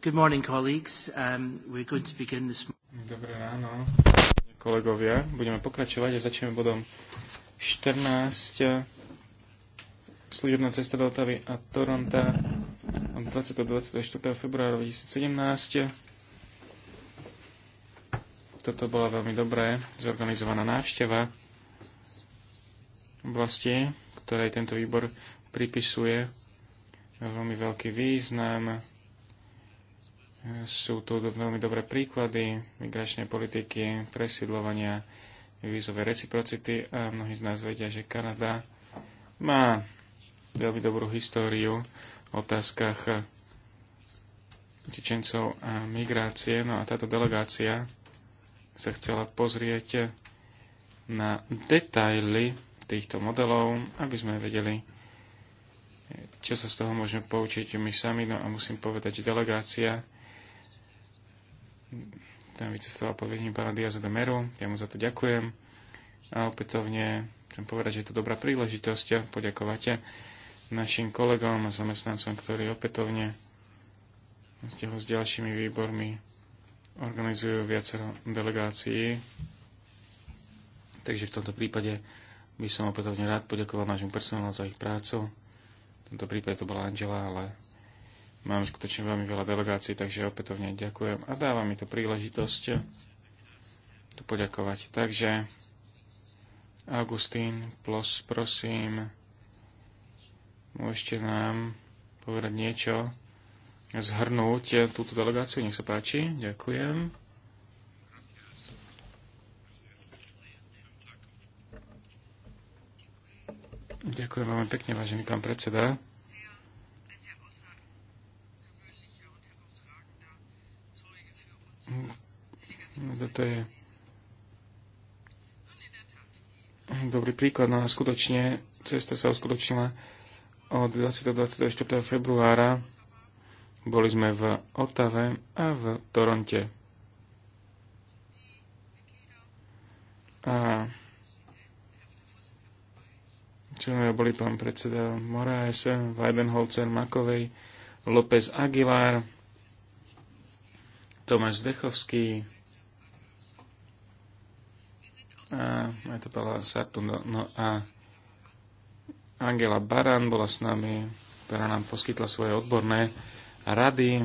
Good morning, colleagues. Um, we're going to begin this... Dobré ráno, kolegovia. Budeme pokračovať a začneme bodom 14. Služebná cesta do Otavy a Toronta od 20. 24. februára 2017. Toto bola veľmi dobré zorganizovaná návšteva oblasti, ktorej tento výbor pripisuje veľmi veľký význam sú tu veľmi dobré príklady migračnej politiky, presídlovania, vízovej reciprocity a mnohí z nás vedia, že Kanada má veľmi dobrú históriu v otázkach Čečencov a migrácie. No a táto delegácia sa chcela pozrieť na detaily týchto modelov, aby sme vedeli, čo sa z toho môžeme poučiť my sami. No a musím povedať, že delegácia tam vycestoval pod vedením pána Diaza de Meru. Ja mu za to ďakujem. A opätovne chcem povedať, že je to dobrá príležitosť poďakovať našim kolegom a zamestnancom, ktorí opätovne s ďalšími výbormi organizujú viacero delegácií. Takže v tomto prípade by som opätovne rád poďakoval nášmu personálu za ich prácu. V tomto prípade to bola Angela, ale Mám skutočne veľmi veľa delegácií, takže opätovne ďakujem a dáva mi to príležitosť tu poďakovať. Takže Augustín, plus, prosím, môžete nám povedať niečo, zhrnúť túto delegáciu. Nech sa páči, ďakujem. Ďakujem veľmi pekne, vážený pán predseda. toto je dobrý príklad. No a skutočne cesta sa uskutočnila od 20. 24. februára. Boli sme v Otave a v Toronte. A členovia boli pán predseda Moraes, Weidenholzer, Makovej, López Aguilar, Tomáš Zdechovský, a aj to bola Sartu, no, no a Angela Baran bola s nami, ktorá nám poskytla svoje odborné rady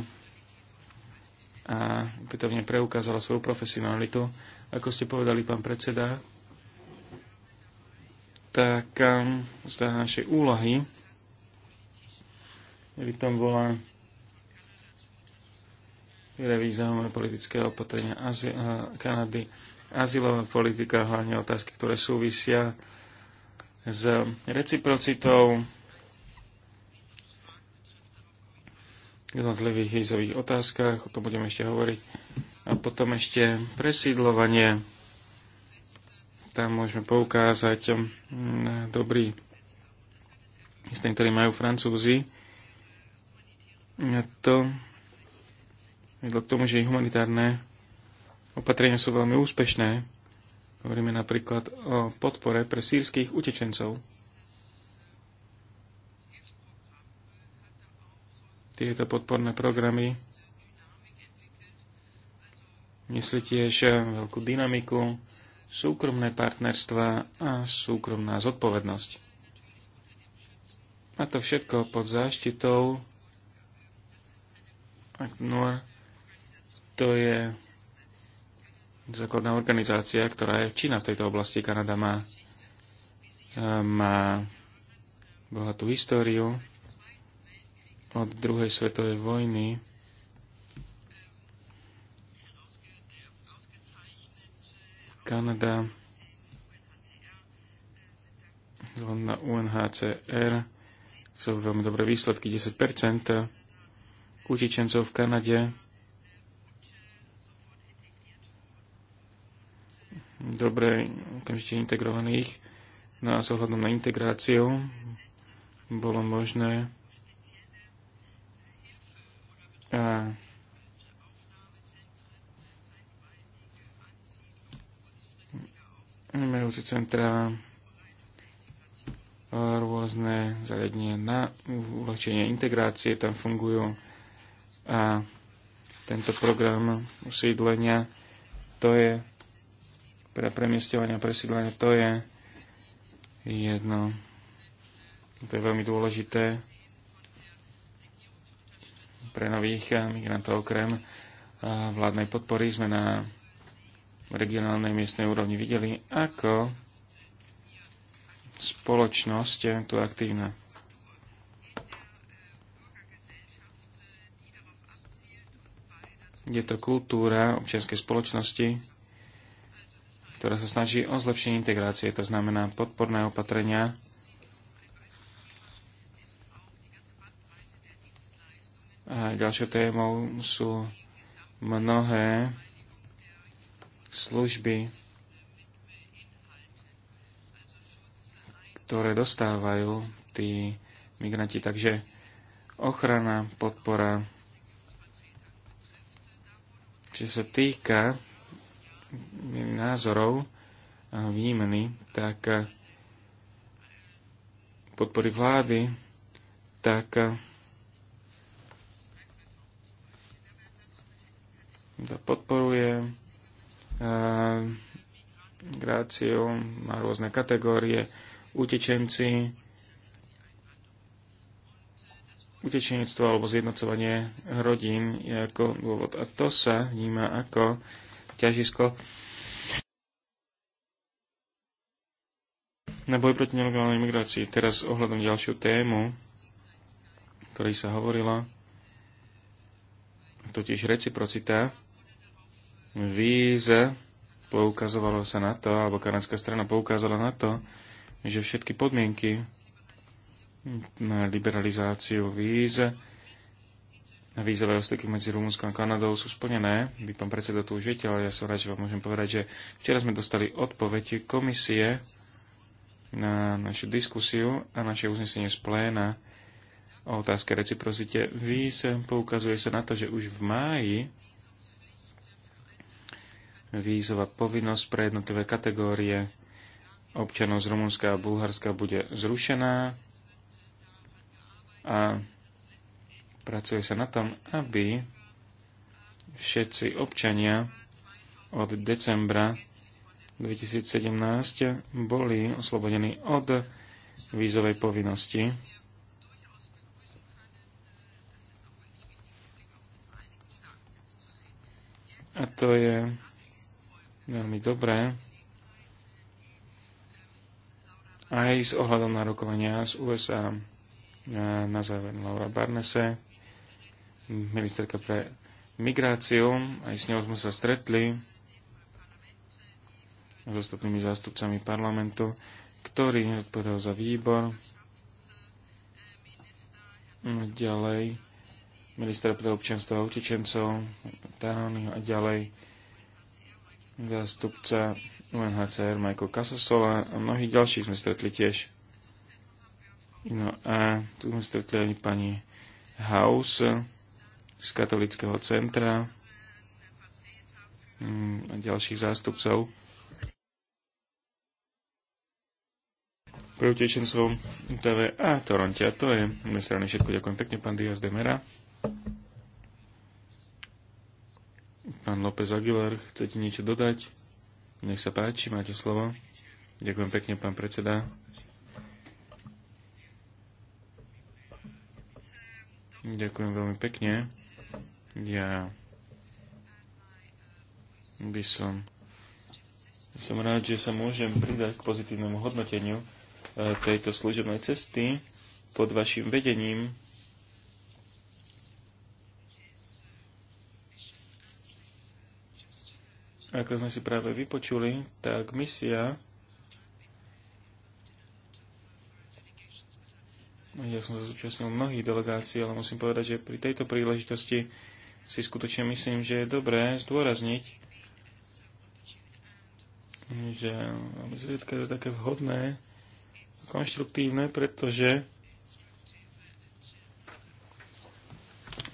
a opätovne preukázala svoju profesionalitu. Ako ste povedali, pán predseda, tak ehm, z našej úlohy by tom bola revízové politické opatrenia Azi- eh, Kanady, azylová politika, hlavne otázky, ktoré súvisia s reciprocitou v jednotlivých vízových otázkach, o tom budeme ešte hovoriť. A potom ešte presídlovanie. Tam môžeme poukázať na dobrý systém, ktorý majú Francúzi. A to vedlo k tomu, že ich humanitárne opatrenia sú veľmi úspešné. Hovoríme napríklad o podpore pre sírskych utečencov. Tieto podporné programy nesli tiež veľkú dynamiku, súkromné partnerstva a súkromná zodpovednosť. A to všetko pod záštitou Act to je základná organizácia, ktorá je Čína v tejto oblasti. Kanada má, e, má bohatú históriu od druhej svetovej vojny. Kanada na UNHCR sú veľmi dobré výsledky, 10% utečencov v Kanade dobre okamžite integrovaných. No a s ohľadom na integráciu bolo možné a majúci centra rôzne zariadenia na uľahčenie integrácie tam fungujú a tento program usídlenia to je pre premiestovanie a presídlenie, to je jedno. To je veľmi dôležité pre nových migrantov. Okrem vládnej podpory sme na regionálnej miestnej úrovni videli, ako spoločnosť tu aktívna. Je to kultúra občianskej spoločnosti, ktorá sa snaží o zlepšenie integrácie, to znamená podporné opatrenia A ďalšou témou sú mnohé služby, ktoré dostávajú tí migranti. Takže ochrana, podpora, čo sa týka názorov výmeny, tak podpory vlády, tak podporuje migráciu, má rôzne kategórie, utečenci, utečenectvo alebo zjednocovanie rodín je ako dôvod. A to sa vníma ako ťažisko na boj proti nelegálnej migrácii. Teraz ohľadom ďalšiu tému, ktorej sa hovorila, totiž reciprocita Víze poukazovalo sa na to, alebo kanadská strana poukázala na to, že všetky podmienky na liberalizáciu víze, na vízové styky medzi Rumunskom a Kanadou sú splnené. Vy, pán predseda, tu už viete, ale ja som rád, že vám môžem povedať, že včera sme dostali odpoveď komisie, na našu diskusiu a naše uznesenie z pléna o otázke reciprocite sa Poukazuje sa na to, že už v máji vízová povinnosť pre jednotlivé kategórie občanov z Rumunska a Bulharska bude zrušená a pracuje sa na tom, aby všetci občania od decembra 2017 boli oslobodení od vízovej povinnosti. A to je veľmi dobré aj s ohľadom na rokovania z USA. A na záver Laura Barnese, ministerka pre migráciu, aj s ňou sme sa stretli s ostatnými zástupcami parlamentu, ktorý odpovedal za výbor. Ďalej minister pre občanstva a utečencov, Tarony a ďalej zástupca UNHCR Michael Casasola a mnohých ďalších sme stretli tiež. No a tu sme stretli aj pani House z katolického centra mm, a ďalších zástupcov pre utečencov TV a Toronte. A to je na strane všetko. Ďakujem pekne, pán Diaz de Mera. Pán López Aguilar, chcete niečo dodať? Nech sa páči, máte slovo. Ďakujem pekne, pán predseda. Ďakujem veľmi pekne. Ja by som som rád, že sa môžem pridať k pozitívnemu hodnoteniu tejto služebnej cesty pod vašim vedením. Ako sme si práve vypočuli, tak misia Ja som sa zúčastnil mnohých delegácií, ale musím povedať, že pri tejto príležitosti si skutočne myslím, že je dobré zdôrazniť, že zriedka je také vhodné konštruktívne, pretože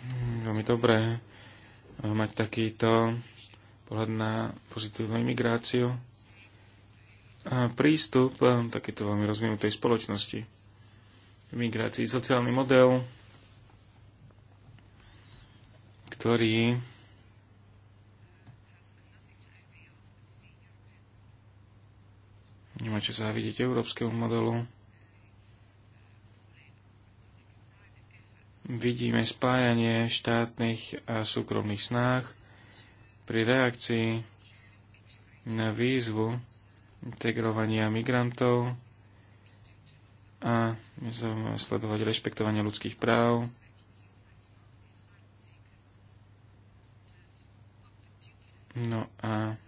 hm, veľmi dobré eh, mať takýto pohľad na pozitívnu imigráciu a prístup eh, takéto veľmi rozvinutej spoločnosti. Imigrácii sociálny model, ktorý Nemáte sa závidieť európskemu modelu. Vidíme spájanie štátnych a súkromných snách pri reakcii na výzvu integrovania migrantov a sledovať rešpektovanie ľudských práv. No a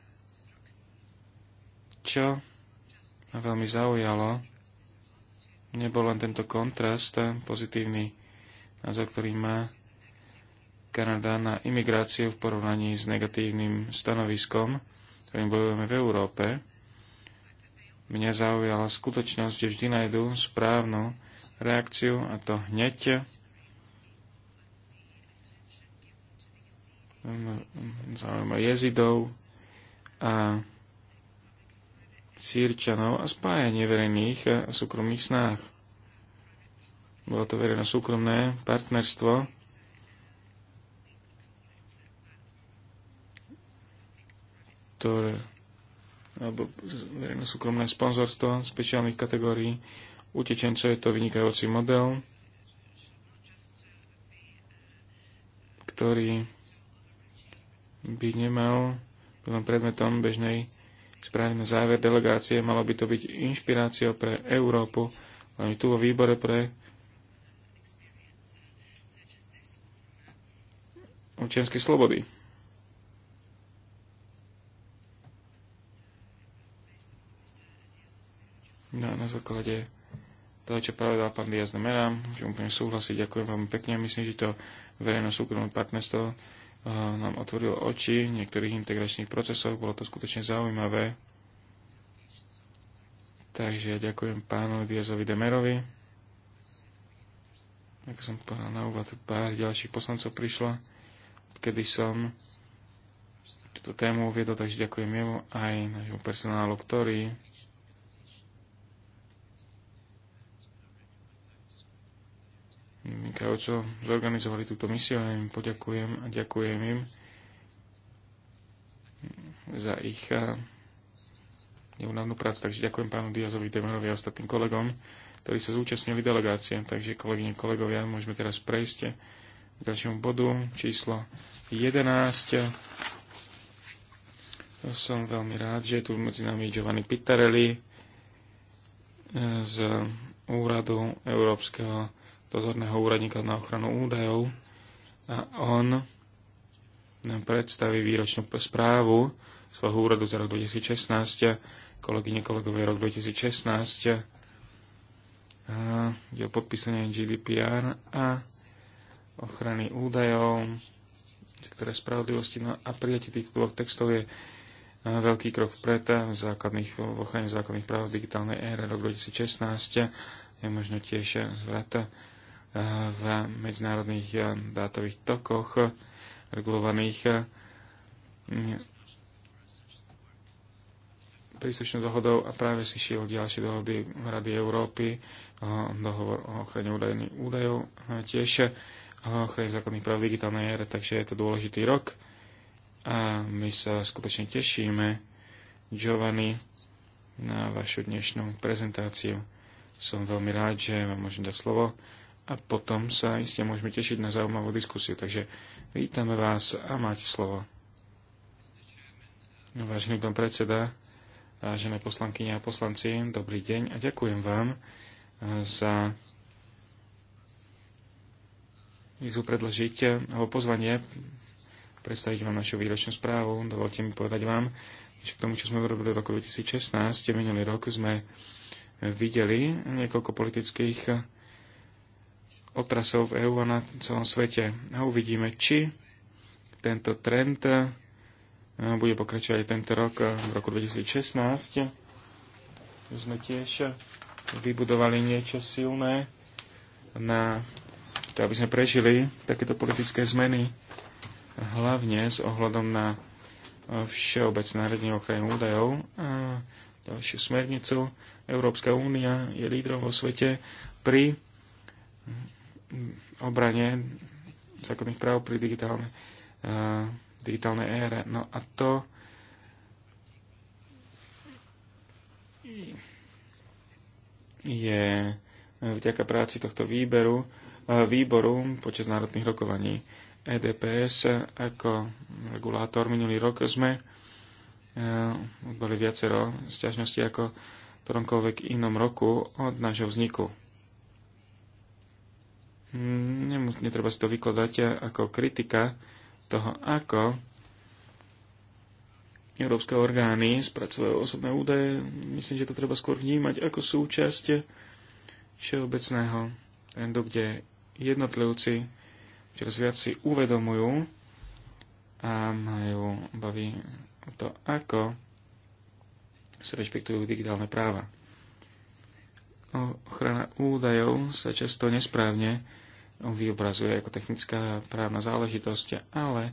čo veľmi zaujalo, nebol len tento kontrast, pozitívny názor, ktorý má Kanada na imigráciu v porovnaní s negatívnym stanoviskom, ktorým bojujeme v Európe. Mňa zaujala skutočnosť, že vždy nájdú správnu reakciu, a to hneď. Zaujímavé jezidov a sírčanov a spájanie verejných a súkromných snách. Bolo to verejno-súkromné partnerstvo, ktoré alebo verejno-súkromné sponzorstvo špeciálnych kategórií utečencov je to vynikajúci model, ktorý by nemal predmetom bežnej správne záver delegácie, malo by to byť inšpiráciou pre Európu, hlavne tu vo výbore pre občianske slobody. No, na základe toho, čo povedal pán Diaz Nemera, že úplne súhlasí, ďakujem veľmi pekne. Myslím, že to verejno-súkromné partnerstvo nám otvoril oči v niektorých integračných procesoch. Bolo to skutočne zaujímavé. Takže ja ďakujem pánu Diazovi Demerovi. Ako som povedal na úvod, pár ďalších poslancov prišlo, kedy som túto tému uviedol, takže ďakujem jemu aj nášmu personálu, ktorý Mikrajovcov zorganizovali túto misiu a ja im poďakujem a ďakujem im za ich eh, neunavnú prácu. Takže ďakujem pánu Diazovi Demerovi a ostatným kolegom, ktorí sa zúčastnili delegácie. Takže kolegyne, kolegovia, môžeme teraz prejsť k ďalšiemu bodu číslo 11. Som veľmi rád, že je tu medzi nami Giovanni Pittarelli eh, z Úradu Európskeho dozorného úradníka na ochranu údajov a on nám predstaví výročnú správu svojho úradu za rok 2016, kolegyne kolegovia rok 2016, kde o podpísanie GDPR a ochrany údajov, ktoré spravodlivosti no a prijatie týchto dvoch textov je veľký krok vpred v, základných, v ochrane základných práv v digitálnej ére rok 2016. Je možno tiež zvrata v medzinárodných eh, dátových tokoch eh, regulovaných eh, príslušnou dohodou a práve si šiel ďalšie dohody v Rady Európy, dohovor o ochrane údajných údajov, tiež o ochrane základných práv digitálnej ére, takže je to dôležitý rok a my sa skutočne tešíme, Giovanni, na vašu dnešnú prezentáciu. Som veľmi rád, že vám môžem dať slovo a potom sa iste môžeme tešiť na zaujímavú diskusiu. Takže vítame vás a máte slovo. Vážený pán predseda, vážené poslankyne a poslanci, dobrý deň a ďakujem vám eh, za výzvu predložiť eh, alebo pozvanie predstaviť vám našu výročnú správu. Dovolte mi povedať vám, že k tomu, čo sme urobili v roku 2016, minulý rok sme videli niekoľko politických otrasov v EÚ a na celom svete. A uvidíme, či tento trend eh, bude pokračovať tento rok, eh, v roku 2016. Sme tiež eh, vybudovali niečo silné na to, aby sme prežili takéto politické zmeny, hlavne s ohľadom na všeobecné nariadenie ochrany údajov a ďalšiu smernicu. Európska únia je lídrom vo svete pri obrane zákonných práv pri digitálne, uh, digitálnej ére. No a to je eh, vďaka práci tohto výberu, eh, výboru počas národných rokovaní EDPS ako regulátor. Minulý rok sme boli viacero sťažnosti ako ktoromkoľvek inom roku od nášho vzniku. Mm, nemus- netreba si to vykladať eh, ako kritika toho, ako európske orgány spracujú osobné údaje. Myslím, že to treba skôr vnímať ako súčasť všeobecného trendu, kde jednotlivci čoraz viac si uvedomujú a majú obavy o to, ako sa rešpektujú digitálne práva. Ochrana údajov sa často nesprávne vyobrazuje ako technická právna záležitosť, ale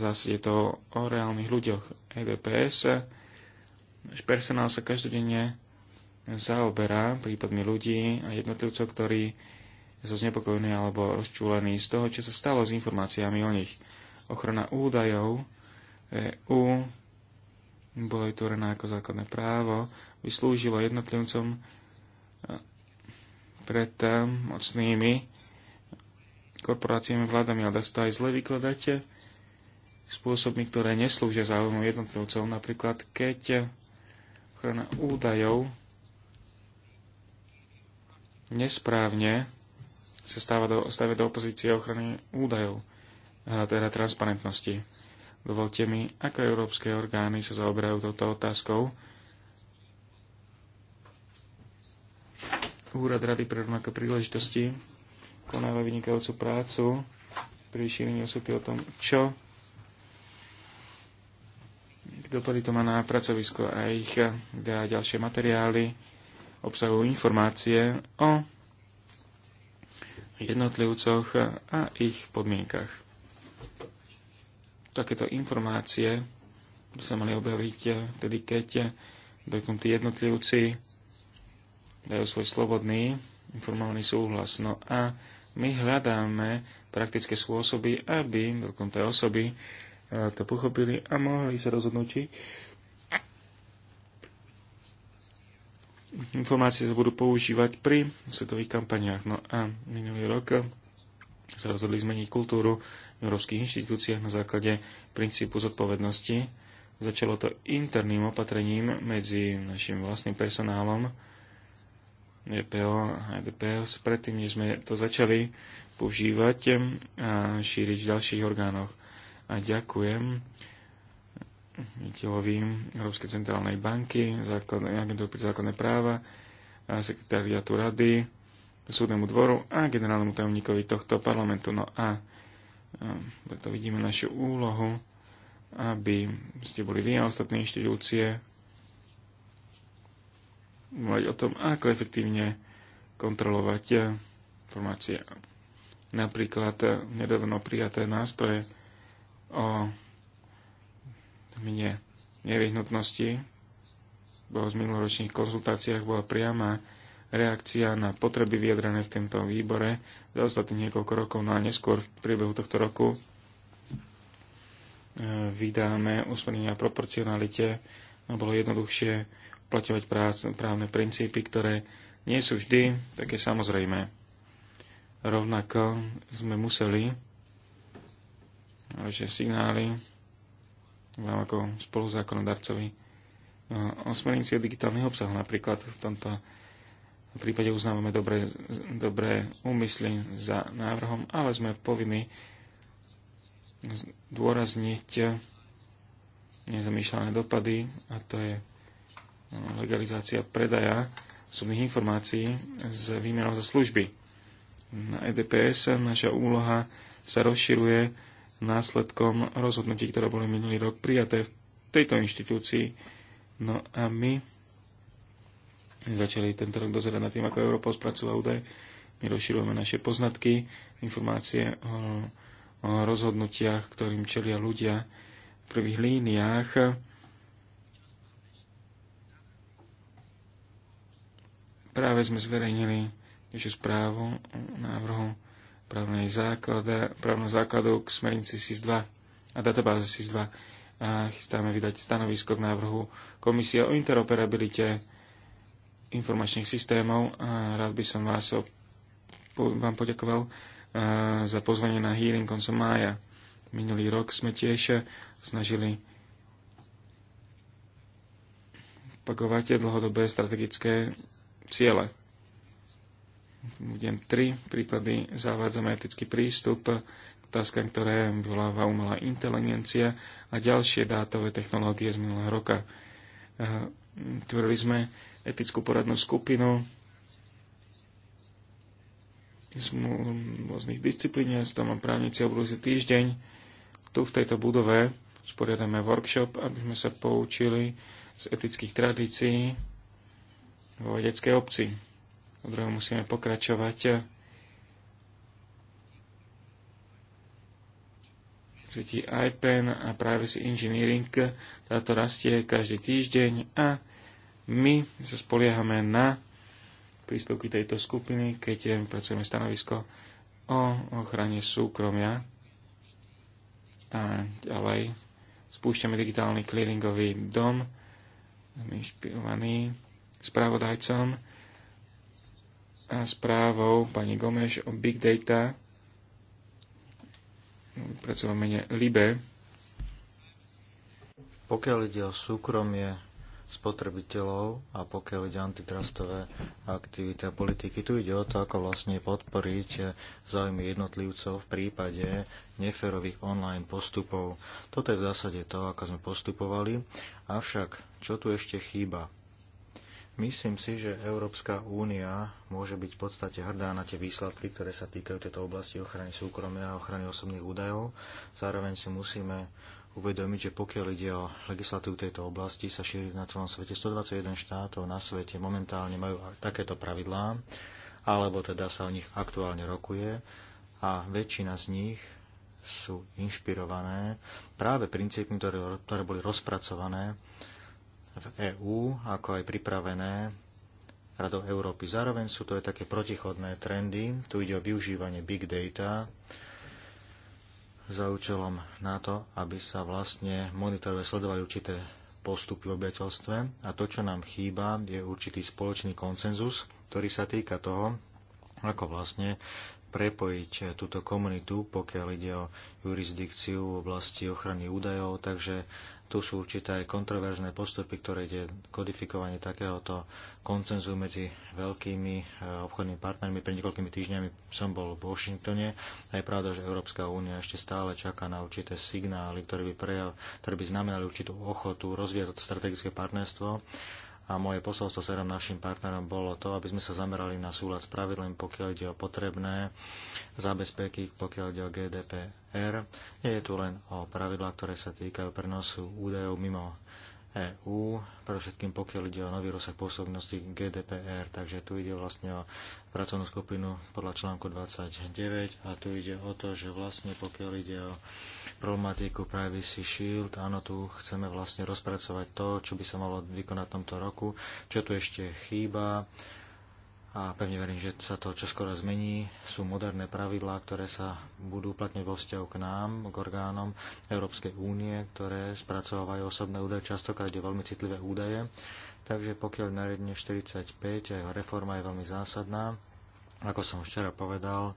zase je to o reálnych ľuďoch. EDPS, personál sa každodenne zaoberá prípadmi ľudí a jednotlivcov, ktorí sú znepokojení alebo rozčúlení z toho, čo sa stalo s informáciami o nich. Ochrana údajov EU bola vytvorená ako základné právo, vyslúžilo jednotlivcom pred mocnými korporáciami, vládami, ale dá sa to aj zle vykladať spôsobmi, ktoré neslúžia záujmu jednotlivcov. Napríklad, keď ochrana údajov nesprávne sa stáva do, stavia do opozície ochrany údajov, teda transparentnosti. Dovolte mi, ako európske orgány sa zaoberajú touto otázkou. Úrad Rady pre rovnaké príležitosti konala vynikajúcu prácu pri šírení osvety o tom, čo dopady to má na pracovisko a ich dá ďalšie materiály obsahujú informácie o jednotlivcoch a ich podmienkach. Takéto informácie by sa mali objaviť tedy, keď dotknutí jednotlivci dajú svoj slobodný informovaný súhlas. No a my hľadáme praktické spôsoby, aby dokonca osoby e, to pochopili a mohli sa rozhodnúť, či informácie sa budú používať pri svetových kampaniách. No a minulý rok sa rozhodli zmeniť kultúru v európskych inštitúciách na základe princípu zodpovednosti. Začalo to interným opatrením medzi našim vlastným personálom, EPO a e DPS, predtým, než sme to začali používať e, a šíriť v ďalších orgánoch. A ďakujem Viteľovým Európskej centrálnej banky, základnej agentúry pre základné práva, a sekretariatu rady, súdnemu dvoru a generálnemu tajomníkovi tohto parlamentu. No a, a e, preto vidíme našu úlohu, aby ste boli vy a ostatné inštitúcie mluviť o tom, ako efektívne kontrolovať eh, informácie. Napríklad eh, nedávno prijaté nástroje o mne nevyhnutnosti bolo z minuloročných konzultáciách bola priama reakcia na potreby vyjadrené v tomto výbore za ostatných niekoľko rokov, no a neskôr v priebehu tohto roku eh, vydáme usmernenia proporcionalite. No, bolo jednoduchšie uplatňovať právne princípy, ktoré nie sú vždy také samozrejme. Rovnako sme museli, že signály vám ako spoluzákonodarcovi no, o smernici o digitálnych obsahu napríklad v tomto prípade uznávame dobré, dobré úmysly za návrhom, ale sme povinni dôrazniť nezamýšľané dopady a to je legalizácia predaja osobných informácií s výmenou za služby. Na EDPS naša úloha sa rozširuje následkom rozhodnutí, ktoré boli minulý rok prijaté v tejto inštitúcii. No a my začali tento rok dozerať nad tým, ako Európa spracúva údaje. My rozširujeme naše poznatky, informácie o, o rozhodnutiach, ktorým čelia ľudia v prvých líniách Práve sme zverejnili našu správu o návrhu právnej základe právnej základu k smernici SIS-2 a databáze SIS-2 a chystáme vydať stanovisko k návrhu Komisie o interoperabilite informačných systémov a rád by som vás o, po, vám poďakoval a, za pozvanie na hearing koncom mája. Minulý rok sme tiež snažili opakovať dlhodobé strategické ciele. Budem tri príklady. Zavádzame etický prístup k otázkam, ktoré vyvoláva umelá inteligencia a ďalšie dátové technológie z minulého roka. Tvorili sme etickú poradnú skupinu z rôznych disciplín. toho mám právnici obrúzi týždeň. Tu v tejto budove sporiadame workshop, aby sme sa poučili z etických tradícií vo vedeckej obci. Po druhé, musíme pokračovať tretí iPen a Privacy Engineering. Táto rastie každý týždeň a my sa spoliehame na príspevky tejto skupiny, keď pracujeme stanovisko o ochrane súkromia a ďalej spúšťame digitálny clearingový dom, inšpirovaný spravodajcom a správou pani Gomeš o Big Data pracovom mene Libe. Pokiaľ ide o súkromie spotrebiteľov a pokiaľ ide antitrustové aktivity a politiky. Tu ide o to, ako vlastne podporiť záujmy jednotlivcov v prípade neférových online postupov. Toto je v zásade to, ako sme postupovali. Avšak, čo tu ešte chýba? Myslím si, že Európska únia môže byť v podstate hrdá na tie výsledky, ktoré sa týkajú tejto oblasti ochrany súkromia a ochrany osobných údajov. Zároveň si musíme uvedomiť, že pokiaľ ide o legislatívu tejto oblasti, sa šíri na celom svete. 121 štátov na svete momentálne majú takéto pravidlá, alebo teda sa o nich aktuálne rokuje a väčšina z nich sú inšpirované práve princípmi, ktoré, ktoré boli rozpracované v EÚ, ako aj pripravené Radou Európy. Zároveň sú to aj také protichodné trendy. Tu ide o využívanie big data za účelom na to, aby sa vlastne monitorové sledovali určité postupy v obyvateľstve. A to, čo nám chýba, je určitý spoločný konsenzus, ktorý sa týka toho, ako vlastne prepojiť túto komunitu, pokiaľ ide o jurisdikciu v oblasti ochrany údajov. Takže tu sú určité aj kontroverzné postupy, ktoré ide kodifikovanie takéhoto koncenzu medzi veľkými e, obchodnými partnermi. Pred niekoľkými týždňami som bol v Washingtone a je pravda, že Európska únia ešte stále čaká na určité signály, ktoré by, prejav, ktoré by znamenali určitú ochotu rozvíjať toto strategické partnerstvo a moje posolstvo serom našim partnerom bolo to, aby sme sa zamerali na súľad s pravidlami, pokiaľ ide o potrebné zabezpeky, pokiaľ ide o GDPR. Nie je tu len o pravidlá, ktoré sa týkajú prenosu údajov mimo EÚ, pre všetkým pokiaľ ide o nový rozsah pôsobnosti GDPR, takže tu ide vlastne o pracovnú skupinu podľa článku 29 a tu ide o to, že vlastne pokiaľ ide o problematiku Privacy Shield. Áno, tu chceme vlastne rozpracovať to, čo by sa malo vykonať v tomto roku, čo tu ešte chýba a pevne verím, že sa to čoskoro zmení. Sú moderné pravidlá, ktoré sa budú uplatňovať vo vzťahu k nám, k orgánom Európskej únie, ktoré spracovávajú osobné údaje, častokrát je veľmi citlivé údaje. Takže pokiaľ nariadenie 45 a jeho reforma je veľmi zásadná, ako som včera povedal,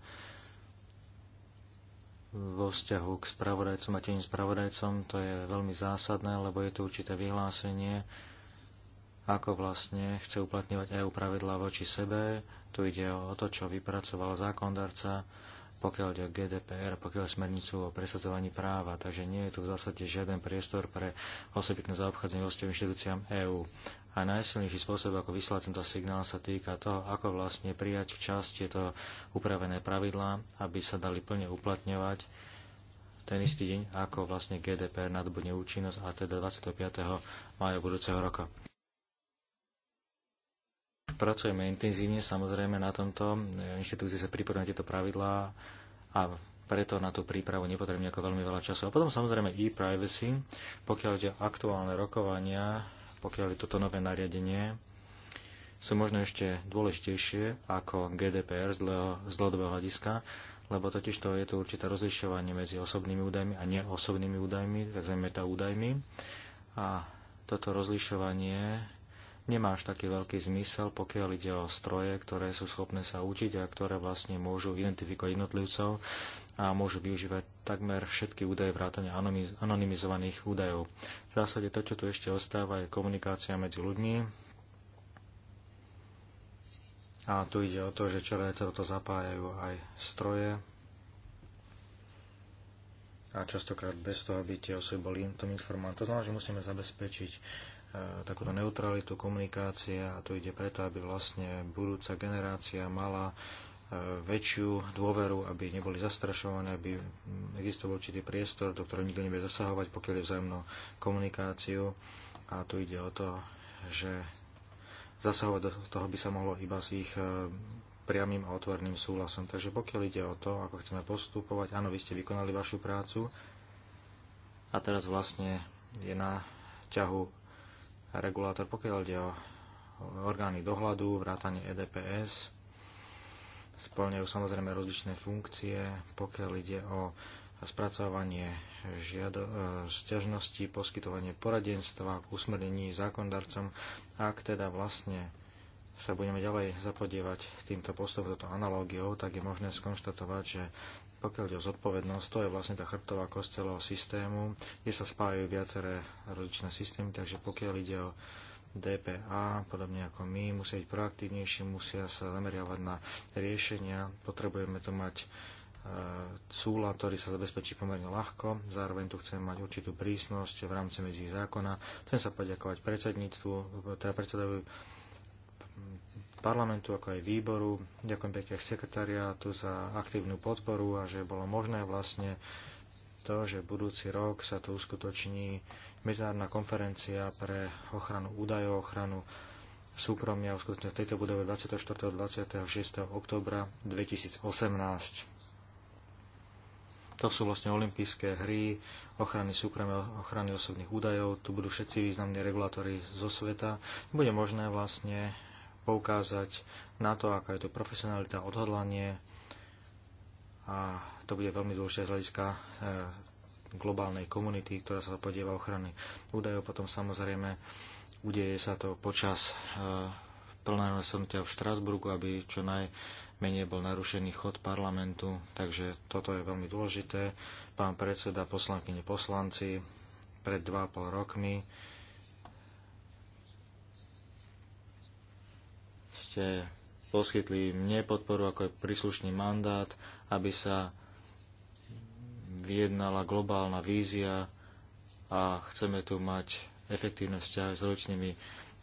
vo vzťahu k spravodajcom a tým spravodajcom. To je veľmi zásadné, lebo je to určité vyhlásenie, ako vlastne chce uplatňovať EU pravidlá voči sebe. Tu ide o to, čo vypracoval zákondarca, pokiaľ ide o GDPR, pokiaľ o smernicu o presadzovaní práva. Takže nie je tu v zásade žiaden priestor pre osobitné zaobchádzanie vlastným inštitúciám EÚ a najsilnejší spôsob, ako vyslať tento signál, sa týka toho, ako vlastne prijať včas tieto upravené pravidlá, aby sa dali plne uplatňovať ten istý deň, ako vlastne GDPR nadobudne účinnosť, a teda 25. maja budúceho roka. Pracujeme intenzívne samozrejme na tomto. Inštitúcie sa pripravujú na tieto pravidlá a preto na tú prípravu nepotrebujem nejako veľmi veľa času. A potom samozrejme e-privacy, pokiaľ ide aktuálne rokovania pokiaľ je toto nové nariadenie, sú možno ešte dôležitejšie ako GDPR z, dlho, z dlhodobého hľadiska, lebo totiž to je tu určité rozlišovanie medzi osobnými údajmi a neosobnými údajmi, tzv. metaúdajmi. údajmi. A toto rozlišovanie nemá až taký veľký zmysel, pokiaľ ide o stroje, ktoré sú schopné sa učiť a ktoré vlastne môžu identifikovať jednotlivcov a môžu využívať takmer všetky údaje vrátane anonymizovaných údajov. V zásade to, čo tu ešte ostáva, je komunikácia medzi ľuďmi. A tu ide o to, že čoraz sa do toho zapájajú aj stroje a častokrát bez toho, aby tie osoby boli tom informovaní. To znamená, že musíme zabezpečiť e, takúto neutralitu komunikácie a to ide preto, aby vlastne budúca generácia mala väčšiu dôveru, aby neboli zastrašované, aby existoval určitý priestor, do ktorého nikto nebude zasahovať, pokiaľ je vzájomnú komunikáciu. A tu ide o to, že zasahovať do toho by sa mohlo iba s ich e, priamým a otvorným súhlasom. Takže pokiaľ ide o to, ako chceme postupovať, áno, vy ste vykonali vašu prácu a teraz vlastne je na ťahu regulátor, pokiaľ ide o orgány dohľadu, vrátanie EDPS, spĺňajú samozrejme rozličné funkcie, pokiaľ ide o spracovanie žiado- e, stiažností, poskytovanie poradenstva k usmernení zákondarcom, ak teda vlastne sa budeme ďalej zapodievať týmto postupom, toto analógiou, tak je možné skonštatovať, že pokiaľ ide o zodpovednosť, to je vlastne tá chrbtová kosť celého systému, kde sa spájajú viaceré rodičné systémy, takže pokiaľ ide o DPA, podobne ako my, musia byť proaktívnejší, musia sa zameriavať na riešenia. Potrebujeme tu mať e, súla, ktorý sa zabezpečí pomerne ľahko. Zároveň tu chcem mať určitú prísnosť v rámci medzi zákona. Chcem sa poďakovať predsedníctvu, teda predsedovi parlamentu, ako aj výboru. Ďakujem pekne sekretariátu za aktívnu podporu a že bolo možné vlastne to, že budúci rok sa tu uskutoční medzinárodná konferencia pre ochranu údajov, ochranu súkromia uskutočne v tejto budove 24. a 26. oktobra 2018. To sú vlastne olympijské hry, ochrany súkromia, ochrany osobných údajov. Tu budú všetci významní regulátori zo sveta. Bude možné vlastne poukázať na to, aká je to profesionalita, odhodlanie a to bude veľmi dôležité z hľadiska e, globálnej komunity, ktorá sa podieva ochrany údajov. Potom samozrejme udeje sa to počas e, plného srnutia v Štrasburgu, aby čo najmenej bol narušený chod parlamentu. Takže toto je veľmi dôležité. Pán predseda, poslankyne, poslanci, pred 2,5 rokmi ste poskytli mne podporu ako príslušný mandát, aby sa vyjednala globálna vízia a chceme tu mať efektívne vzťahy s rôznymi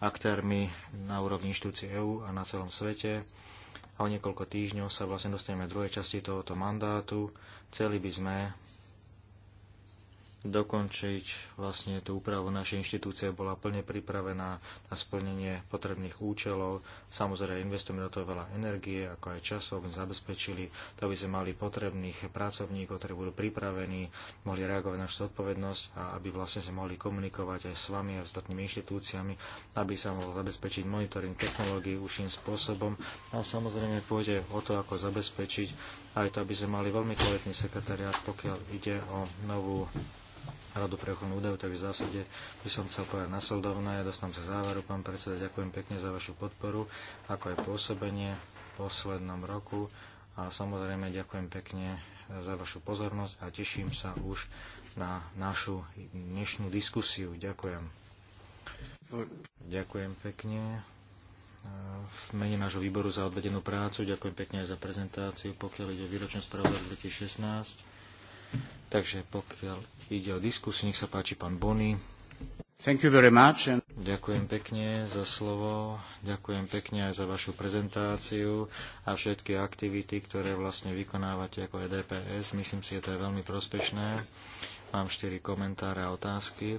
aktérmi na úrovni inštitúcie EÚ a na celom svete. A o niekoľko týždňov sa vlastne dostaneme druhej časti tohoto mandátu. Chceli by sme dokončiť vlastne tú úpravu. Naša inštitúcia bola plne pripravená na splnenie potrebných účelov. Samozrejme, investujeme do toho veľa energie, ako aj časov, aby zabezpečili to, aby sme mali potrebných pracovníkov, ktorí budú pripravení, mohli reagovať na našu zodpovednosť a aby vlastne sme mohli komunikovať aj s vami a ostatnými inštitúciami, aby sa mohol zabezpečiť monitoring technológií užším spôsobom. A samozrejme pôjde o to, ako zabezpečiť aj to, aby sme mali veľmi kvalitný sekretariat, pokiaľ ide o novú Radu pre ochranu údajov, takže v zásade by som chcel povedať nasledovné. Dostám sa záveru, pán predseda, ďakujem pekne za vašu podporu, ako aj pôsobenie v poslednom roku. A samozrejme ďakujem pekne za vašu pozornosť a teším sa už na našu dnešnú diskusiu. Ďakujem. Ďakujem pekne v mene nášho výboru za odvedenú prácu. Ďakujem pekne aj za prezentáciu, pokiaľ ide o výročnú správu 2016 Takže pokiaľ ide o diskusiu, nech sa páči pán Bony. Thank you very much. Ďakujem pekne za slovo, ďakujem pekne aj za vašu prezentáciu a všetky aktivity, ktoré vlastne vykonávate ako EDPS. Myslím si, že to je veľmi prospešné. Mám štyri komentáre a otázky,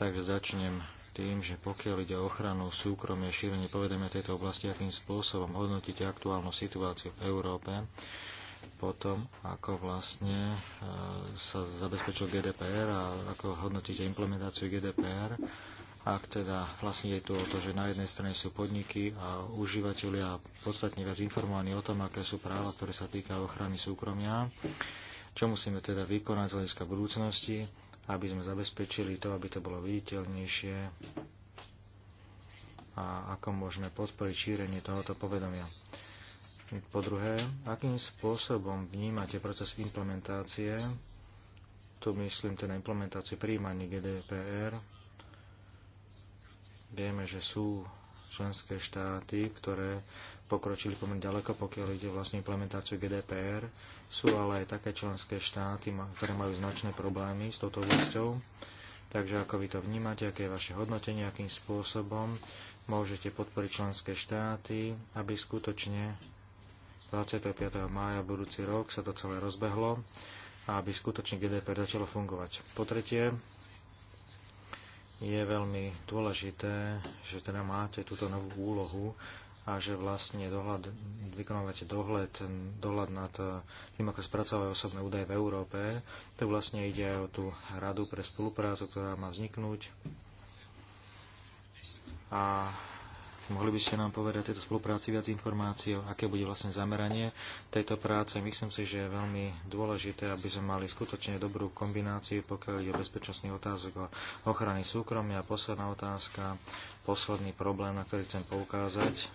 takže začnem tým, že pokiaľ ide o ochranu súkromia, šírenie povedeme tejto oblasti, akým spôsobom hodnotíte aktuálnu situáciu v Európe potom, ako vlastne e, sa zabezpečil GDPR a ako hodnotíte implementáciu GDPR, ak teda vlastne je tu o to, že na jednej strane sú podniky a užívateľia podstatne viac informovaní o tom, aké sú práva, ktoré sa týkajú ochrany súkromia, čo musíme teda vykonať z hľadiska budúcnosti, aby sme zabezpečili to, aby to bolo viditeľnejšie a ako môžeme podporiť šírenie tohoto povedomia. Po druhé, akým spôsobom vnímate proces implementácie, tu myslím teda implementáciu príjmaní GDPR. Vieme, že sú členské štáty, ktoré pokročili pomerne ďaleko, pokiaľ ide vlastne implementáciu GDPR. Sú ale aj také členské štáty, ktoré majú značné problémy s touto oblasťou. Takže ako vy to vnímate, aké je vaše hodnotenie, akým spôsobom môžete podporiť členské štáty, aby skutočne 25. mája budúci rok sa to celé rozbehlo a aby skutočne GDPR začalo fungovať. Po tretie, je veľmi dôležité, že teda máte túto novú úlohu a že vlastne dohľad, vykonávate dohľad, dohľad nad tým, ako spracovajú osobné údaje v Európe. To vlastne ide aj o tú radu pre spoluprácu, ktorá má vzniknúť. A Mohli by ste nám povedať tejto spolupráci viac informácií, aké bude vlastne zameranie tejto práce. Myslím si, že je veľmi dôležité, aby sme mali skutočne dobrú kombináciu, pokiaľ ide o bezpečnostný otázok a ochrany súkromia. Posledná otázka, posledný problém, na ktorý chcem poukázať.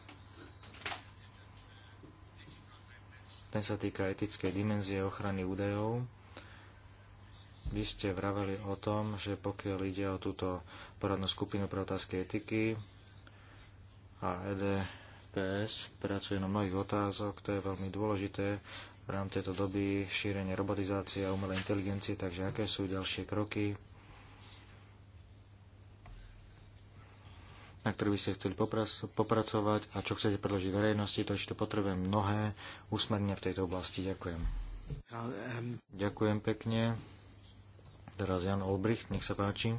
Ten sa týka etickej dimenzie ochrany údajov. Vy ste vraveli o tom, že pokiaľ ide o túto poradnú skupinu pre otázky etiky, a EDPS pracuje na mnohých otázok, to je veľmi dôležité v rámci tejto doby šírenie robotizácie a umelej inteligencie, takže aké sú ďalšie kroky, na ktoré by ste chceli popracovať a čo chcete predložiť verejnosti, to ešte potrebujem mnohé úsmernia v tejto oblasti. Ďakujem. Ďakujem pekne. Teraz Jan Olbricht, nech sa páči.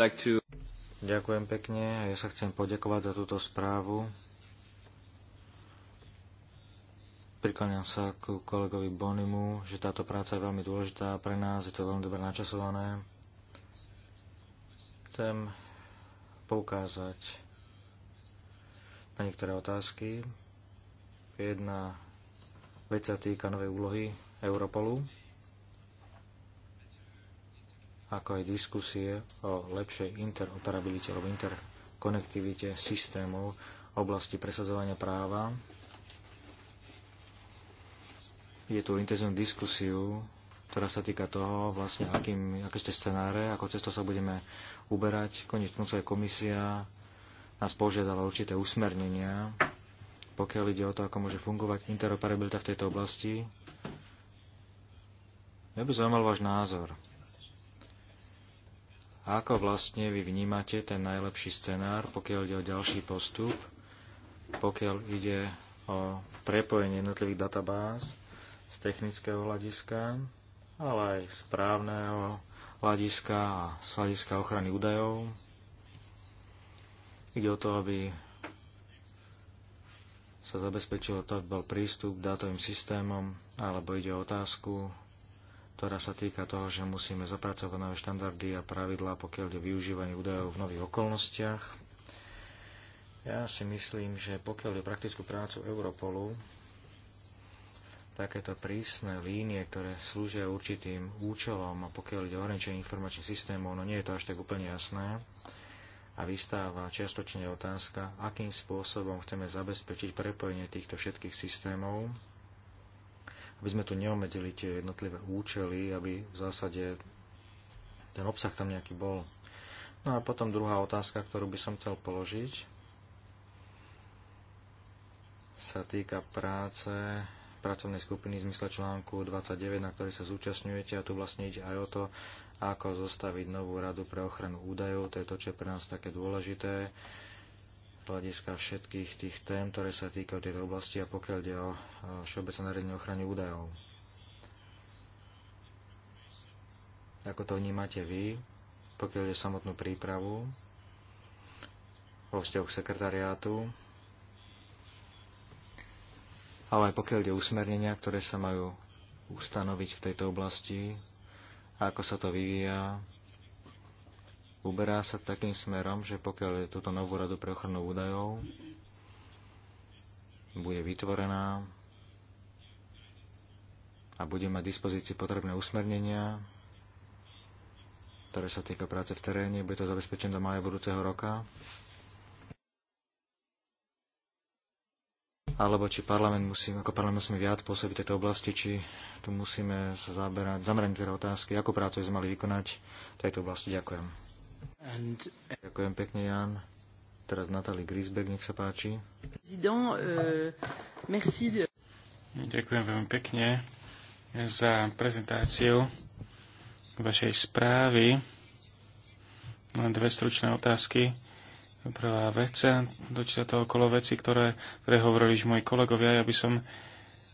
Like to... Ďakujem pekne a ja sa chcem poďakovať za túto správu. Prikláňam sa ku kolegovi Bonimu, že táto práca je veľmi dôležitá pre nás, je to veľmi dobre načasované. Chcem poukázať na niektoré otázky. Jedna vec sa týka novej úlohy Europolu ako aj diskusie o lepšej interoperabilite alebo interkonektivite systémov v oblasti presadzovania práva. Je tu intenzívnu diskusiu, ktorá sa týka toho, vlastne akým, aké ste scenáre, ako cesto sa budeme uberať. Koniec koncov komisia nás požiadala určité usmernenia, pokiaľ ide o to, ako môže fungovať interoperabilita v tejto oblasti. Ja by zaujímal váš názor. A ako vlastne vy vnímate ten najlepší scenár, pokiaľ ide o ďalší postup, pokiaľ ide o prepojenie jednotlivých databáz z technického hľadiska, ale aj z právneho hľadiska a z hľadiska ochrany údajov. Ide o to, aby sa zabezpečilo to, aby bol prístup k dátovým systémom, alebo ide o otázku ktorá sa týka toho, že musíme zapracovať nové štandardy a pravidlá, pokiaľ je využívanie údajov v nových okolnostiach. Ja si myslím, že pokiaľ je praktickú prácu Europolu, takéto prísne línie, ktoré slúžia určitým účelom a pokiaľ ide o ohraničenie informačných systémov, no nie je to až tak úplne jasné a vystáva čiastočne otázka, akým spôsobom chceme zabezpečiť prepojenie týchto všetkých systémov aby sme tu neomedzili tie jednotlivé účely, aby v zásade ten obsah tam nejaký bol. No a potom druhá otázka, ktorú by som chcel položiť, sa týka práce pracovnej skupiny v zmysle článku 29, na ktorý sa zúčastňujete a tu vlastne ide aj o to, ako zostaviť novú radu pre ochranu údajov. To je to, čo je pre nás také dôležité hľadiska všetkých tých tém, ktoré sa týkajú tejto oblasti a pokiaľ ide o všeobecné nariadenie ochrany údajov. Ako to vnímate vy, pokiaľ ide samotnú prípravu vo vzťahu k sekretariátu, ale aj pokiaľ ide usmernenia, ktoré sa majú ustanoviť v tejto oblasti, a ako sa to vyvíja, uberá sa takým smerom, že pokiaľ je túto novú radu pre ochranu údajov bude vytvorená a bude mať dispozícii potrebné usmernenia, ktoré sa týka práce v teréne, bude to zabezpečené do maja budúceho roka. alebo či parlament musí, ako parlament musíme viac pôsobiť tejto oblasti, či tu musíme sa zaberať, zamerať teda otázky, akú prácu sme mali vykonať v tejto oblasti. Ďakujem. Uh, Ďakujem pekne, Jan. Teraz Natalie Grisbeck, nech sa páči. Uh, Ďakujem veľmi pekne za prezentáciu vašej správy. Len dve stručné otázky. Prvá vec, točí sa to okolo veci, ktoré prehovorili už moji kolegovia. Ja by som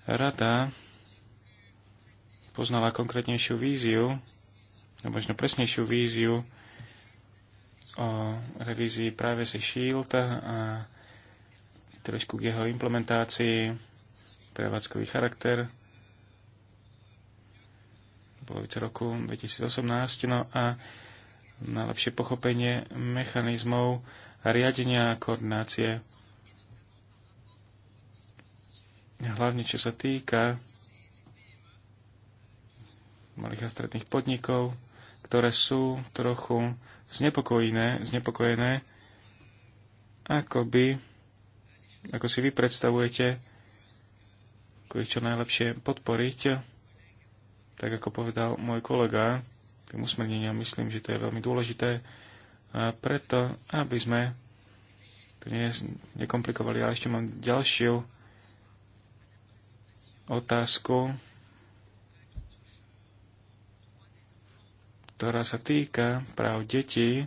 rada poznala konkrétnejšiu víziu, a možno presnejšiu víziu o revízii Privacy Shield a trošku k jeho implementácii, prevádzkový charakter polovice roku 2018, no a na lepšie pochopenie mechanizmov riadenia a koordinácie. Hlavne čo sa týka malých a stredných podnikov, ktoré sú trochu znepokojené, znepokojené ako by, ako si vy predstavujete, ako ich čo najlepšie podporiť, tak ako povedal môj kolega, tým usmerneniam myslím, že to je veľmi dôležité, a preto, aby sme to nie, nekomplikovali. A ja ešte mám ďalšiu otázku ktorá sa týka práv detí,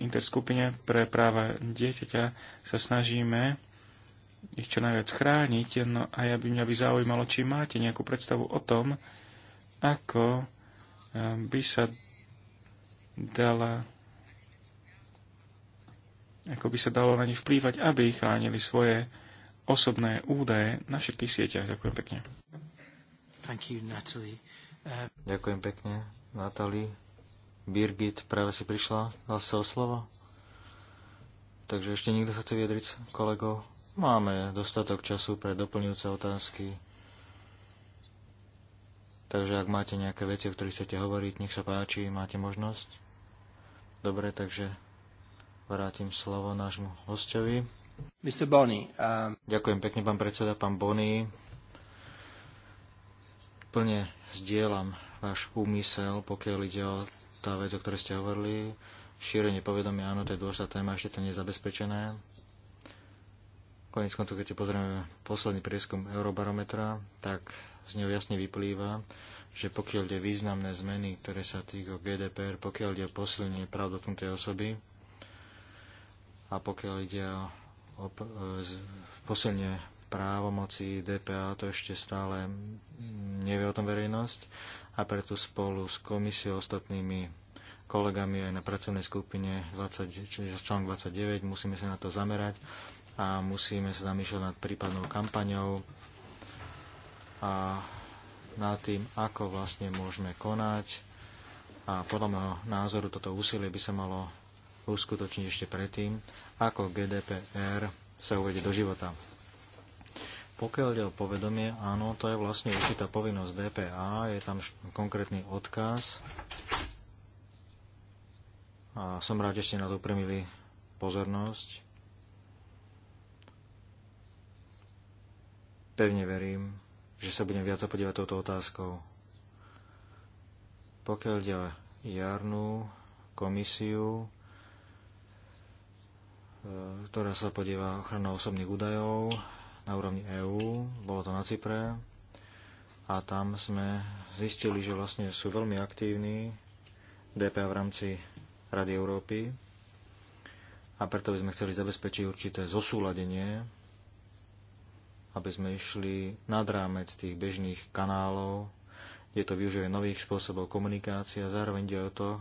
interskupine pre práva dieťaťa sa snažíme ich čo najviac chrániť. No a ja by mňa by zaujímalo, či máte nejakú predstavu o tom, ako ehm, by sa dala ako by sa dalo na nich vplývať, aby chránili svoje osobné údaje na všetkých sieťach. Ďakujem pekne. You, uh, Ďakujem pekne, Natali, Birgit práve si prišla zase o slovo. Takže ešte niekto sa chce vyjadriť kolegov? Máme dostatok času pre doplňujúce otázky. Takže ak máte nejaké veci, o ktorých chcete hovoriť, nech sa páči, máte možnosť. Dobre, takže vrátim slovo nášmu hostovi. Mr. Bonny, um... Ďakujem pekne, pán predseda, pán Bonny. Plne zdieľam váš úmysel, pokiaľ ide o tá vec, o ktorej ste hovorili. Šírenie povedomia, áno, to je dôležitá téma, ešte to nie je zabezpečené. Konec koncov, keď si pozrieme posledný prieskum Eurobarometra, tak z neho jasne vyplýva, že pokiaľ ide významné zmeny, ktoré sa týkajú GDPR, pokiaľ ide o posilnenie práv dotknutej osoby a pokiaľ ide o, o e, posilnenie právomoci DPA, to ešte stále nevie o tom verejnosť a preto spolu s komisiou ostatnými kolegami aj na pracovnej skupine 20, čiže článok 29 musíme sa na to zamerať a musíme sa zamýšľať nad prípadnou kampaňou a nad tým, ako vlastne môžeme konať. A podľa môjho názoru toto úsilie by sa malo uskutočniť ešte predtým, ako GDPR sa uvedie do života. Pokiaľ ide o povedomie, áno, to je vlastne určitá povinnosť DPA, je tam konkrétny odkaz. A som rád, že ste na to upremili pozornosť. Pevne verím, že sa budem viac zapodívať touto otázkou. Pokiaľ ide o jarnú komisiu, e, ktorá sa podieva ochranou osobných údajov, na úrovni EÚ, bolo to na Cypre a tam sme zistili, že vlastne sú veľmi aktívni DPA v rámci Rady Európy a preto by sme chceli zabezpečiť určité zosúladenie, aby sme išli nad rámec tých bežných kanálov, kde to využije nových spôsobov komunikácie a zároveň ide o to,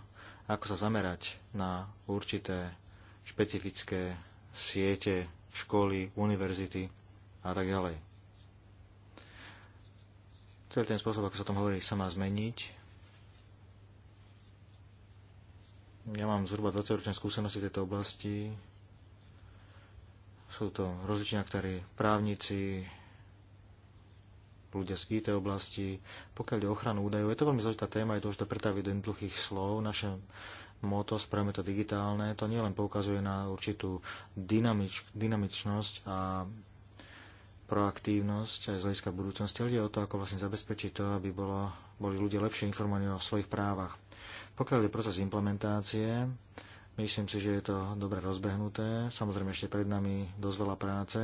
ako sa zamerať na určité špecifické siete, školy, univerzity, a tak ďalej. Celý ten spôsob, ako sa tom hovorí, sa má zmeniť. Ja mám zhruba 20-ročné skúsenosti v tejto oblasti. Sú to rozliční aktári, právnici, ľudia z IT oblasti. Pokiaľ je ochranu údajov, je to veľmi zložitá téma, je to už to pretaviť do jednoduchých slov. Naše moto, spravíme to digitálne, to nielen poukazuje na určitú dynamič, dynamičnosť a proaktívnosť aj z hľadiska budúcnosti, ale ide o to, ako vlastne zabezpečiť to, aby bolo, boli ľudia lepšie informovaní o svojich právach. Pokiaľ je proces implementácie, myslím si, že je to dobre rozbehnuté. Samozrejme, ešte pred nami dosť veľa práce.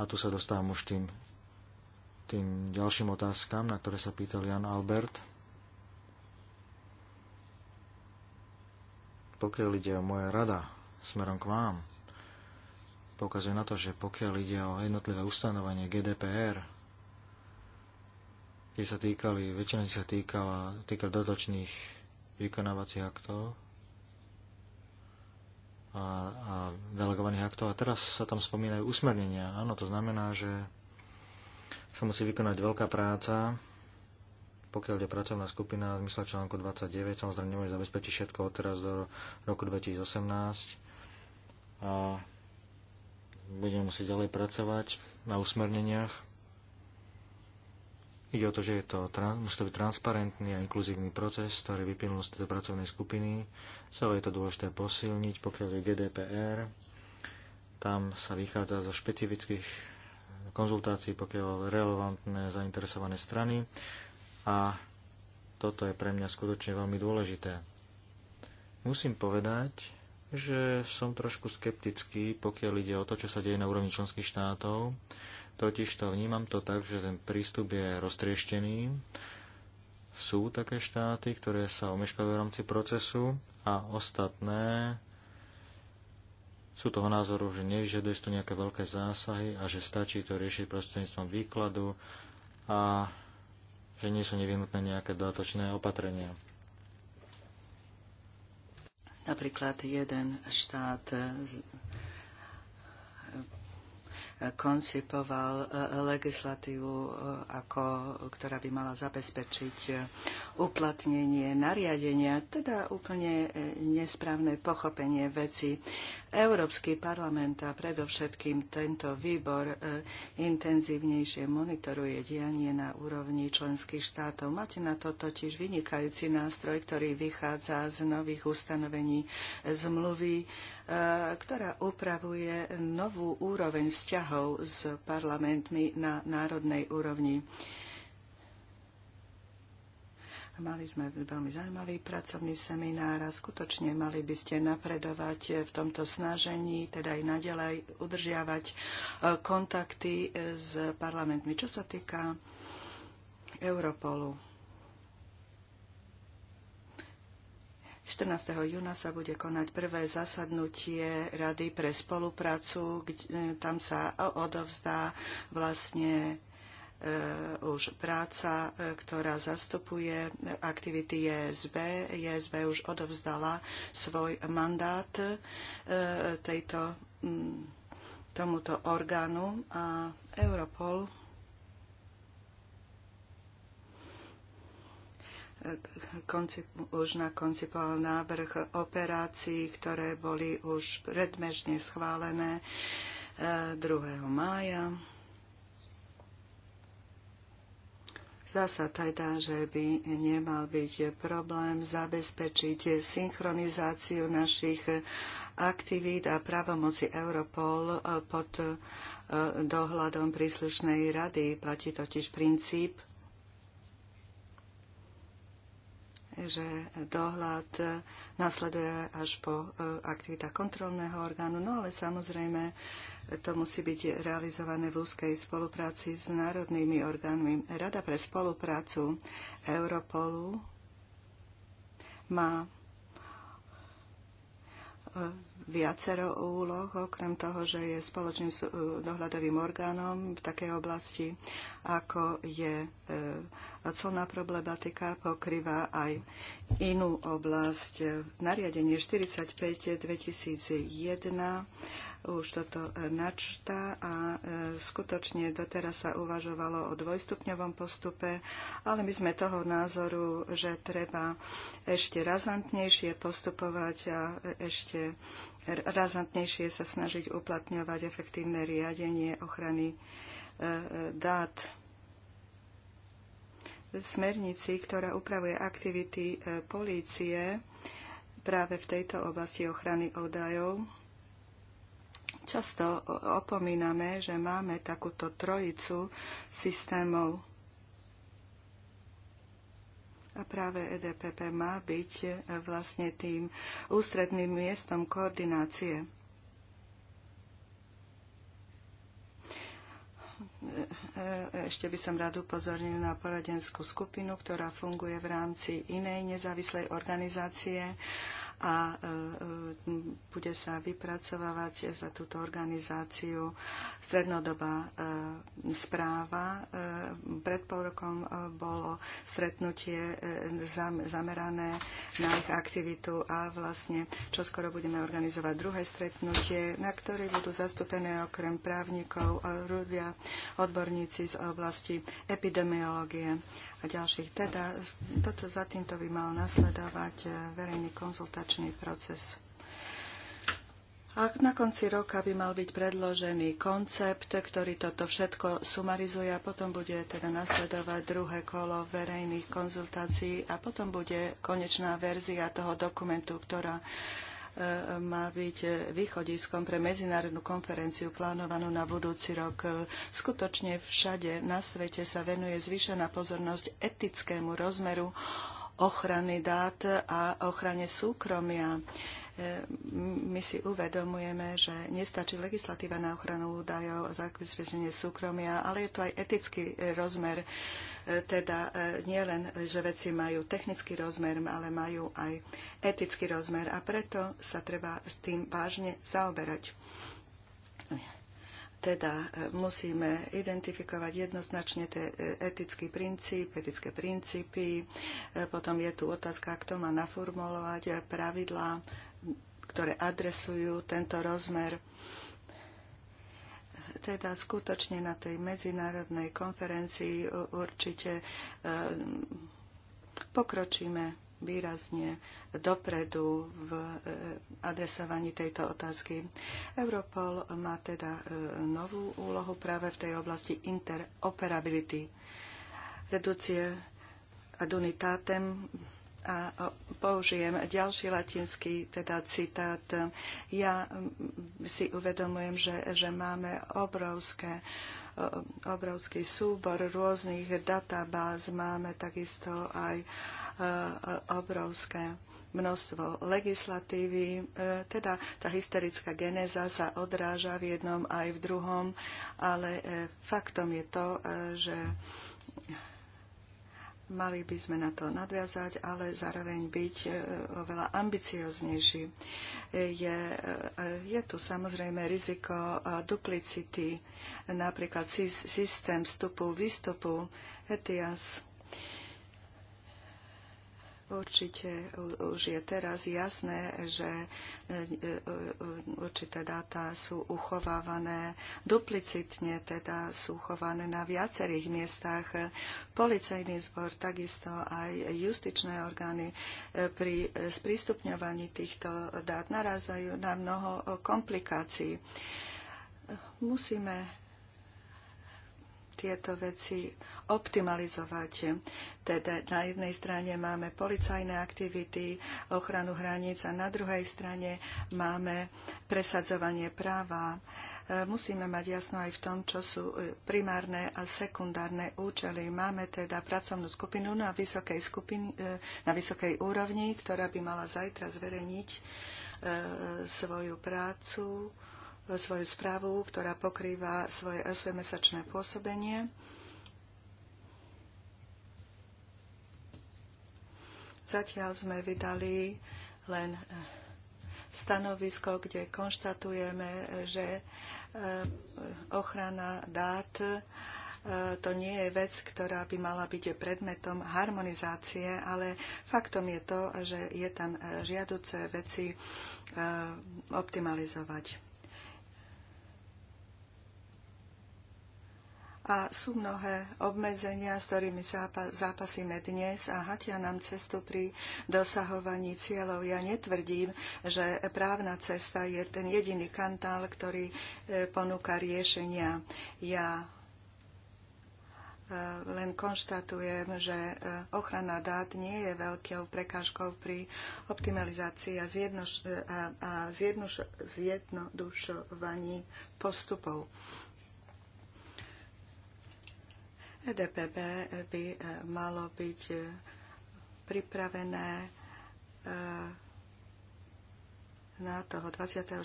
A tu sa dostávam už tým, tým ďalším otázkam, na ktoré sa pýtal Jan Albert. Pokiaľ ide o moje rada smerom k vám, poukazuje na to, že pokiaľ ide o jednotlivé ustanovenie GDPR, tie sa týkali, väčšina sa týkala, týkala dotočných vykonávacích aktov a, a delegovaných aktov. A teraz sa tam spomínajú usmernenia. Áno, to znamená, že sa musí vykonať veľká práca, pokiaľ je pracovná skupina v zmysle článku 29, samozrejme nemôže zabezpečiť všetko od teraz do roku 2018. A budeme musieť ďalej pracovať na usmerneniach. Ide o to, že je to, musí to byť transparentný a inkluzívny proces, ktorý vyplynul z tejto pracovnej skupiny. Celé je to dôležité posilniť, pokiaľ je GDPR. Tam sa vychádza zo špecifických konzultácií, pokiaľ relevantné zainteresované strany. A toto je pre mňa skutočne veľmi dôležité. Musím povedať, že som trošku skeptický, pokiaľ ide o to, čo sa deje na úrovni členských štátov. Totiž to vnímam to tak, že ten prístup je roztrieštený. Sú také štáty, ktoré sa omeškajú v rámci procesu a ostatné sú toho názoru, že nevyžaduje to nejaké veľké zásahy a že stačí to riešiť prostredníctvom výkladu a že nie sú nevyhnutné nejaké dodatočné opatrenia. Napríklad jeden štát koncipoval e, legislatívu, e, ako, ktorá by mala zabezpečiť e, uplatnenie nariadenia, teda úplne nesprávne pochopenie veci. Európsky parlament a predovšetkým tento výbor intenzívnejšie monitoruje dianie na úrovni členských štátov. Máte na to totiž vynikajúci nástroj, ktorý vychádza z nových ustanovení zmluvy E, ktorá upravuje novú úroveň vzťahov s parlamentmi na národnej úrovni. Mali sme veľmi zaujímavý pracovný seminár a skutočne mali by ste napredovať v tomto snažení, teda aj naďalej udržiavať e, kontakty s parlamentmi. Čo sa týka Europolu, 14. júna sa bude konať prvé zasadnutie Rady pre spoluprácu. Kde, e, tam sa odovzdá vlastne e, už práca, e, ktorá zastupuje aktivity JSB. JSB už odovzdala svoj mandát tejto, tomuto orgánu a Europol koncip, už nakoncipoval návrh operácií, ktoré boli už predmežne schválené 2. E, mája. Zdá sa teda, že by nemal byť problém zabezpečiť synchronizáciu našich aktivít a právomoci Europol e, pod e, dohľadom príslušnej rady. Platí totiž princíp že dohľad nasleduje až po e, aktivitách kontrolného orgánu, no ale samozrejme to musí byť realizované v úzkej spolupráci s národnými orgánmi. Rada pre spoluprácu Europolu má e, viacero úloh, okrem toho, že je spoločným e, dohľadovým orgánom v takej oblasti, ako je e, colná problematika, pokrýva aj inú oblasť. Nariadenie 45 2001 už toto e, načta a e, skutočne doteraz sa uvažovalo o dvojstupňovom postupe, ale my sme toho názoru, že treba ešte razantnejšie postupovať a e, ešte razantnejšie sa snažiť uplatňovať efektívne riadenie ochrany dát v smernici, ktorá upravuje aktivity polície práve v tejto oblasti ochrany údajov Často opomíname, že máme takúto trojicu systémov. A práve EDPP má byť e, vlastne tým ústredným miestom koordinácie. E, e, ešte by som rád upozornil na poradenskú skupinu, ktorá funguje v rámci inej nezávislej organizácie a e, e, bude sa vypracovávať za túto organizáciu strednodobá e, správa. Pred pol rokom bolo stretnutie zamerané na ich aktivitu a vlastne čoskoro budeme organizovať druhé stretnutie, na ktoré budú zastúpené okrem právnikov ľudia, odborníci z oblasti epidemiológie a ďalších. Teda toto za týmto by mal nasledovať e, verejný konzultačný proces. A na konci roka by mal byť predložený koncept, ktorý toto všetko sumarizuje a potom bude teda nasledovať druhé kolo verejných konzultácií a potom bude konečná verzia toho dokumentu, ktorá má byť východiskom pre medzinárodnú konferenciu plánovanú na budúci rok. Skutočne všade na svete sa venuje zvýšená pozornosť etickému rozmeru ochrany dát a ochrane súkromia my si uvedomujeme, že nestačí legislatíva na ochranu údajov a zabezpečenie súkromia, ale je to aj etický rozmer. E, teda e, nie len, že veci majú technický rozmer, ale majú aj etický rozmer a preto sa treba s tým vážne zaoberať. Teda e, musíme identifikovať jednoznačne ten etický princíp, etické princípy. Potom je tu otázka, kto má naformulovať pravidlá ktoré adresujú tento rozmer. Teda skutočne na tej medzinárodnej konferencii určite eh, pokročíme výrazne dopredu v eh, adresovaní tejto otázky. Europol má teda eh, novú úlohu práve v tej oblasti interoperability. Reducie ad a použijem ďalší latinský teda citát. Ja si uvedomujem, že, že máme obrovské obrovský súbor rôznych databáz, máme takisto aj e, e, obrovské množstvo legislatívy, e, teda tá historická genéza sa odráža v jednom aj v druhom, ale faktom je to, že Mali by sme na to nadviazať, ale zároveň byť e, oveľa ambicioznejší. E, je, e, je tu samozrejme riziko duplicity, napríklad systém vstupu, výstupu, ETIAS, Určite už je teraz jasné, že e, e, určité dáta sú uchovávané duplicitne, teda sú uchované na viacerých miestach. Policajný zbor, takisto aj justičné orgány e, pri sprístupňovaní týchto dát narazajú na mnoho komplikácií. Musíme tieto veci optimalizovať. Teda na jednej strane máme policajné aktivity, ochranu hraníc a na druhej strane máme presadzovanie práva. E, musíme mať jasno aj v tom, čo sú e, primárne a sekundárne účely. Máme teda pracovnú skupinu na vysokej, skupin, e, na vysokej úrovni, ktorá by mala zajtra zverejniť svoju prácu svoju správu, ktorá pokrýva svoje 8-mesačné pôsobenie. Zatiaľ sme vydali len eh, stanovisko, kde konštatujeme, eh, že eh, ochrana dát to nie je vec, ktorá by mala byť predmetom harmonizácie, ale faktom je to, že je tam žiaduce veci optimalizovať. a sú mnohé obmedzenia, s ktorými zápasíme dnes a hatia nám cestu pri dosahovaní cieľov. Ja netvrdím, že právna cesta je ten jediný kantál, ktorý e, ponúka riešenia. Ja e, len konštatujem, že e, ochrana dát nie je veľkou prekážkou pri optimalizácii a, zjednoš- a zjednoš- zjednodušovaní postupov. E DPB by e, malo byť e, pripravené na toho 24.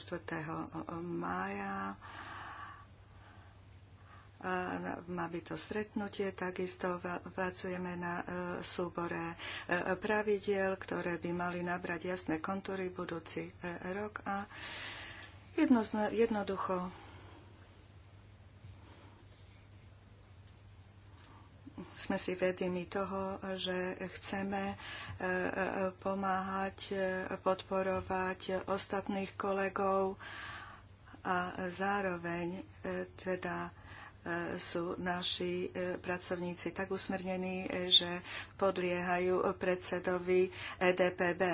mája má by to stretnutie, takisto pracujeme na súbore pravidiel, ktoré by mali nabrať jasné kontúry budúci rok a jednoducho sme si vedení toho, že chceme e, e, pomáhať, e, podporovať ostatných kolegov a zároveň teda sú naši e, pracovníci tak usmernení, e, že podliehajú predsedovi EDPB.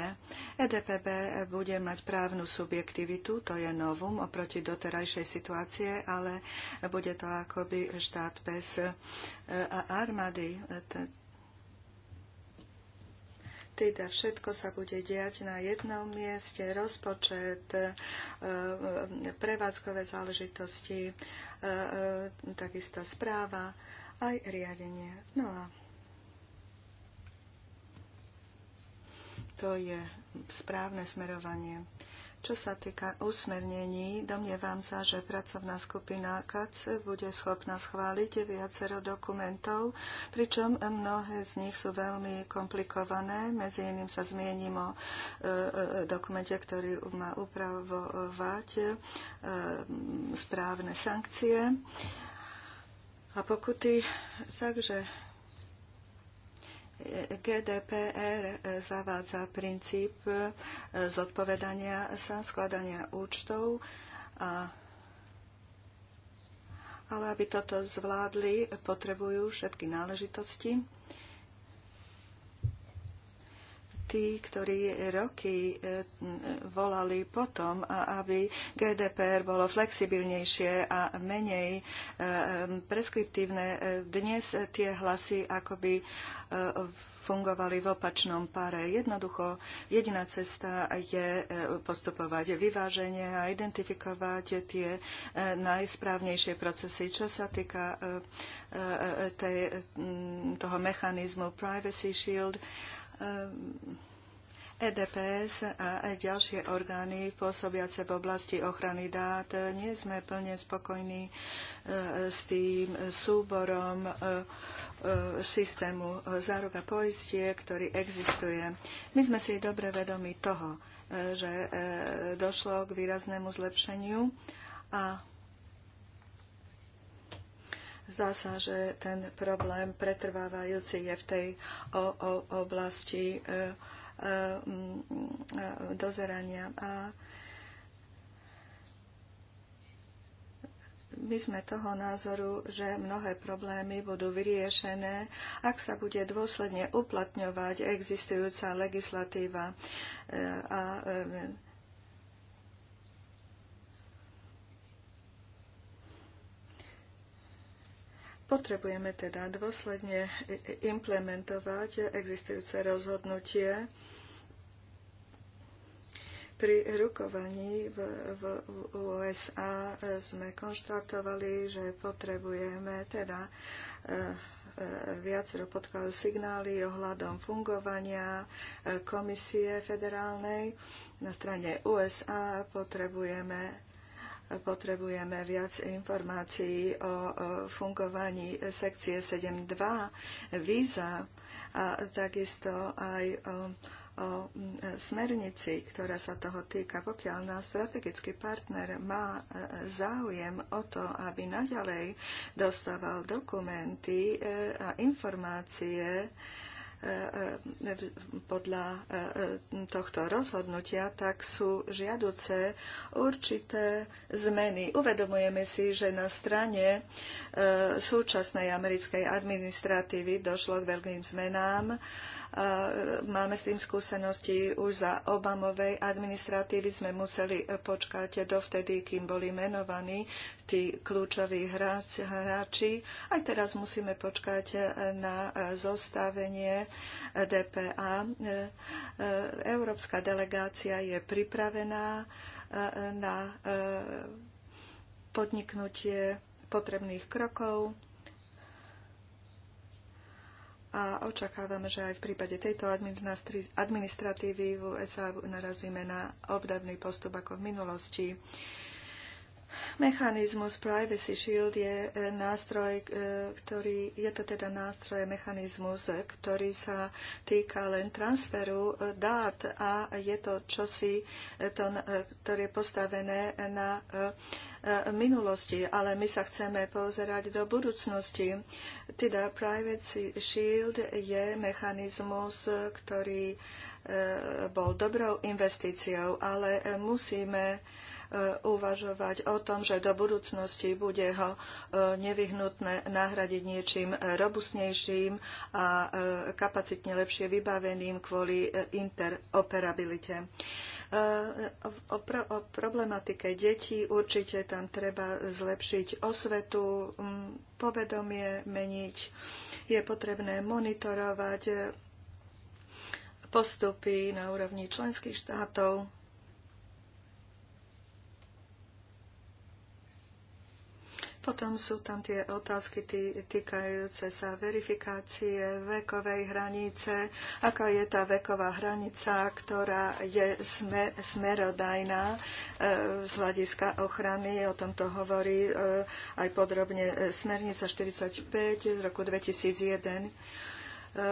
EDPB bude mať právnu subjektivitu, to je novum oproti doterajšej situácie, ale bude to akoby štát bez e, armády. Teda všetko sa bude diať na jednom mieste, rozpočet, prevádzkové záležitosti, takisto správa, aj riadenie. No a to je správne smerovanie čo sa týka usmernení, domnievam sa, že pracovná skupina KAC bude schopná schváliť viacero dokumentov, pričom mnohé z nich sú veľmi komplikované. Medzi iným sa zmiením o e, e, dokumente, ktorý má upravovať e, správne sankcie a pokuty. Takže GDPR zavádza princíp e, zodpovedania sa, skladania účtov a ale aby toto zvládli, potrebujú všetky náležitosti tí, ktorí roky eh, volali potom, aby GDPR bolo flexibilnejšie a menej eh, preskriptívne, dnes tie hlasy akoby eh, fungovali v opačnom pare. Jednoducho, jediná cesta je postupovať vyváženie a identifikovať tie najsprávnejšie procesy. Čo sa týka tej, mm, toho mechanizmu Privacy Shield, EDPS ehm, e a aj ďalšie orgány pôsobiace v oblasti ochrany dát. Nie sme plne spokojní e, s tým súborom e, systému záruk a poistie, ktorý existuje. My sme si dobre vedomi toho, že došlo k výraznému zlepšeniu a Zdá sa, že ten problém pretrvávajúci je v tej o, o, oblasti e, e, e, dozerania. A my sme toho názoru, že mnohé problémy budú vyriešené, ak sa bude dôsledne uplatňovať existujúca legislatíva. E, a, e, Potrebujeme teda dôsledne implementovať existujúce rozhodnutie pri rukovaní v, v USA sme konštatovali, že potrebujeme teda e, e, viacero podkladov signály ohľadom fungovania e, komisie federálnej. Na strane USA potrebujeme potrebujeme viac informácií o fungovaní sekcie 7.2 víza a takisto aj o, o smernici, ktorá sa toho týka. Pokiaľ nás strategický partner má záujem o to, aby naďalej dostával dokumenty e, a informácie, podľa e, e, tohto rozhodnutia, tak sú žiaduce určité zmeny. Uvedomujeme si, že na strane e, súčasnej americkej administratívy došlo k veľkým zmenám E, máme s tým skúsenosti už za Obamovej administratívy. Sme museli e, počkať dovtedy, kým boli menovaní tí kľúčoví hráči. Aj teraz musíme počkať e, na zostavenie DPA. Európska delegácia je pripravená na podniknutie potrebných krokov a očakávame, že aj v prípade tejto administratívy v USA narazíme na obdavný postup ako v minulosti. Mechanizmus Privacy Shield je e, nástroj, e, ktorý, je to teda nástroj, mechanizmus, e, ktorý sa týka len transferu dát a je to čosi, to, ktoré je postavené na Eh, minulosti, ale my sa chceme pozerať do budúcnosti. Teda Privacy Shield je mechanizmus, ktorý eh, bol dobrou investíciou, ale eh, musíme uvažovať o tom, že do budúcnosti bude ho nevyhnutné nahradiť niečím robustnejším a kapacitne lepšie vybaveným kvôli interoperabilite. O, pro, o problematike detí určite tam treba zlepšiť osvetu, povedomie meniť. Je potrebné monitorovať postupy na úrovni členských štátov Potom sú tam tie otázky tý, týkajúce sa verifikácie vekovej hranice, aká je tá veková hranica, ktorá je smer, smerodajná e, z hľadiska ochrany. O tomto hovorí e, aj podrobne e, smernica 45 z roku 2001. E,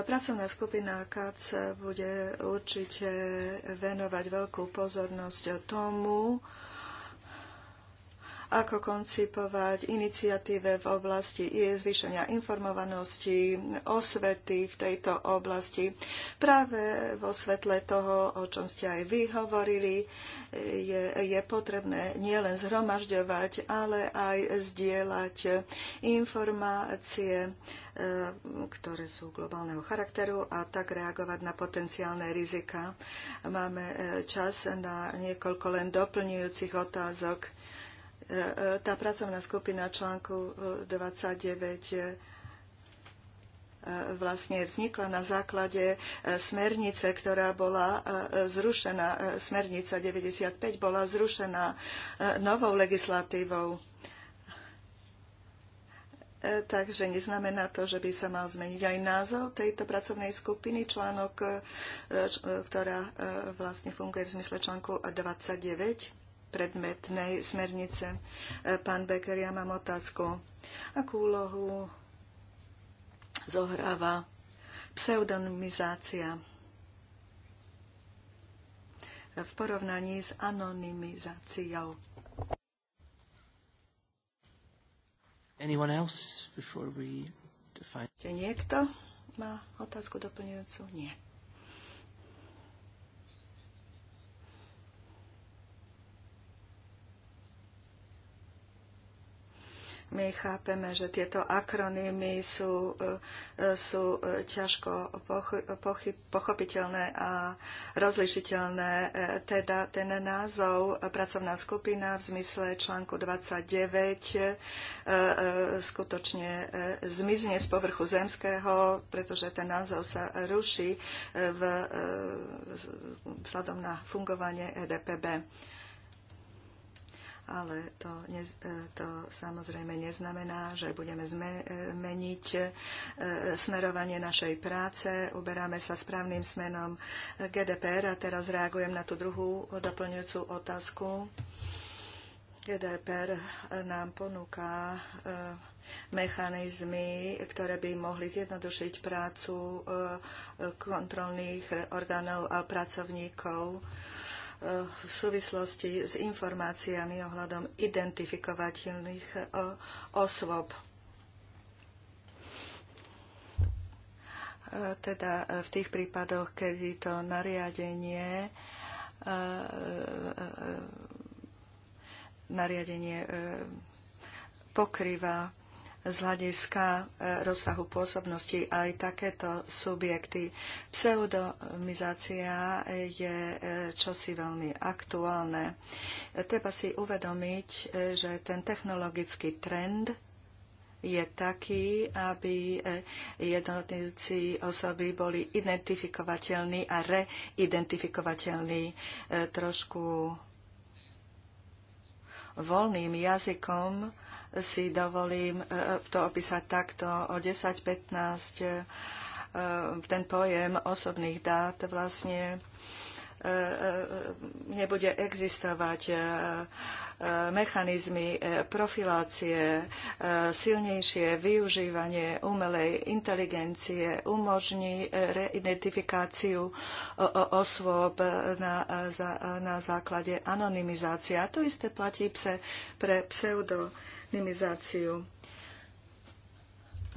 pracovná skupina KAC bude určite venovať veľkú pozornosť tomu, ako koncipovať iniciatíve v oblasti zvýšenia informovanosti, osvety v tejto oblasti. Práve vo svetle toho, o čom ste aj vy hovorili, je, je potrebné nielen zhromažďovať, ale aj zdieľať informácie, e, ktoré sú globálneho charakteru a tak reagovať na potenciálne rizika. Máme e, čas na niekoľko len doplňujúcich otázok tá pracovná skupina článku 29 e, e, vlastne vznikla na základe e, smernice, ktorá bola zrušená, smernica 95 bola zrušená novou legislatívou. Takže neznamená to, že by sa mal zmeniť aj názov tejto pracovnej skupiny, článok, ktorá vlastne funguje v zmysle článku 29 predmetnej smernice. E, pán Becker, ja mám otázku. Akú úlohu zohráva pseudonymizácia v porovnaní s anonymizáciou? Anyone else before we define... Niekto má otázku doplňujúcu? Nie. My chápeme, že tieto akronymy sú, e, sú e, ťažko pochopiteľné a rozlišiteľné. E, teda ten názov pracovná skupina v zmysle článku 29 skutočne zmizne z povrchu zemského, pretože ten názov sa ruší v, vzhľadom na fungovanie EDPB ale to, ne, e, to samozrejme neznamená, že budeme e, meniť e, smerovanie našej práce. Uberáme sa správnym smenom GDPR a teraz reagujem na tú druhú doplňujúcu otázku. GDPR nám ponúka mechanizmy, ktoré by mohli zjednodušiť prácu kontrolných orgánov a pracovníkov Eh, v súvislosti s informáciami ohľadom identifikovateľných eh, osôb. Eh, teda v tých prípadoch, kedy to nariadenie nariadenie pokrýva z hľadiska e, rozsahu pôsobnosti aj takéto subjekty. Pseudomizácia je e, čosi veľmi aktuálne. Treba si uvedomiť, e, že ten technologický trend je taký, aby jednotlivci osoby boli identifikovateľní a reidentifikovateľní trošku voľným jazykom si dovolím e, to opísať takto o 10-15 e, ten pojem osobných dát vlastne e, nebude existovať mechanizmy profilácie, silnejšie využívanie umelej inteligencie umožní reidentifikáciu osôb na, na základe anonymizácie. A to isté platí pse pre pseudo minimizáciu.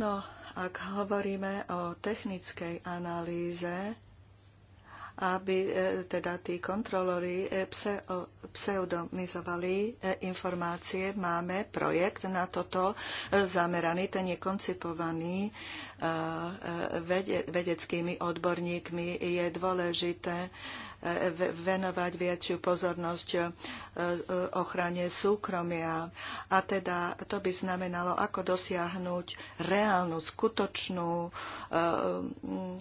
No, ak hovoríme o technickej analýze, aby e, teda tí kontrolóri e, pseudonizovali e, informácie. Máme projekt na toto zameraný, ten je koncipovaný vedeckými odborníkmi. Je dôležité venovať väčšiu pozornosť e, e, ochrane súkromia. A teda to by znamenalo, ako dosiahnuť reálnu, skutočnú e, mm,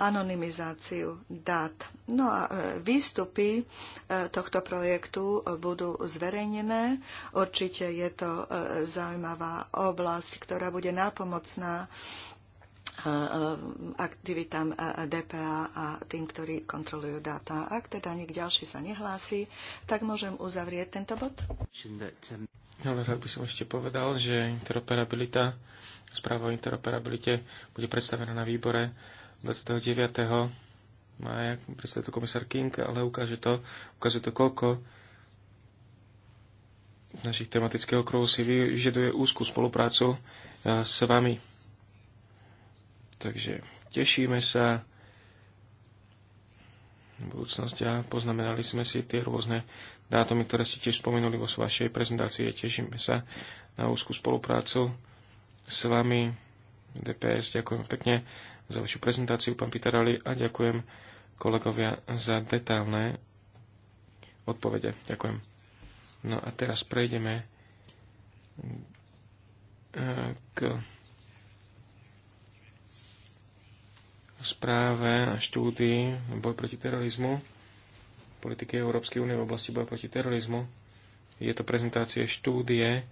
anonymizáciu dát. No a výstupy tohto projektu budú zverejnené. Určite je to zaujímavá oblasť, ktorá bude nápomocná Eh, aktivitám eh, DPA a tým, ktorí kontrolujú dáta. Ak teda nik ďalší sa nehlási, tak môžem uzavrieť tento bod. Ale rád by som ešte povedal, že interoperabilita, správa o interoperabilite bude predstavená na výbore 29. mája, predstaví to komisár King, ale ukáže to, ukáže to koľko našich tematických okruhov si vyžaduje úzkú spoluprácu eh, s vami. Takže tešíme sa v budúcnosti a poznamenali sme si tie rôzne dátumy, ktoré ste tiež spomenuli vo vašej prezentácii. Tešíme sa na úzkú spoluprácu s vami DPS. Ďakujem pekne za vašu prezentáciu, pán Pitarali, a ďakujem kolegovia za detálne odpovede. Ďakujem. No a teraz prejdeme eh, k správe a štúdii boj proti terorizmu, politiky Európskej únie v oblasti boja proti terorizmu. Je to prezentácie štúdie e,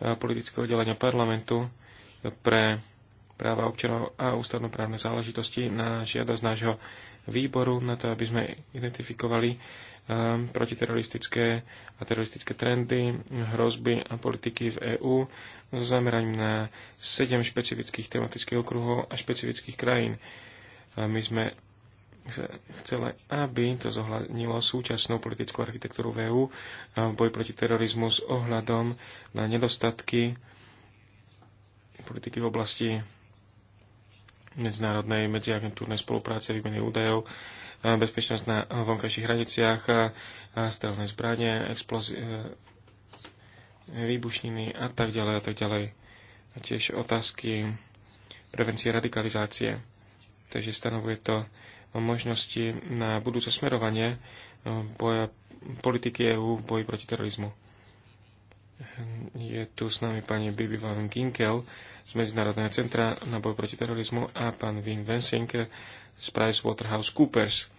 politického oddelenia parlamentu pre práva občanov a ústavnoprávne záležitosti na žiadosť nášho výboru na to, aby sme identifikovali um, protiteroristické a teroristické trendy, hrozby a politiky v EÚ s zameraním na sedem špecifických tematických okruhov a špecifických krajín. My sme chceli, aby to zohľadnilo súčasnú politickú architektúru VÚ v e boji proti terorizmu s ohľadom na nedostatky politiky v oblasti medzinárodnej medziagentúrnej spolupráce, výmeny údajov, bezpečnosť na vonkajších hraniciach, strelné zbranie, explozi- e, výbušniny a tak ďalej a tak ďalej. A tiež otázky prevencie radikalizácie takže stanovuje to možnosti na budúce smerovanie eh, boja politiky EÚ v boji proti terorizmu. Je tu s nami pani Bibi Van Ginkel z Medzinárodného centra na boj proti terorizmu a pán Wim Wensink z PricewaterhouseCoopers.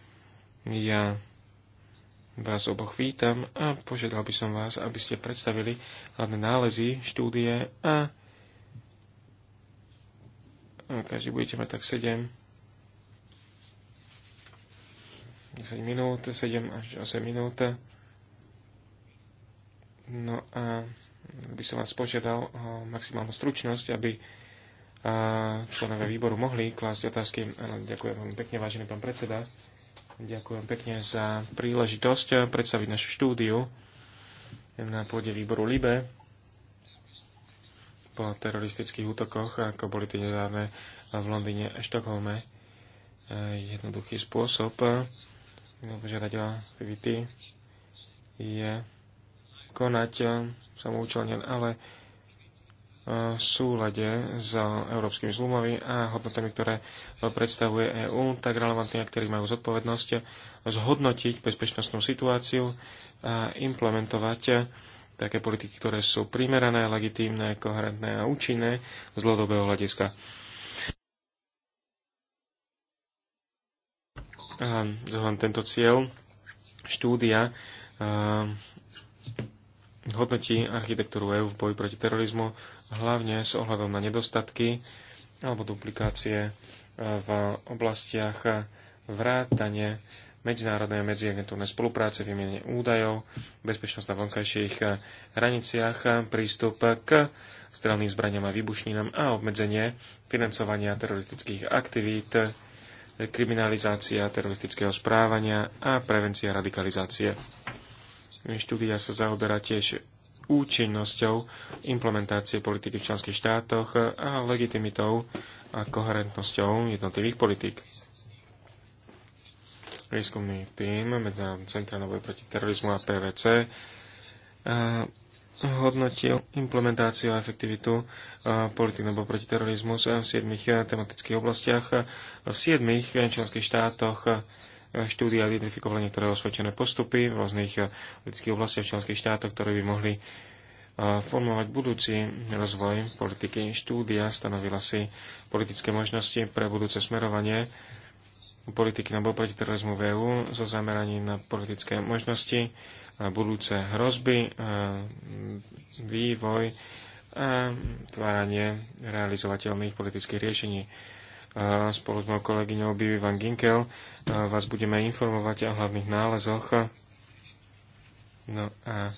Ja vás oboch vítam a požiadal by som vás, aby ste predstavili hlavné nálezy, štúdie a každý budete mať tak 7 10 minút, 7 až 8 minút. No a by som vás požiadal o maximálnu stručnosť, aby členové výboru mohli klásť otázky. ďakujem veľmi pekne, vážený pán predseda. Ďakujem pekne za príležitosť predstaviť našu štúdiu na pôde výboru LIBE po teroristických útokoch, ako boli tie nedávne v Londýne a Štokholme. Jednoduchý spôsob požiadať o aktivity, je konať eh, samoučelne, ale eh, v súlade s európskymi zlumami a hodnotami, ktoré eh, predstavuje EÚ, tak relevantní aktéry majú zodpovednosť zhodnotiť bezpečnostnú situáciu a implementovať také politiky, ktoré sú primerané, legitímne, koherentné a účinné z dlhodobého hľadiska. len tento cieľ štúdia eh, hodnotí architektúru EU v boji proti terorizmu, hlavne s ohľadom na nedostatky alebo duplikácie eh, v oblastiach vrátane medzinárodnej a medziagentúrnej spolupráce, výmene údajov, bezpečnosť na vonkajších eh, hraniciach, prístup k strelným zbraniam a výbušninám a obmedzenie financovania teroristických aktivít kriminalizácia teroristického správania a prevencia radikalizácie. Štúdia sa zaoberá tiež účinnosťou implementácie politiky v členských štátoch a legitimitou a koherentnosťou jednotlivých politik. Výskumný tím Medzinárodného centra na proti terorizmu a PVC hodnotil implementáciu a efektivitu e, politik nebo proti terorizmu e, v siedmých e, tematických oblastiach, v siedmých členských štátoch štúdia identifikovali niektoré osvedčené postupy v rôznych ľudských oblastiach v členských štátoch, ktoré by mohli formovať budúci rozvoj politiky. Štúdia stanovila si politické možnosti pre budúce smerovanie politiky na boj proti terorizmu v EÚ so zameraním na politické možnosti budúce hrozby, vývoj a tváranie realizovateľných politických riešení. Spolu s mojou kolegyňou Bibi van Ginkel vás budeme informovať o hlavných nálezoch. No a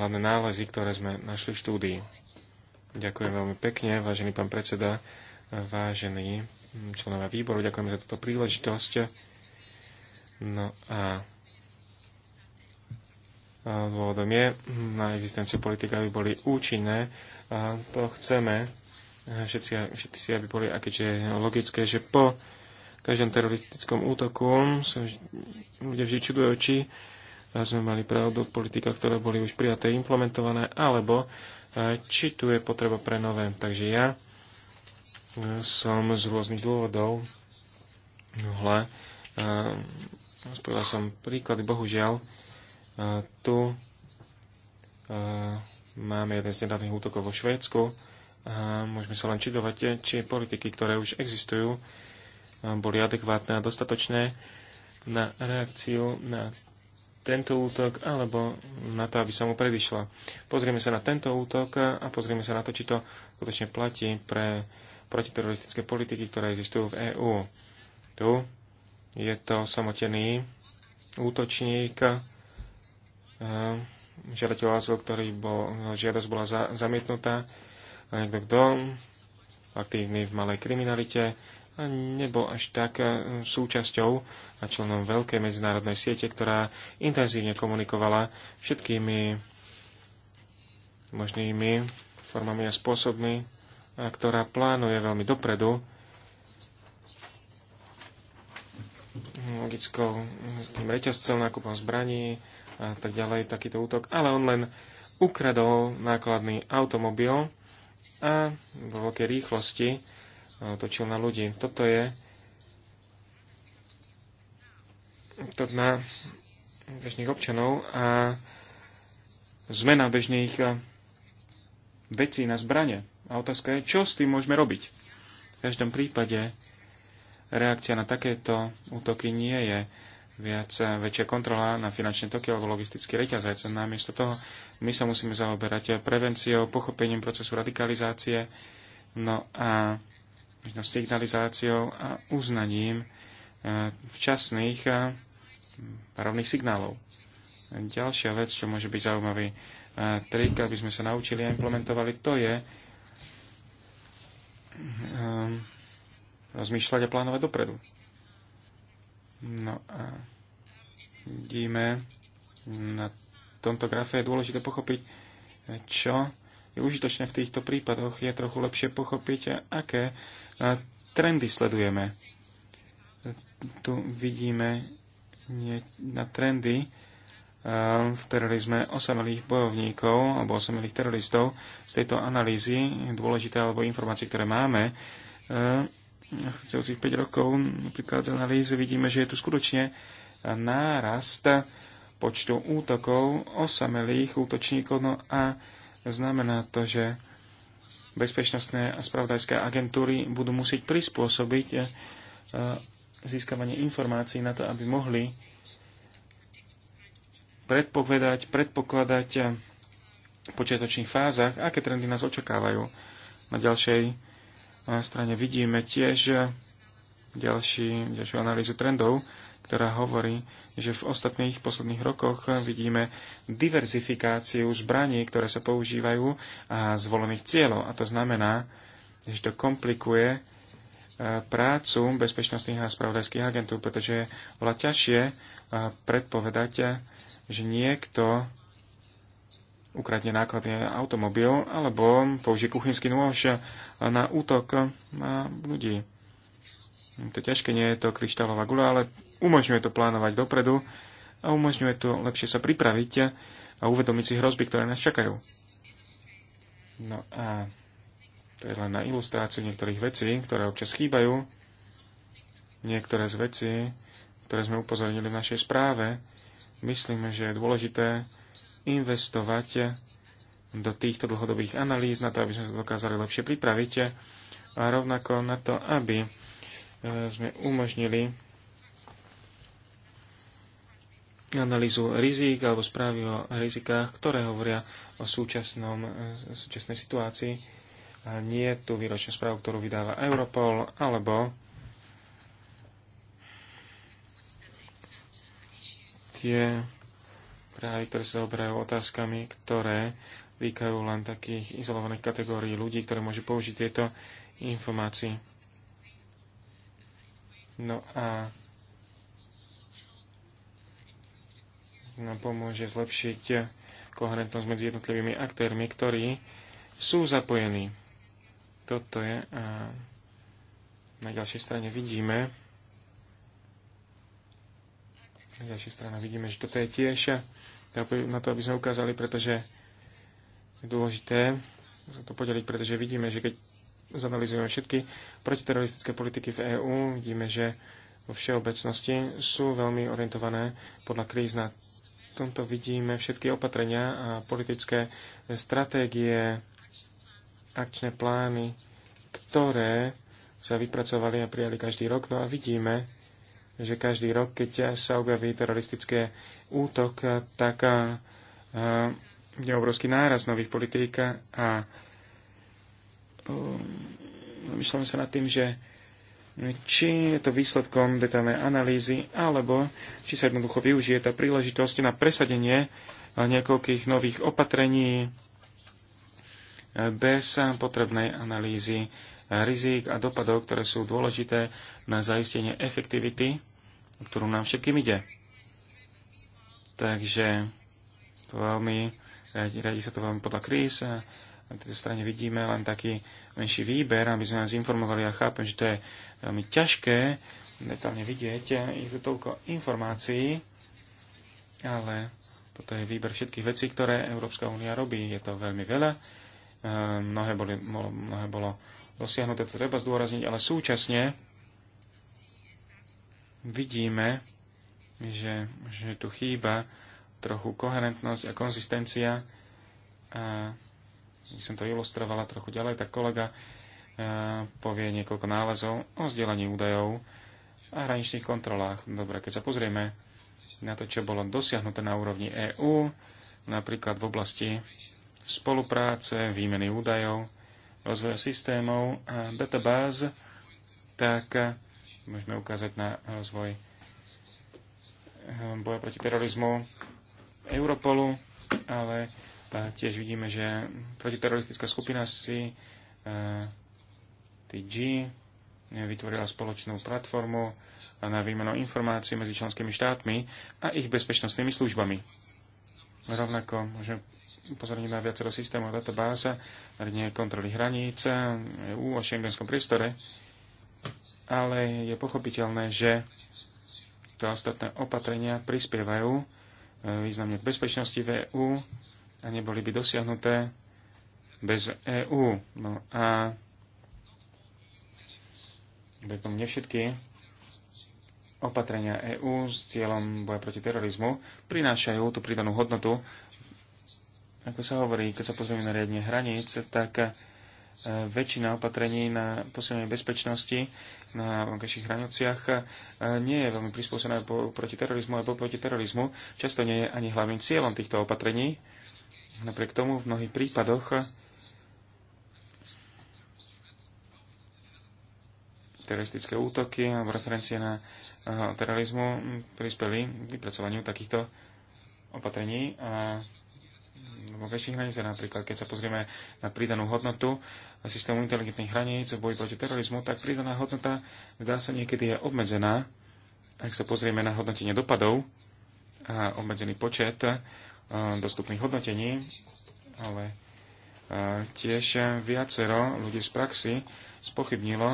hlavné nálezy, ktoré sme našli v štúdii. Ďakujem veľmi pekne, vážený pán predseda, vážení členovia výboru, ďakujem za túto príležitosť. No a Dôvodom je na existenciu politik, aby boli účinné. A to chceme eh, všetci, všetci aby boli, a keďže je logické, že po každom teroristickom útoku sa ľudia vždy čudujú, či sme mali pravdu v politikách, ktoré boli už prijaté, implementované, alebo eh, či tu je potreba pre nové. Takže ja eh, som z rôznych dôvodov hle, Spojila som príklady, bohužiaľ, a tu a máme jeden z nedávnych útokov vo Švédsku a môžeme sa len čidovať, či politiky, ktoré už existujú, boli adekvátne a dostatočné na reakciu na tento útok alebo na to, aby sa mu predišla. Pozrieme sa na tento útok a pozrieme sa na to, či to skutočne platí pre protiteroristické politiky, ktoré existujú v EÚ. Tu je to samotený útočník, Ehm, žiadateľ azyl, ktorý bol, no, žiadosť bola za, zamietnutá, niekto kto aktívny v malej kriminalite a nebol až tak e, súčasťou a členom veľkej medzinárodnej siete, ktorá intenzívne komunikovala všetkými možnými formami a spôsobmi, a ktorá plánuje veľmi dopredu logickou reťazcom, nákupom zbraní, a tak ďalej, takýto útok, ale on len ukradol nákladný automobil a vo veľkej rýchlosti e, točil na ľudí. Toto je to na bežných občanov a zmena bežných e, vecí na zbranie. A otázka je, čo s tým môžeme robiť. V každom prípade reakcia na takéto útoky nie je viac, eh, väčšia kontrola na finančné toky alebo logistický reťazec. Namiesto toho my sa musíme zaoberať eh, prevenciou, pochopením procesu radikalizácie, no a signalizáciou a uznaním eh, včasných rovných signálov. Ďalšia vec, čo môže byť zaujímavý trik, aby sme sa naučili a implementovali, to je rozmýšľať a plánovať dopredu. No a vidíme, na tomto grafe je dôležité pochopiť, čo je užitočné v týchto prípadoch. Je trochu lepšie pochopiť, aké trendy sledujeme. Tu vidíme na trendy v terorizme osamelých bojovníkov alebo osamelých teroristov. Z tejto analýzy dôležité alebo informácie, ktoré máme, chcúcich 5 rokov, napríklad z analýzy vidíme, že je tu skutočne nárast počtu útokov osamelých útočníkov, no a znamená to, že bezpečnostné a spravodajské agentúry budú musieť prispôsobiť e, získavanie informácií na to, aby mohli predpovedať, predpokladať v počiatočných fázach, aké trendy nás očakávajú na ďalšej na strane vidíme tiež ďalší, ďalšiu analýzu trendov, ktorá hovorí, že v ostatných posledných rokoch vidíme diverzifikáciu zbraní, ktoré sa používajú a zvolených cieľov. A to znamená, že to komplikuje e, prácu bezpečnostných a spravodajských agentov, pretože bola ťažšie e, predpovedať, že niekto ukradne nákladný automobil alebo použije kuchynský nôž na útok na ľudí. Je to ťažké, nie je to kryštálová gula, ale umožňuje to plánovať dopredu a umožňuje to lepšie sa pripraviť a uvedomiť si hrozby, ktoré nás čakajú. No a to je len na ilustráciu niektorých vecí, ktoré občas chýbajú. Niektoré z vecí, ktoré sme upozornili v našej správe, myslíme, že je dôležité investovať do týchto dlhodobých analýz, na to, aby sme sa dokázali lepšie pripraviť a rovnako na to, aby e, sme umožnili analýzu rizík alebo správy o rizikách, ktoré hovoria o súčasnom, e, súčasnej situácii. A nie je tú výročnú správu, ktorú vydáva Europol, alebo tie správy, ktoré sa zaoberajú otázkami, ktoré týkajú len takých izolovaných kategórií ľudí, ktoré môžu použiť tieto informácie. No a nám pomôže zlepšiť koherentnosť medzi jednotlivými aktérmi, ktorí sú zapojení. Toto je a na ďalšej strane vidíme, na ďalšej strane vidíme, že toto je tiež na to, aby sme ukázali, pretože je dôležité sa to podeliť, pretože vidíme, že keď zanalizujeme všetky protiteroristické politiky v EÚ, vidíme, že vo všeobecnosti sú veľmi orientované podľa kríz na tomto vidíme všetky opatrenia a politické stratégie, akčné plány, ktoré sa vypracovali a prijali každý rok. No a vidíme, že každý rok, keď sa objaví teroristické útok, tak eh, je obrovský náraz nových politík a eh, myšľam sa nad tým, že no, či je to výsledkom detálnej analýzy, alebo či sa jednoducho využije tá príležitosť na presadenie eh, niekoľkých nových opatrení bez potrebnej analýzy rizík a dopadov, ktoré sú dôležité na zaistenie efektivity, o ktorú nám všetkým ide. Takže to veľmi, radi, radi sa to veľmi podľa kríz a na tejto strane vidíme len taký menší výber, aby sme nás informovali. Ja chápem, že to je veľmi ťažké detálne vidieť. Je eh, tu toľko informácií, ale toto je výber všetkých vecí, ktoré Európska únia robí. Je to veľmi veľa. Eh, mnohé, boli, mnohé bolo dosiahnuté, to treba zdôrazniť, ale súčasne vidíme, že, že tu chýba trochu koherentnosť a konzistencia. A by som to ilustrovala trochu ďalej, tak kolega e, povie niekoľko nálezov o zdieľaní údajov a hraničných kontrolách. Dobre, keď sa pozrieme na to, čo bolo dosiahnuté na úrovni EÚ, napríklad v oblasti spolupráce, výmeny údajov, rozvoja systémov a databáz, tak môžeme ukázať na rozvoj boja proti terorizmu Europolu, ale tiež vidíme, že protiteroristická skupina si TG vytvorila spoločnú platformu na výmenu informácií medzi členskými štátmi a ich bezpečnostnými službami. Rovnako môžeme upozorniť na viacero systémov databáza, riadenie kontroly hraníc EU o šengenskom priestore, ale je pochopiteľné, že tieto ostatné opatrenia prispievajú e, významne k bezpečnosti v EÚ a neboli by dosiahnuté bez EÚ. No a pritom nevšetky opatrenia EÚ s cieľom boja proti terorizmu prinášajú tú pridanú hodnotu. Ako sa hovorí, keď sa pozrieme na riadne hraníc, tak e, väčšina opatrení na posilnenie bezpečnosti na vonkajších hraniciach e, nie je veľmi prispôsobené proti terorizmu alebo proti terorizmu. Často nie je ani hlavným cieľom týchto opatrení. Napriek tomu v mnohých prípadoch teroristické útoky alebo referencie na e, terorizmu prispeli k vypracovaniu takýchto opatrení a vo väčších hraniciach napríklad, keď sa pozrieme na pridanú hodnotu a systému inteligentných hraníc v boji proti terorizmu, tak pridaná hodnota zdá sa niekedy je obmedzená. Ak sa pozrieme na hodnotenie dopadov a obmedzený počet eh, dostupných hodnotení, ale eh, tiež viacero ľudí z praxi spochybnilo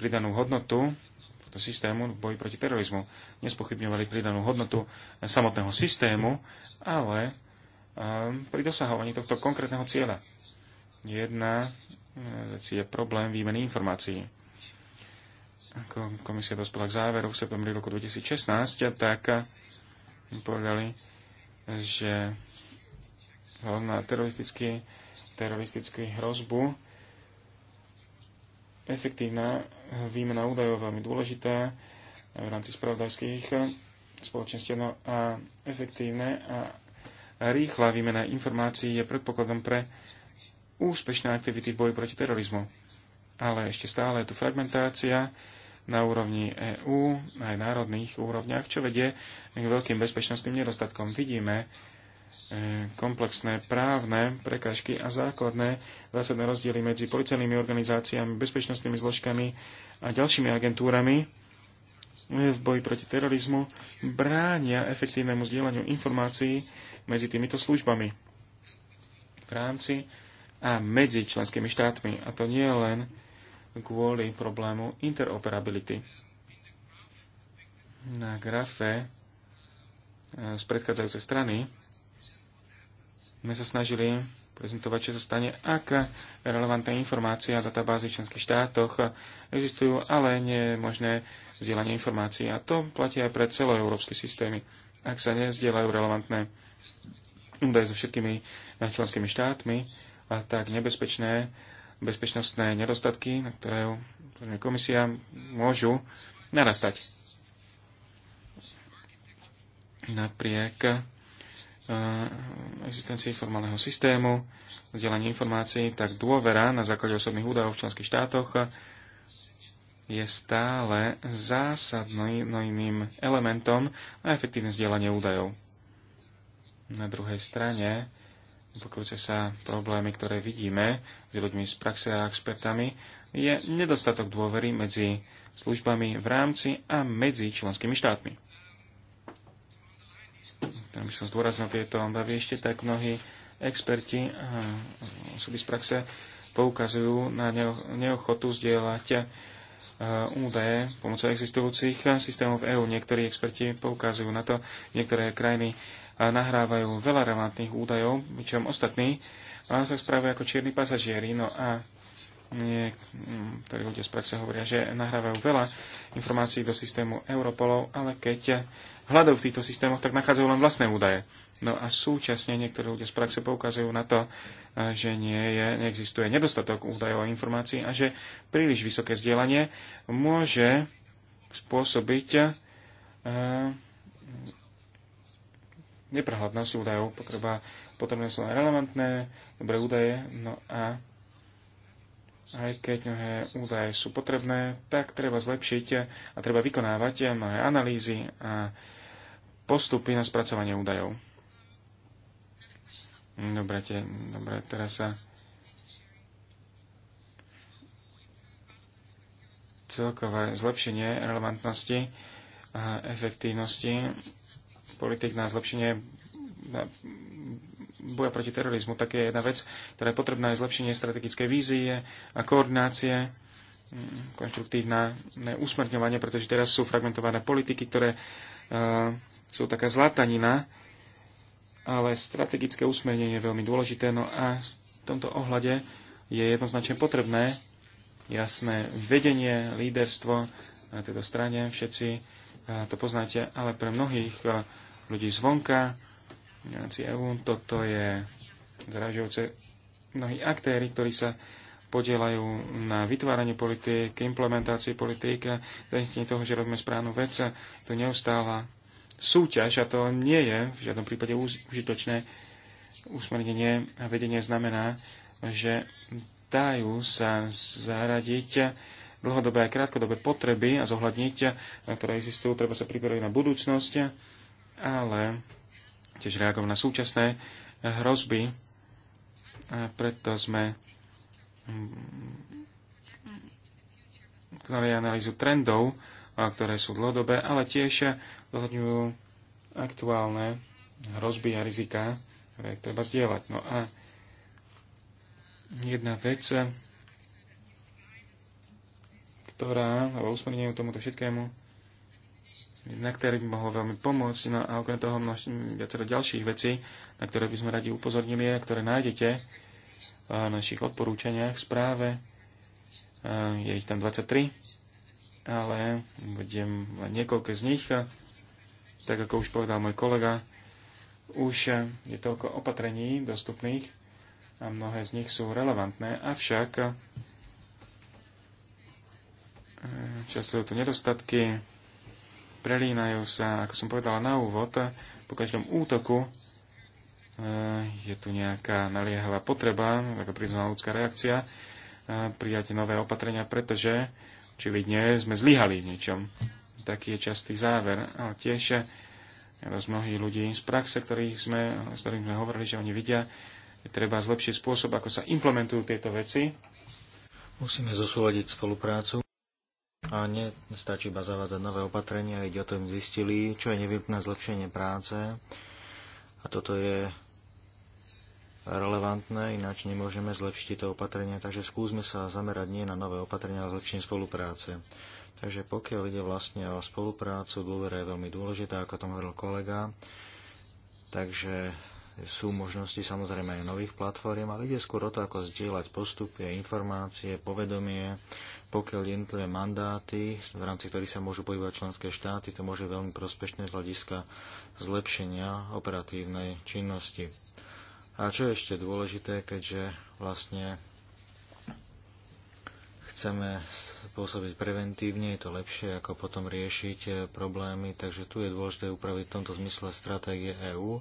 pridanú hodnotu tohto systému v boji proti terorizmu. Nespochybňovali pridanú hodnotu samotného systému, ale eh, pri dosahovaní tohto konkrétneho cieľa. Jedna vec je problém výmeny informácií. Ako komisia dospela k záveru v septembri roku 2016, tak povedali, že hlavná teroristický, teroristický, teroristickú hrozbu efektívna výmena údajov je veľmi dôležitá v rámci spravodajských spoločností no a efektívne a rýchla výmena informácií je predpokladom pre úspešné aktivity v boji proti terorizmu. Ale ešte stále je tu fragmentácia na úrovni EÚ, aj národných úrovniach, čo vedie k veľkým bezpečnostným nedostatkom. Vidíme e, komplexné právne prekážky a základné zásadné rozdiely medzi policajnými organizáciami, bezpečnostnými zložkami a ďalšími agentúrami v boji proti terorizmu bránia efektívnemu zdieľaniu informácií medzi týmito službami. V rámci a medzi členskými štátmi. A to nie len kvôli problému interoperability. Na grafe eh, z predchádzajúcej strany sme sa snažili prezentovať, čo sa stane, aká relevantná informácia a databázy v členských štátoch existujú, ale nie je možné vzdielanie informácií. A to platí aj pre celoeurópske systémy. Ak sa nezdielajú relevantné údaje so všetkými eh, členskými štátmi, a tak nebezpečné bezpečnostné nedostatky, na ktoré komisia môžu narastať. Napriek e, existencii formálneho systému, vzdelanie informácií, tak dôvera na základe osobných údajov v členských štátoch je stále zásadným elementom na efektívne vzdelanie údajov. Na druhej strane opakujúce sa problémy, ktoré vidíme s ľuďmi z praxe a expertami, je nedostatok dôvery medzi službami v rámci a medzi členskými štátmi. Tam by som zdôraznil tieto obavy ešte tak mnohí experti a osoby z praxe poukazujú na neochotu zdieľať e, údaje pomocou existujúcich systémov v EÚ. Niektorí experti poukazujú na to, niektoré krajiny nahrávajú veľa relevantných údajov, pričom ostatní sa správajú ako čierni pasažieri. No a niektorí ľudia z praxe hovoria, že nahrávajú veľa informácií do systému Europolov, ale keď hľadajú v týchto systémoch, tak nachádzajú len vlastné údaje. No a súčasne niektorí ľudia z praxe poukazujú na to, že nie je, neexistuje nedostatok údajov a informácií a že príliš vysoké vzdielanie môže spôsobiť uh, neprehľadnosť údajov, potreba, potrebné sú aj relevantné, dobré údaje, no a aj keď mnohé údaje sú potrebné, tak treba zlepšiť a treba vykonávať mnohé analýzy a postupy na spracovanie údajov. Dobre, te, dobre teraz sa celkové zlepšenie relevantnosti a efektívnosti politik na zlepšenie na boja proti terorizmu, tak je jedna vec, ktorá je potrebná, je zlepšenie strategickej vízie a koordinácie, mm, konštruktívne usmerňovanie, pretože teraz sú fragmentované politiky, ktoré uh, sú taká zlatanina, ale strategické usmernenie je veľmi dôležité, no a v tomto ohľade je jednoznačne potrebné jasné vedenie, líderstvo na tejto strane, všetci uh, to poznáte, ale pre mnohých uh, ľudí zvonka, v EU. Toto je zražujúce mnohí aktéry, ktorí sa podielajú na vytváranie politiek, implementácii politík a zaistenie toho, že robíme správnu vec. To neustála súťaž a to nie je v žiadnom prípade užitočné usmernenie a vedenie znamená, že dajú sa zaradiť dlhodobé a krátkodobé potreby a zohľadniť, ktoré existujú, treba sa pripraviť na budúcnosť ale tiež reagoval na súčasné hrozby. A preto sme konali mm, analýzu trendov, ktoré sú dlhodobé, ale tiež zohľadňujú aktuálne hrozby a rizika, ktoré treba zdieľať. No a jedna vec, ktorá, alebo usmerneniu tomuto všetkému, na ktoré by mohlo veľmi pomôcť. No a okrem toho množ, viacero ďalších vecí, na ktoré by sme radi upozornili a ktoré nájdete v našich odporúčaniach správe. Je ich tam 23, ale budem len niekoľko z nich. Tak ako už povedal môj kolega, už je toľko opatrení dostupných a mnohé z nich sú relevantné, avšak e, často sú tu nedostatky, prelínajú sa, ako som povedal, na úvod, po každom útoku eh, je tu nejaká naliehavá potreba, taká príznaná ľudská reakcia, eh, prijať nové opatrenia, pretože čividne sme zlyhali v niečom. Taký je častý záver, ale tiež eh, z mnohých ľudí z praxe, ktorých sme, s ktorými sme hovorili, že oni vidia, že treba zlepšiť spôsob, ako sa implementujú tieto veci. Musíme zosúľadiť spoluprácu a nestačí iba zavádzať nové opatrenia, ide o tom zistili, čo je nevyhnutné zlepšenie práce. A toto je relevantné, ináč nemôžeme zlepšiť tieto opatrenia, takže skúsme sa zamerať nie na nové opatrenia, ale zlepšenie spolupráce. Takže pokiaľ ide vlastne o spoluprácu, dôvera je veľmi dôležitá, ako tom hovoril kolega, takže sú možnosti samozrejme aj nových platform, ale ide skôr o to, ako zdieľať postupy, informácie, povedomie, pokiaľ jednotlivé mandáty, v rámci ktorých sa môžu pohybovať členské štáty, to môže veľmi prospešné z hľadiska zlepšenia operatívnej činnosti. A čo je ešte dôležité, keďže vlastne chceme spôsobiť preventívne, je to lepšie, ako potom riešiť eh, problémy, takže tu je dôležité upraviť v tomto zmysle stratégie EÚ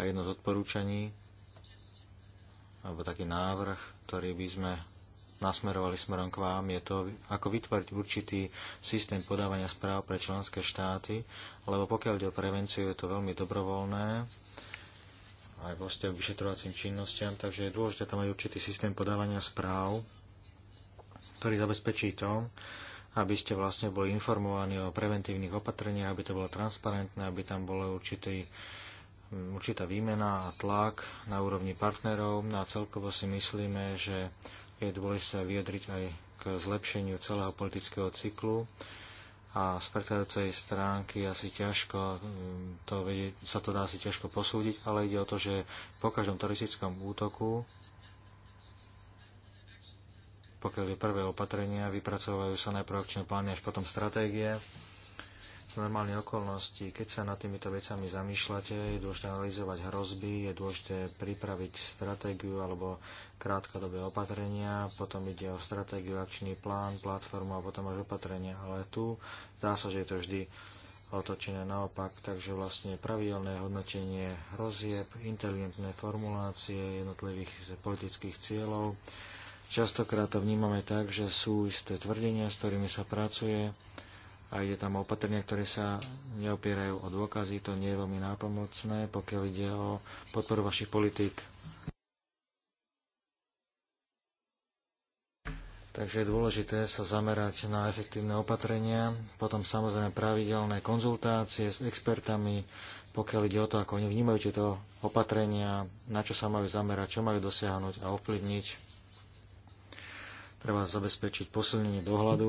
a jedno z odporúčaní, alebo taký návrh, ktorý by sme nasmerovali smerom k vám, je to, ako vytvoriť určitý systém podávania správ pre členské štáty, lebo pokiaľ ide o prevenciu, je to veľmi dobrovoľné, aj vo vzťahu k vyšetrovacím činnostiam, takže je dôležité tam mať určitý systém podávania správ, ktorý zabezpečí to, aby ste vlastne boli informovaní o preventívnych opatreniach, aby to bolo transparentné, aby tam bolo určitý, určitá výmena a tlak na úrovni partnerov. No a celkovo si myslíme, že je dôležité sa vyjadriť aj k zlepšeniu celého politického cyklu a z predchádzajúcej stránky asi ťažko, mm, to vedie, sa to dá asi ťažko posúdiť, ale ide o to, že po každom teroristickom útoku pokiaľ je prvé opatrenia, vypracovajú sa najprv akčné plány, až potom stratégie normálne okolnosti, keď sa nad týmito vecami zamýšľate, je dôležité analyzovať hrozby, je dôležité pripraviť stratégiu alebo krátkodobé opatrenia, potom ide o stratégiu, akčný plán, platformu a potom až opatrenia. Ale tu zdá sa, že je to vždy otočené naopak, takže vlastne pravidelné hodnotenie hrozieb, inteligentné formulácie jednotlivých politických cieľov. Častokrát to vnímame tak, že sú isté tvrdenia, s ktorými sa pracuje, a je tam opatrenia, ktoré sa neopierajú o dôkazy. To nie je veľmi nápomocné, pokiaľ ide o podporu vašich politík. Takže je dôležité sa zamerať na efektívne opatrenia, potom samozrejme pravidelné konzultácie s expertami, pokiaľ ide o to, ako oni vnímajú tieto opatrenia, na čo sa majú zamerať, čo majú dosiahnuť a ovplyvniť. Treba zabezpečiť posilnenie dohľadu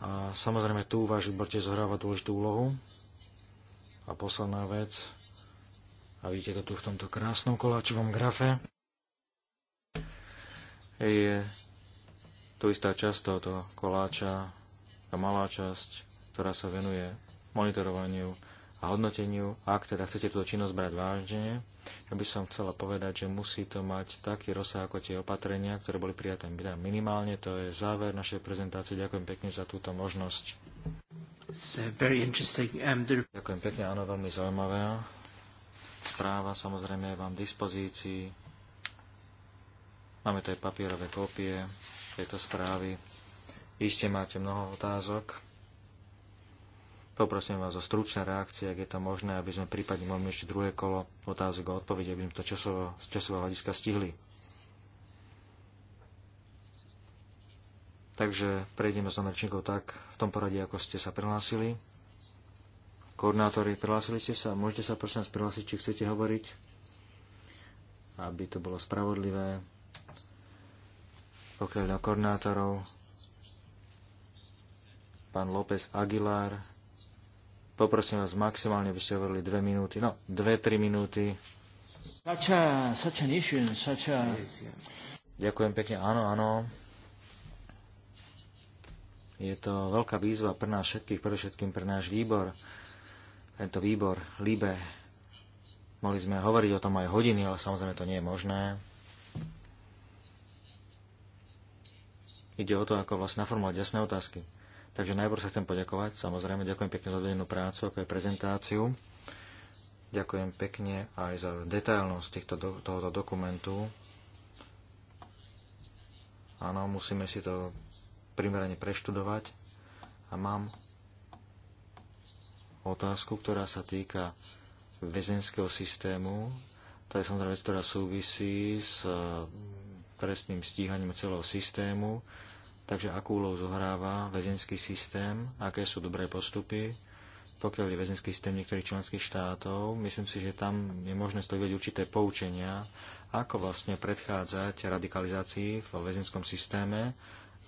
A samozrejme tu váš výbor tiež zohráva dôležitú úlohu. A posledná vec, a vidíte to tu v tomto krásnom koláčovom grafe, je tu istá časť tohoto koláča, tá malá časť, ktorá sa venuje monitorovaniu a hodnoteniu, ak teda chcete túto činnosť brať vážne, ja by som chcela povedať, že musí to mať taký rozsah ako tie opatrenia, ktoré boli prijaté teda minimálne. To je záver našej prezentácie. Ďakujem pekne za túto možnosť. Uh, um, the... Ďakujem pekne, áno, veľmi zaujímavá správa, samozrejme je vám v dispozícii. Máme tu aj papierové kópie tejto správy. Iste máte mnoho otázok. Poprosím vás o stručné reakcie, ak je to možné, aby sme prípadne mohli ešte druhé kolo otázok a odpovede, aby sme to časovo, z časového hľadiska stihli. Takže prejdeme z rečníkov tak, v tom poradí, ako ste sa prihlásili. Koordinátori, prihlásili ste sa, môžete sa prosím prihlásiť, či chcete hovoriť, aby to bolo spravodlivé. Pokiaľ na koordinátorov, pán López Aguilar, Poprosím vás maximálne, by ste hovorili dve minúty, no dve, tri minúty. Ďakujem pekne, áno, áno. Je to veľká výzva pre nás všetkých, pre všetkým pre náš výbor, tento výbor Libe. Mohli sme hovoriť o tom aj hodiny, ale samozrejme to nie je možné. Ide o to, ako vlastne naformovať jasné otázky. Takže najprv sa chcem poďakovať. Samozrejme, ďakujem pekne za odvedenú prácu, ako aj prezentáciu. Ďakujem pekne aj za detailnosť týchto, tohoto dokumentu. Áno, musíme si to primerane preštudovať. A mám otázku, ktorá sa týka väzenského systému. To je samozrejme vec, ktorá súvisí s eh, trestným stíhaním celého systému. Takže akú úlohu zohráva väzenský systém, aké sú dobré postupy, pokiaľ je väzenský systém niektorých členských štátov. Myslím si, že tam je možné stojiť určité poučenia, ako vlastne predchádzať radikalizácii v väzenskom systéme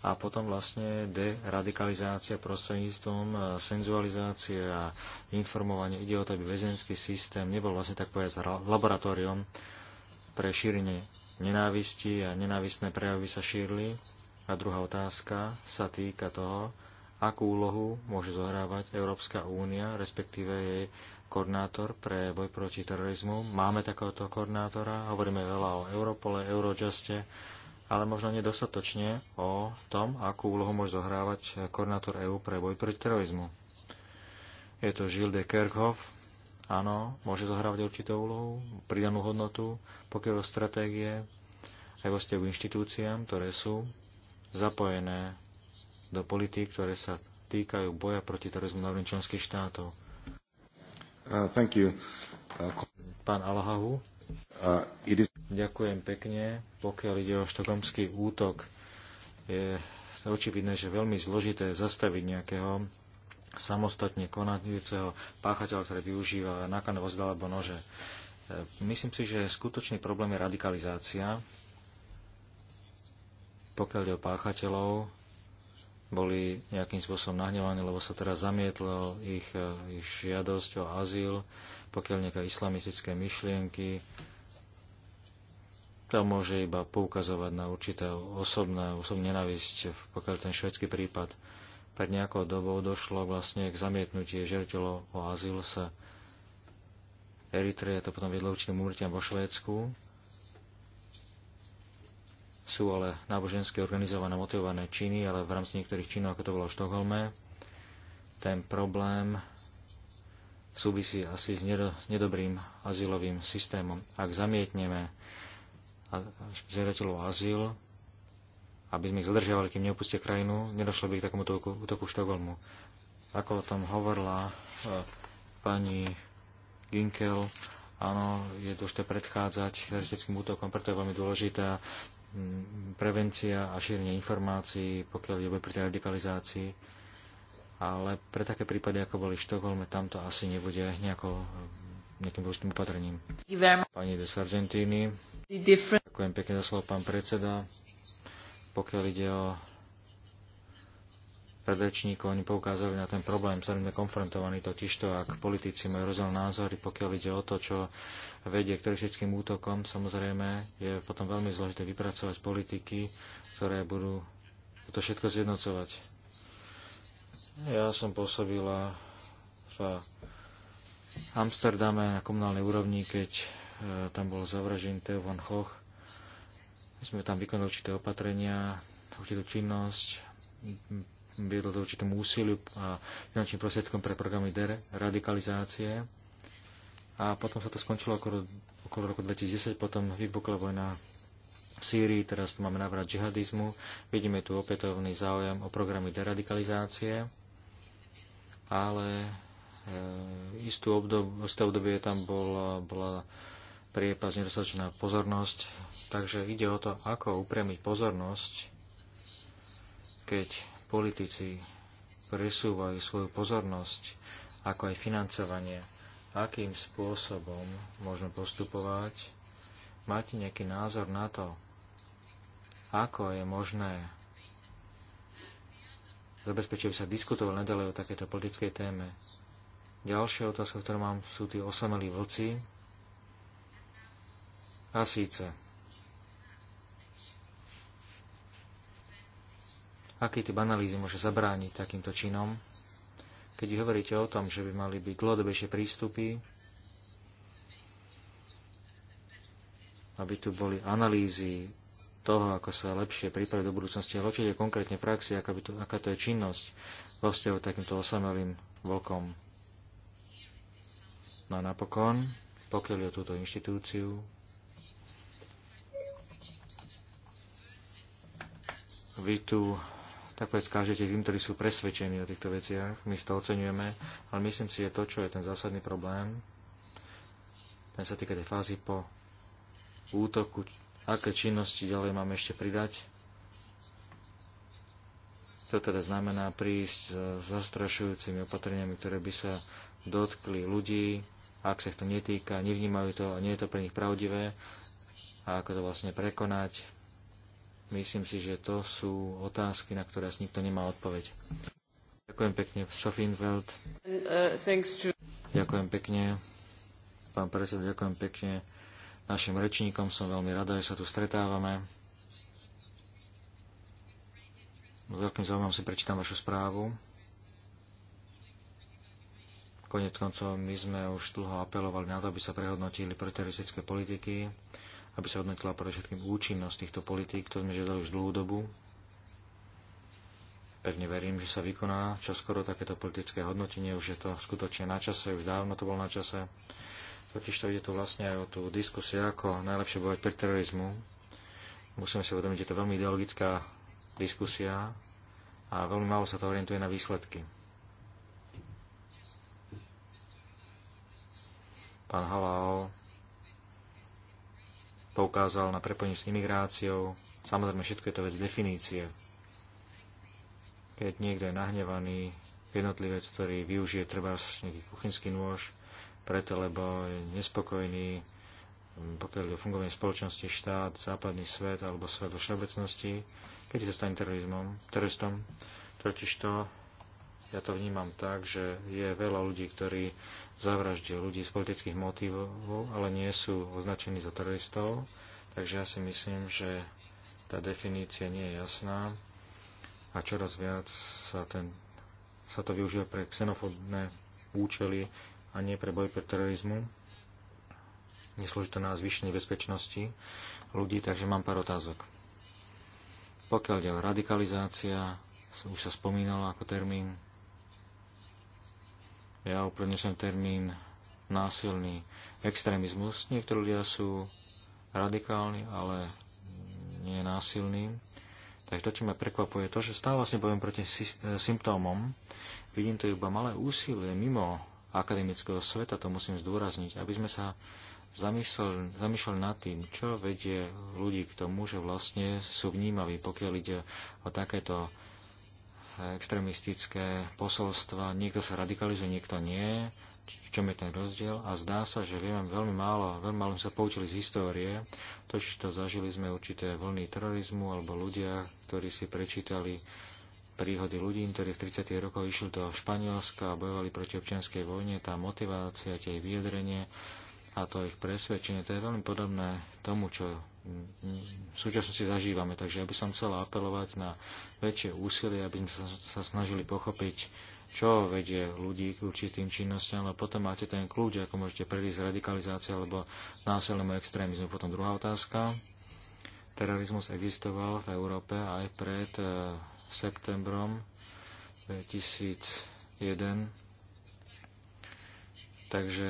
a potom vlastne deradikalizácia prostredníctvom e, senzualizácie a informovanie. Ide o to, aby väzenský systém nebol vlastne tak povedať laboratóriom pre šírenie nenávisti a nenávistné prejavy sa šírili a druhá otázka sa týka toho, akú úlohu môže zohrávať Európska únia, respektíve jej koordinátor pre boj proti terorizmu. Máme takéhoto koordinátora, hovoríme veľa o Europole, Eurojuste, ale možno nedostatočne o tom, akú úlohu môže zohrávať koordinátor EÚ pre boj proti terorizmu. Je to Gilles de Kerkhoff, áno, môže zohrávať určitú úlohu, pridanú hodnotu, pokiaľ o stratégie, aj vo inštitúciám, ktoré sú zapojené do politík, ktoré sa týkajú boja proti terorizmu na úrovni členských štátov. Uh, thank you. Uh, Pán Alhahu. Uh, is... Ďakujem pekne. Pokiaľ ide o štokomský útok, je očividné, že veľmi zložité zastaviť nejakého samostatne konajúceho páchateľa, ktorý využíva nákladné vozidla alebo nože. Uh, myslím si, že skutočný problém je radikalizácia pokiaľ je o páchateľov, boli nejakým spôsobom nahnevaní, lebo sa teraz zamietlo ich, e, ich žiadosť o azyl, pokiaľ nejaké islamistické myšlienky, to môže iba poukazovať na určité osobné, osobné nenávisť, pokiaľ ten švedský prípad. Pred nejakou dobou došlo vlastne k zamietnutí žiadateľov o azyl sa Eritreje to potom vedlo určitým úmrtiam vo Švédsku, sú ale náboženské organizované motivované činy, ale v rámci niektorých činov, ako to bolo v Štokholme, ten problém súvisí asi s nedobrým azylovým systémom. Ak zamietneme žiadateľov azyl, aby sme ich zadržiavali, kým neopustia krajinu, nedošlo by k takomuto útoku Štokholmu. Ako o tom hovorila e, pani Ginkel, Áno, je dôležité predchádzať teroristickým útokom, preto je veľmi dôležitá prevencia a šírenie informácií, pokiaľ je pri tej radikalizácii. Ale pre také prípady, ako boli v Štokholme, tam to asi nebude nejako, nejakým dôležitým opatrením. Pani de Sargentini, ďakujem pekne za slovo, pán predseda. Pokiaľ ide o predrečníkov, oni poukázali na ten problém, s sme konfrontovaní, totiž to, ak politici majú rozdielne názory, pokiaľ ide o to, čo vedie k teroristickým útokom, samozrejme je potom veľmi zložité vypracovať politiky, ktoré budú to všetko zjednocovať. Ja som pôsobila v Amsterdame na komunálnej úrovni, keď e, tam bol zavražený Theo van Hoch. My sme tam vykonali určité opatrenia, určitú činnosť, viedlo to určitému úsiliu a finančným prostriedkom pre programy deradikalizácie. A potom sa to skončilo okolo, okolo roku 2010, potom vypukla vojna v Sýrii, teraz tu máme návrat džihadizmu, vidíme tu opätovný záujem o programy deradikalizácie, ale e, istú obdob, isté obdobie tam bola, bola priepas, nedostatočná pozornosť, takže ide o to, ako upremiť pozornosť, keď politici presúvajú svoju pozornosť, ako aj financovanie, akým spôsobom môžeme postupovať. Máte nejaký názor na to, ako je možné zabezpečiť, aby sa diskutovalo nedalej o takéto politickej téme. Ďalšia otázka, ktorú mám, sú tí osamelí vlci. A síce, aký typ analýzy môže zabrániť takýmto činom. Keď vy hovoríte o tom, že by mali byť dlhodobejšie prístupy, aby tu boli analýzy toho, ako sa lepšie pripraviť do budúcnosti a určite konkrétne praxi, aká, to, aká to je činnosť vo vzťahu takýmto osamelým vlkom. No a napokon, pokiaľ je o túto inštitúciu, vy tu tak každete tým, ktorí sú presvedčení o týchto veciach. My to oceňujeme, ale myslím si, že to, čo je ten zásadný problém, ten sa týka tej fázy po útoku, aké činnosti ďalej máme ešte pridať. To teda znamená prísť s zastrašujúcimi opatreniami, ktoré by sa dotkli ľudí, ak sa ich to netýka, nevnímajú to a nie je to pre nich pravdivé a ako to vlastne prekonať. Myslím si, že to sú otázky, na ktoré asi nikto nemá odpoveď. Ďakujem pekne, Sofienfeld. Ďakujem pekne, pán predseda, ďakujem pekne našim rečníkom. Som veľmi rada, že sa tu stretávame. S veľkým zaujímavom si prečítam vašu správu. Konec koncov my sme už dlho apelovali na to, aby sa prehodnotili proteroristické politiky aby sa odnotila pre všetkým účinnosť týchto politík, to sme žiadali už dlhú dobu. Pevne verím, že sa vykoná čoskoro takéto politické hodnotenie, už je to skutočne na čase, už dávno to bolo na čase. Totiž to ide tu vlastne aj o tú diskusiu, ako najlepšie bojovať pre terorizmu. Musíme si uvedomiť, že to je veľmi ideologická diskusia a veľmi málo sa to orientuje na výsledky. Pán Halal poukázal na prepojenie s imigráciou. Samozrejme, všetko je to vec definície. Keď niekto je nahnevaný, jednotlivec, ktorý využije treba nejaký kuchynský nôž, preto lebo je nespokojný, pokiaľ je fungovanie spoločnosti, štát, západný svet alebo svet vo všeobecnosti, keď sa stane terorizmom, teroristom. Totižto ja to vnímam tak, že je veľa ľudí, ktorí zavraždil ľudí z politických motivov, ale nie sú označení za teroristov. Takže ja si myslím, že tá definícia nie je jasná a čoraz viac sa, ten, sa to využíva pre xenofobné účely a nie pre boj pre terorizmu. Neslúži to na zvýšenie bezpečnosti ľudí, takže mám pár otázok. Pokiaľ ide o radikalizácia, už sa spomínala ako termín, ja úplne som termín násilný extrémizmus. Niektorí ľudia sú radikálni, ale nie násilní. Takže to, čo ma prekvapuje, je to, že stále vlastne bojujem proti symptómom. Vidím to iba malé úsilie mimo akademického sveta, to musím zdôrazniť, aby sme sa zamýšľali, zamýšľali nad tým, čo vedie ľudí k tomu, že vlastne sú vnímaví, pokiaľ ide o takéto extremistické posolstva, niekto sa radikalizuje, niekto nie, v čom je ten rozdiel a zdá sa, že vieme veľmi málo, veľmi málo sa poučili z histórie, totiž to zažili sme určité vlny terorizmu alebo ľudia, ktorí si prečítali príhody ľudí, ktorí v 30. rokoch išli do Španielska a bojovali proti občianskej vojne, tá motivácia, tie vyjadrenie a to ich presvedčenie, to je veľmi podobné tomu, čo v súčasnosti zažívame. Takže ja by som chcela apelovať na väčšie úsilie, aby sme sa, sa snažili pochopiť, čo vedie ľudí k určitým činnostiam, ale potom máte ten kľúč, ako môžete predísť radikalizácia alebo násilnému extrémizmu. Potom druhá otázka. Terorizmus existoval v Európe aj pred e, septembrom 2001. Takže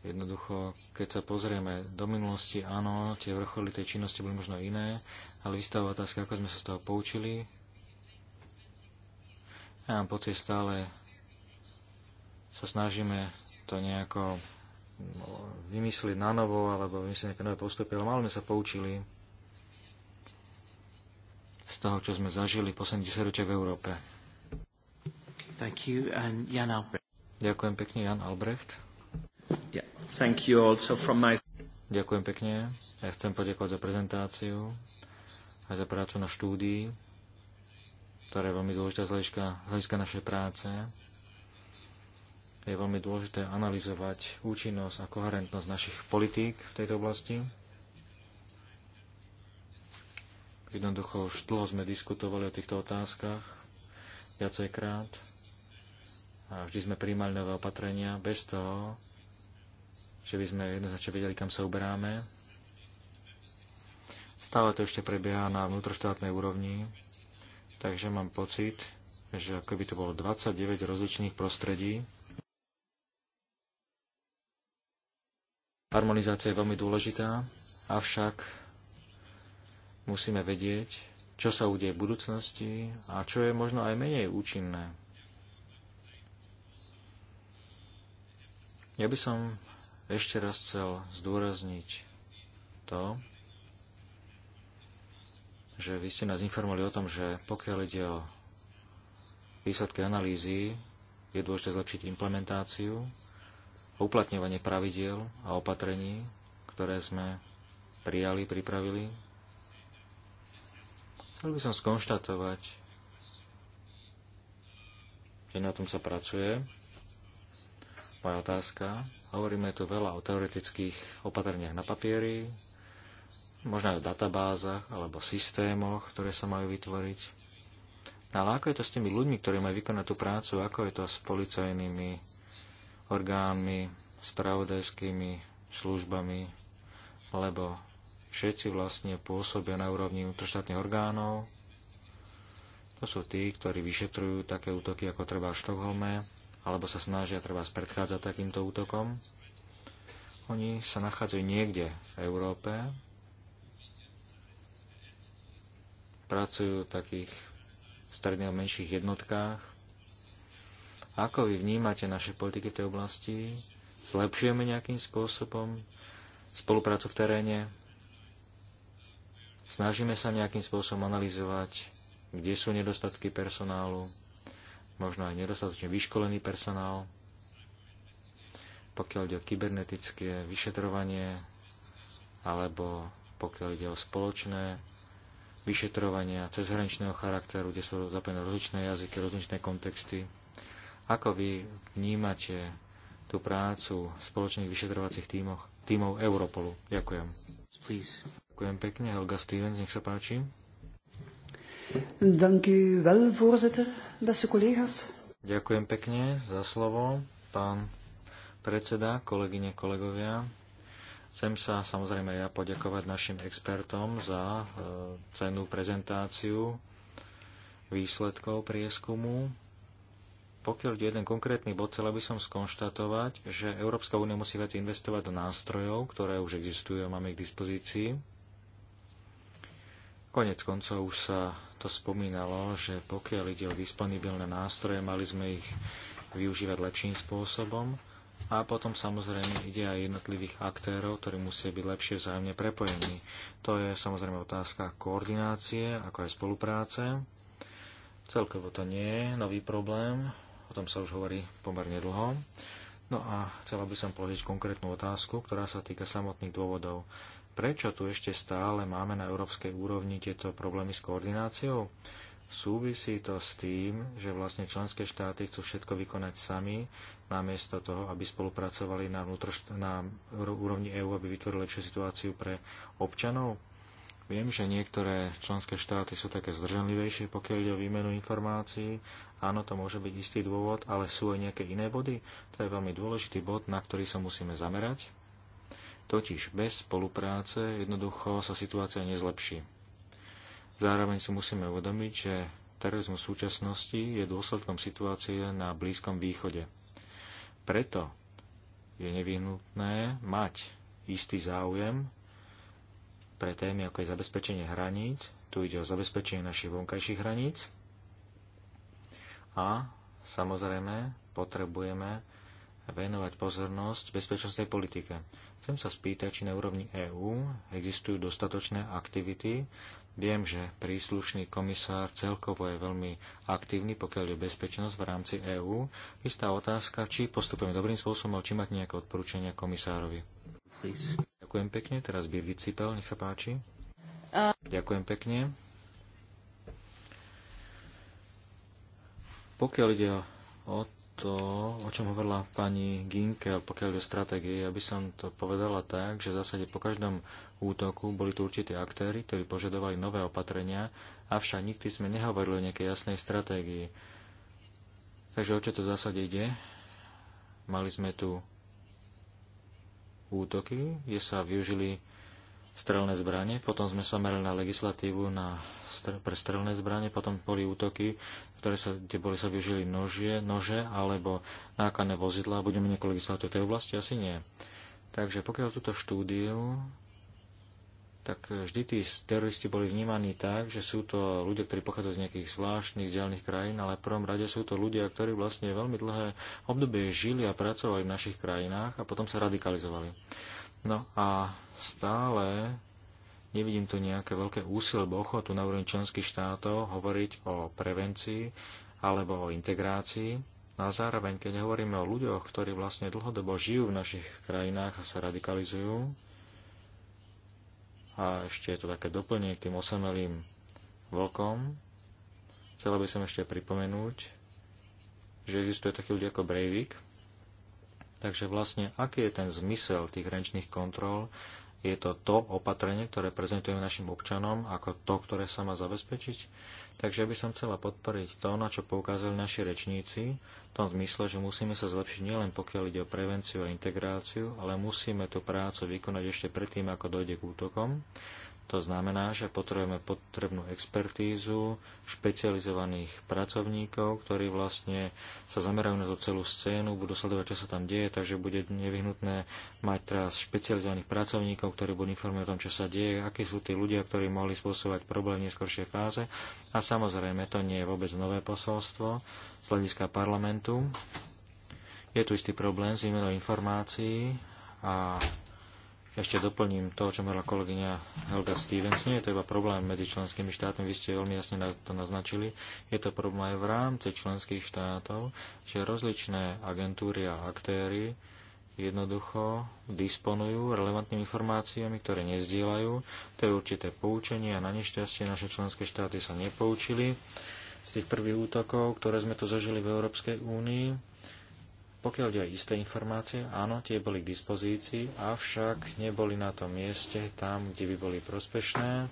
Jednoducho, keď sa pozrieme do minulosti, áno, tie vrcholy tej činnosti boli možno iné, ale vystáva otázka, ako sme sa z toho poučili. Ja mám pocit, stále sa snažíme to nejako no, vymysliť na novo, alebo vymyslieť nejaké nové postupy, ale malo sa poučili z toho, čo sme zažili posledných 10 ročia v Európe. Ďakujem pekne, Jan Albrecht. Ďakujem pekne. Ja chcem poďakovať za prezentáciu aj za prácu na štúdii, ktorá je veľmi dôležitá z hľadiska, z hľadiska našej práce. Je veľmi dôležité analyzovať účinnosť a koherentnosť našich politík v tejto oblasti. Jednoducho už dlho sme diskutovali o týchto otázkach viacejkrát a vždy sme príjmali nové opatrenia bez toho, že by sme jednoznačne vedeli, kam sa uberáme. Stále to ešte prebieha na vnútroštátnej úrovni, takže mám pocit, že ako by to bolo 29 rozličných prostredí. Harmonizácia je veľmi dôležitá, avšak musíme vedieť, čo sa udeje v budúcnosti a čo je možno aj menej účinné. Ja by som ešte raz chcel zdôrazniť to, že vy ste nás informovali o tom, že pokiaľ ide o výsledky analýzy, je dôležité zlepšiť implementáciu a uplatňovanie pravidiel a opatrení, ktoré sme prijali, pripravili. Chcel by som skonštatovať, že na tom sa pracuje. Moja otázka Hovoríme tu veľa o teoretických opatreniach na papieri, možno aj o databázach alebo systémoch, ktoré sa majú vytvoriť. No ale ako je to s tými ľuďmi, ktorí majú vykonať tú prácu? Ako je to s policajnými orgánmi, spravodajskými službami? Lebo všetci vlastne pôsobia na úrovni vnútroštátnych orgánov. To sú tí, ktorí vyšetrujú také útoky, ako treba v Štokholme alebo sa snažia treba predchádzať takýmto útokom. Oni sa nachádzajú niekde v Európe, pracujú v takých stredných menších jednotkách. Ako vy vnímate naše politiky v tej oblasti? Zlepšujeme nejakým spôsobom spoluprácu v teréne? Snažíme sa nejakým spôsobom analyzovať, kde sú nedostatky personálu, možno aj nedostatočne vyškolený personál, pokiaľ ide o kybernetické vyšetrovanie, alebo pokiaľ ide o spoločné vyšetrovania cezhraničného charakteru, kde sú zapojené rozličné jazyky, rozličné kontexty. Ako vy vnímate tú prácu v spoločných vyšetrovacích tímoch, tímov Europolu? Ďakujem. Please. Ďakujem pekne. Helga Stevens, nech sa páči. Dank u wel, voorzitter, beste collega's. Ďakujem pekne za slovo, pán predseda, kolegyne, kolegovia. Chcem sa samozrejme ja poďakovať našim expertom za e, cenú prezentáciu výsledkov prieskumu. Pokiaľ ide jeden konkrétny bod, chcel by som skonštatovať, že Európska únia musí viac investovať do nástrojov, ktoré už existujú a máme k dispozícii Konec koncov už sa to spomínalo, že pokiaľ ide o disponibilné nástroje, mali sme ich využívať lepším spôsobom a potom samozrejme ide aj jednotlivých aktérov, ktorí musia byť lepšie vzájomne prepojení. To je samozrejme otázka koordinácie, ako aj spolupráce. Celkovo to nie je nový problém, o tom sa už hovorí pomerne dlho. No a chcela by som položiť konkrétnu otázku, ktorá sa týka samotných dôvodov prečo tu ešte stále máme na európskej úrovni tieto problémy s koordináciou? Súvisí to s tým, že vlastne členské štáty chcú všetko vykonať sami, namiesto toho, aby spolupracovali na, vnútrošt- na úrovni EÚ, aby vytvorili lepšiu situáciu pre občanov. Viem, že niektoré členské štáty sú také zdržanlivejšie, pokiaľ ide o výmenu informácií. Áno, to môže byť istý dôvod, ale sú aj nejaké iné body. To je veľmi dôležitý bod, na ktorý sa musíme zamerať. Totiž bez spolupráce jednoducho sa situácia nezlepší. Zároveň si musíme uvedomiť, že terorizmus v súčasnosti je dôsledkom situácie na Blízkom východe. Preto je nevyhnutné mať istý záujem pre témy, ako je zabezpečenie hraníc, tu ide o zabezpečenie našich vonkajších hraníc a samozrejme potrebujeme venovať pozornosť bezpečnostnej politike. Chcem sa spýtať, či na úrovni EÚ existujú dostatočné aktivity. Viem, že príslušný komisár celkovo je veľmi aktívny, pokiaľ je bezpečnosť v rámci EÚ. Istá otázka, či postupujeme dobrým spôsobom, ale či mať nejaké odporúčania komisárovi. Please. Ďakujem pekne. Teraz Birgit Cipel, nech sa páči. Uh... Ďakujem pekne. Pokiaľ ide o to, o čom hovorila pani Ginkel, pokiaľ je stratégie, ja by som to povedala tak, že v zásade po každom útoku boli tu určití aktéry, ktorí požadovali nové opatrenia, avšak nikdy sme nehovorili o nejakej jasnej stratégii. Takže o čo to v zásade ide? Mali sme tu útoky, kde sa využili strelné zbranie, potom sme sa merali na legislatívu na, pre strelné zbranie, potom boli útoky, ktoré sa, kde boli sa využili nožie, nože alebo nákladné vozidla. Budeme niekoľko legislatívu v tej oblasti? Asi nie. Takže pokiaľ túto štúdiu, tak vždy tí teroristi boli vnímaní tak, že sú to ľudia, ktorí pochádzajú z nejakých zvláštnych vzdialených krajín, ale v prvom rade sú to ľudia, ktorí vlastne veľmi dlhé obdobie žili a pracovali v našich krajinách a potom sa radikalizovali. No a stále nevidím tu nejaké veľké úsilie alebo ochotu na úrovni členských štátov hovoriť o prevencii alebo o integrácii. a zároveň, keď hovoríme o ľuďoch, ktorí vlastne dlhodobo žijú v našich krajinách a sa radikalizujú, a ešte je to také doplnenie k tým osamelým vlkom, chcela by som ešte pripomenúť, že existuje taký ľudia ako Breivik, Takže vlastne, aký je ten zmysel tých hraničných kontrol? Je to to opatrenie, ktoré prezentujeme našim občanom, ako to, ktoré sa má zabezpečiť? Takže by som chcela podporiť to, na čo poukázali naši rečníci, v tom zmysle, že musíme sa zlepšiť nielen pokiaľ ide o prevenciu a integráciu, ale musíme tú prácu vykonať ešte predtým, ako dojde k útokom. To znamená, že potrebujeme potrebnú expertízu špecializovaných pracovníkov, ktorí vlastne sa zamerajú na tú celú scénu, budú sledovať, čo sa tam deje, takže bude nevyhnutné mať teraz špecializovaných pracovníkov, ktorí budú informovať o tom, čo sa deje, akí sú tí ľudia, ktorí mohli spôsobovať problém v neskoršej fáze. A samozrejme, to nie je vôbec nové posolstvo z hľadiska parlamentu. Je tu istý problém s výmenou informácií a ešte doplním to, čo hovorila kolegyňa Helga Stevens. Nie je to iba problém medzi členskými štátmi, vy ste veľmi jasne to naznačili. Je to problém aj v rámci členských štátov, že rozličné agentúry a aktéry jednoducho disponujú relevantnými informáciami, ktoré nezdieľajú. To je určité poučenie a na nešťastie naše členské štáty sa nepoučili z tých prvých útokov, ktoré sme tu zažili v Európskej únii. Pokiaľ ide o isté informácie, áno, tie boli k dispozícii, avšak neboli na tom mieste, tam, kde by boli prospešné,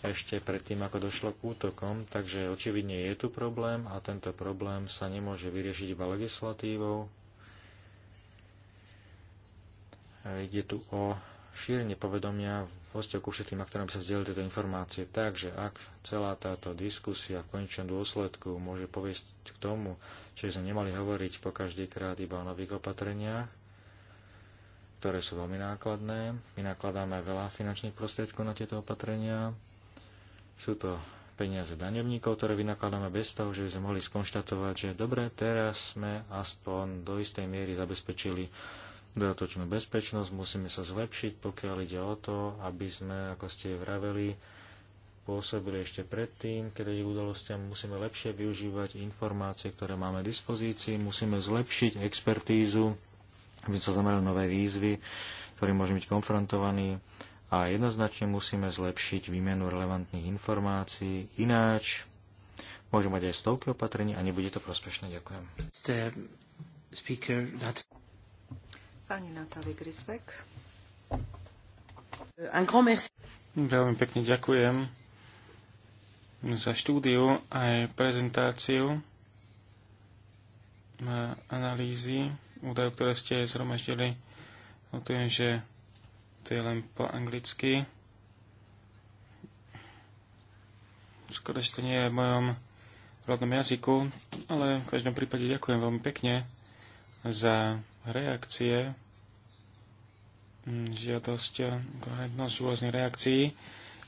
ešte predtým, ako došlo k útokom, takže očividne je tu problém a tento problém sa nemôže vyriešiť iba legislatívou. E, ide tu o šírenie povedomia vo vzťahu ku všetkým aktorom by sa zdieľali tieto informácie. Takže ak celá táto diskusia v konečnom dôsledku môže poviesť k tomu, že sme nemali hovoriť po každý krát iba o nových opatreniach, ktoré sú veľmi nákladné. My nakladáme veľa finančných prostriedkov na tieto opatrenia. Sú to peniaze daňovníkov, ktoré vynakladáme bez toho, že by sme mohli skonštatovať, že dobre, teraz sme aspoň do istej miery zabezpečili dodatočnú bezpečnosť, musíme sa zlepšiť, pokiaľ ide o to, aby sme, ako ste vraveli, pôsobili ešte predtým, keď je udalostiam, musíme lepšie využívať informácie, ktoré máme v dispozícii, musíme zlepšiť expertízu, aby sa zamerali nové výzvy, ktorým môžeme byť konfrontovaní a jednoznačne musíme zlepšiť výmenu relevantných informácií, ináč môžeme mať aj stovky opatrení a nebude to prospešné. Ďakujem. Veľmi pekne ďakujem za štúdiu aj prezentáciu a analýzy údajov, ktoré ste zhromaždili. Notujem, že to je len po anglicky. Skoro, že to nie je v mojom rodnom jazyku, ale v každom prípade ďakujem veľmi pekne za reakcie, mm, žiadosť, koherentnosť rôznych reakcií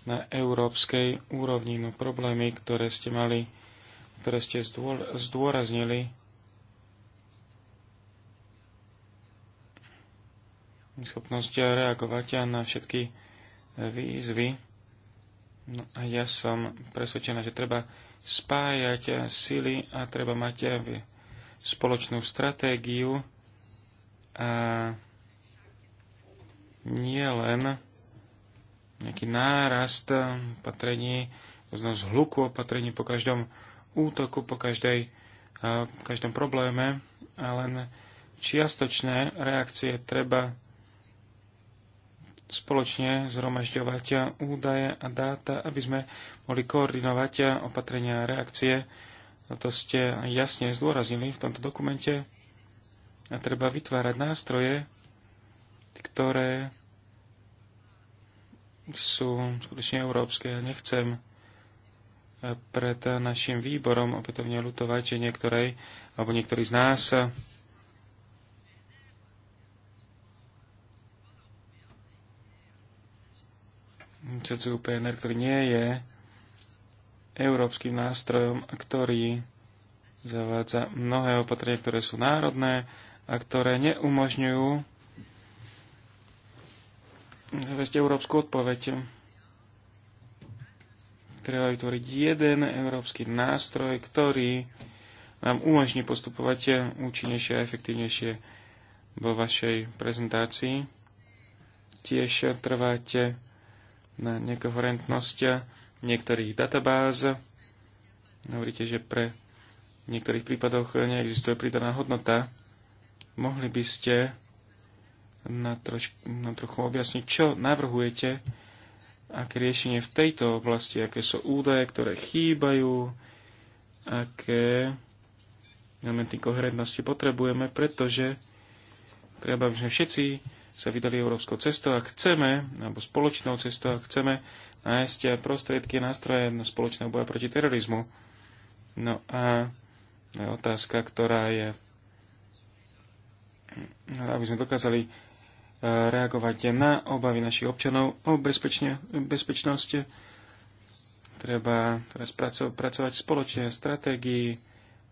na európskej úrovni, no problémy, ktoré ste mali, ktoré ste zdôraznili. Schopnosť reagovať na všetky výzvy. No a ja som presvedčená, že treba spájať sily a treba mať spoločnú stratégiu a nie len nejaký nárast opatrení, rôznosť hluku opatrení po každom útoku, po každej, po každom probléme, ale len čiastočné reakcie treba spoločne zhromažďovať údaje a dáta, aby sme mohli koordinovať opatrenia a reakcie. A to ste jasne zdôraznili v tomto dokumente. A treba vytvárať nástroje, ktoré sú skutočne európske. Ja nechcem eh, pred našim výborom opätovne lutovať, že niektorej alebo niektorí z nás eh, CCUPNR, ktorý nie je európskym nástrojom, ktorý zavádza mnohé opatrenia, ktoré sú národné a ktoré neumožňujú zavesť európsku odpoveď. Treba vytvoriť jeden európsky nástroj, ktorý nám umožní postupovať účinnejšie a efektívnejšie vo vašej prezentácii. Tiež trváte na nekoherentnosť niektorých databáz. Hovoríte, že pre niektorých prípadoch neexistuje pridaná hodnota mohli by ste na troš- na trochu objasniť, čo navrhujete, aké riešenie v tejto oblasti, aké sú údaje, ktoré chýbajú, aké elementy koherentnosti potrebujeme, pretože treba, aby sme všetci sa vydali európskou cestou a chceme, alebo spoločnou cestou a chceme nájsť prostriedky a nástroje na spoločného boja proti terorizmu. No a otázka, ktorá je v aby sme dokázali e, reagovať na obavy našich občanov o bezpečnosť. Treba teraz pracovať spoločne v stratégii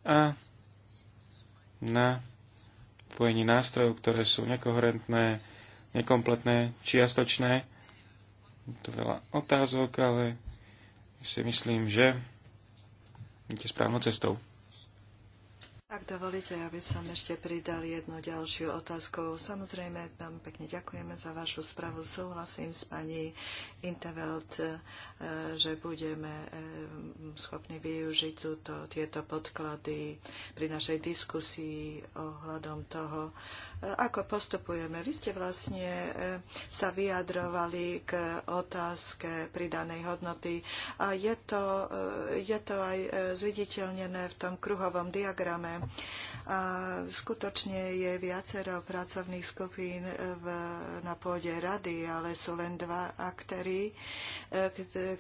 a na pojení nástrojov, ktoré sú nekoherentné, nekompletné, čiastočné. Je to veľa otázok, ale si myslím, že je správnou cestou. Ak dovolíte, aby som ešte pridal jednu ďalšiu otázku. Samozrejme, vám pekne ďakujeme za vašu spravu. Súhlasím s pani Intervelt, e, že budeme e, schopní využiť túto, tieto podklady pri našej diskusii ohľadom toho, ako postupujeme. Vy ste vlastne e, sa vyjadrovali k otázke pridanej hodnoty a je to, e, je to aj e, zviditeľnené v tom kruhovom diagrame. A skutočne je viacero pracovných skupín v, na pôde rady, ale sú len dva aktéry,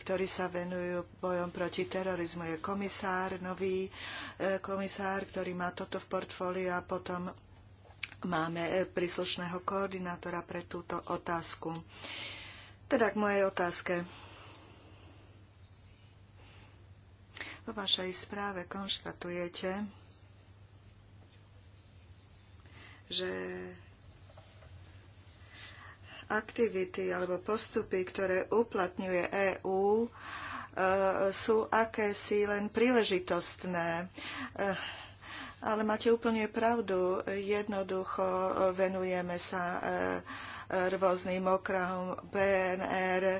ktorí sa venujú bojom proti terorizmu. Je komisár, nový komisár, ktorý má toto v portfóliu a potom máme eh, príslušného koordinátora pre túto otázku. Teda k mojej otázke. Vo vašej správe konštatujete, že aktivity alebo postupy, ktoré uplatňuje EÚ, eh, sú akési len príležitostné. Eh, ale máte úplne pravdu. Jednoducho eh, venujeme sa eh, rôznym okrahom BNR, e,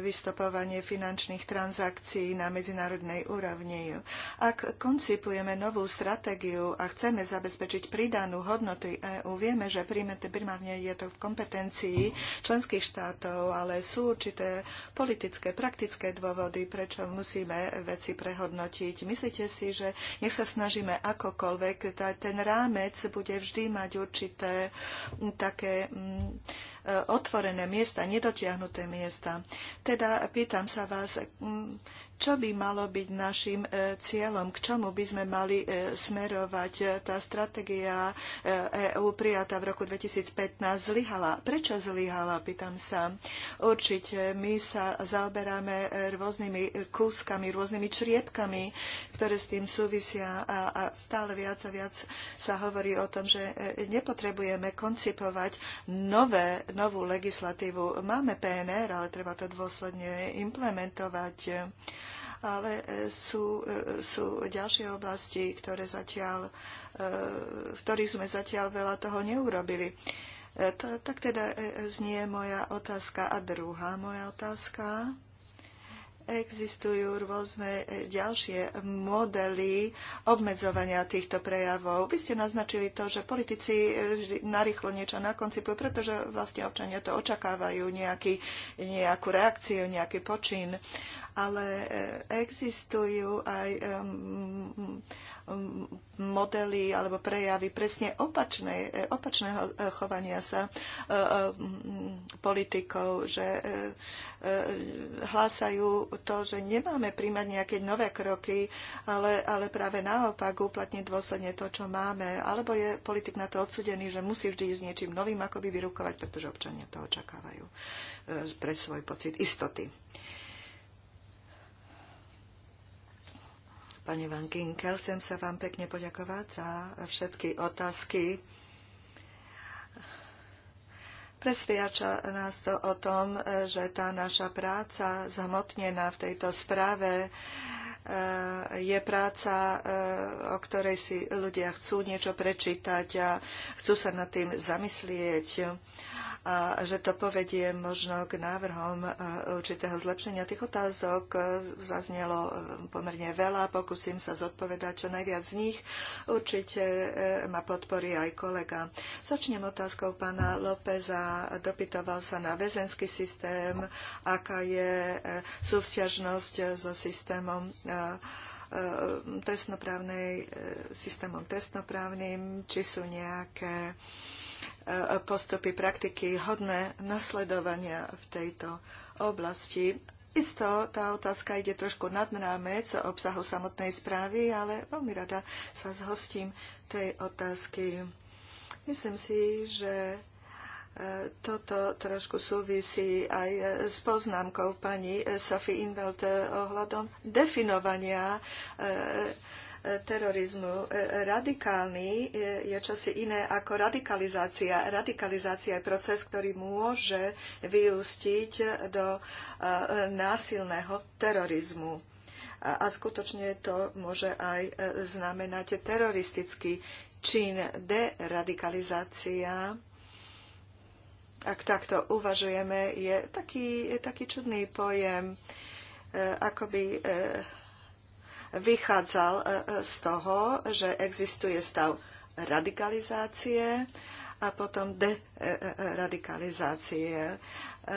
vystopovanie finančných transakcií na medzinárodnej úrovni. Ak koncipujeme novú stratégiu a chceme zabezpečiť pridanú hodnotu EÚ, vieme, že primárne je to v kompetencii členských štátov, ale sú určité politické, praktické dôvody, prečo musíme veci prehodnotiť. Myslíte si, že nech sa snažíme akokoľvek, ten rámec bude vždy mať určité také mm, e, otvorené miesta, nedotiahnuté miesta. Teda pýtam sa vás, mm, čo by malo byť našim e, cieľom, k čomu by sme mali e, smerovať. E, tá stratégia EÚ prijatá v roku 2015 zlyhala. Prečo zlyhala, pýtam sa. Určite my sa zaoberáme rôznymi kúskami, rôznymi čriepkami, ktoré s tým súvisia a, a stále viac a viac sa hovorí o tom, že nepotrebujeme koncipovať nové, novú legislatívu. Máme PNR, ale treba to dôsledne implementovať ale e, sú, e, sú ďalšie oblasti, ktoré zatiaľ, e, v ktorých sme zatiaľ veľa toho neurobili. To, tak teda znie moja otázka a druhá moja otázka existujú rôzne e, ďalšie modely obmedzovania týchto prejavov. Vy ste naznačili to, že politici e, narýchlo niečo nakoncipujú, pretože vlastne občania to očakávajú, nejaký, nejakú reakciu, nejaký počin. Ale e, existujú aj modely alebo prejavy presne opačné, e, opačného e, chovania sa e, politikov, že hlásajú to, že nemáme príjmať nejaké nové kroky, ale, ale práve naopak uplatniť dôsledne to, čo máme. Alebo je politik na to odsudený, že musí vždy ísť niečím novým, ako by vyrukovať, pretože občania to očakávajú pre svoj pocit istoty. Pani Van Ginkel, chcem sa vám pekne poďakovať za všetky otázky. Presviača nás to o tom, že tá naša práca zhmotnená v tejto správe eh, je práca, eh, o ktorej si ľudia chcú niečo prečítať a chcú sa nad tým zamyslieť a že to povedie možno k návrhom e, určitého zlepšenia. Tých otázok e, zaznelo e, pomerne veľa, pokúsim sa zodpovedať čo najviac z nich. Určite ma podporí aj kolega. Začnem otázkou pána Lópeza. Dopytoval sa na väzenský systém, aká je súvzťažnosť so systémom trestnoprávnej, systémom trestnoprávnym, či sú nejaké postupy, praktiky hodné nasledovania v tejto oblasti. Isto tá otázka ide trošku nad rámec obsahu samotnej správy, ale veľmi rada sa zhostím tej otázky. Myslím si, že e, toto trošku súvisí aj e, s poznámkou pani Sophie Invelt ohľadom definovania e, terorizmu. E, radikálny e, je čosi iné ako radikalizácia. Radikalizácia je proces, ktorý môže vyústiť do e, násilného terorizmu. A skutočne to môže aj znamenať teroristický čin deradikalizácia ak takto uvažujeme, je taký, je taký čudný pojem, akoby vychádzal e, e, z toho, že existuje stav radikalizácie a potom deradikalizácie. E, Eh,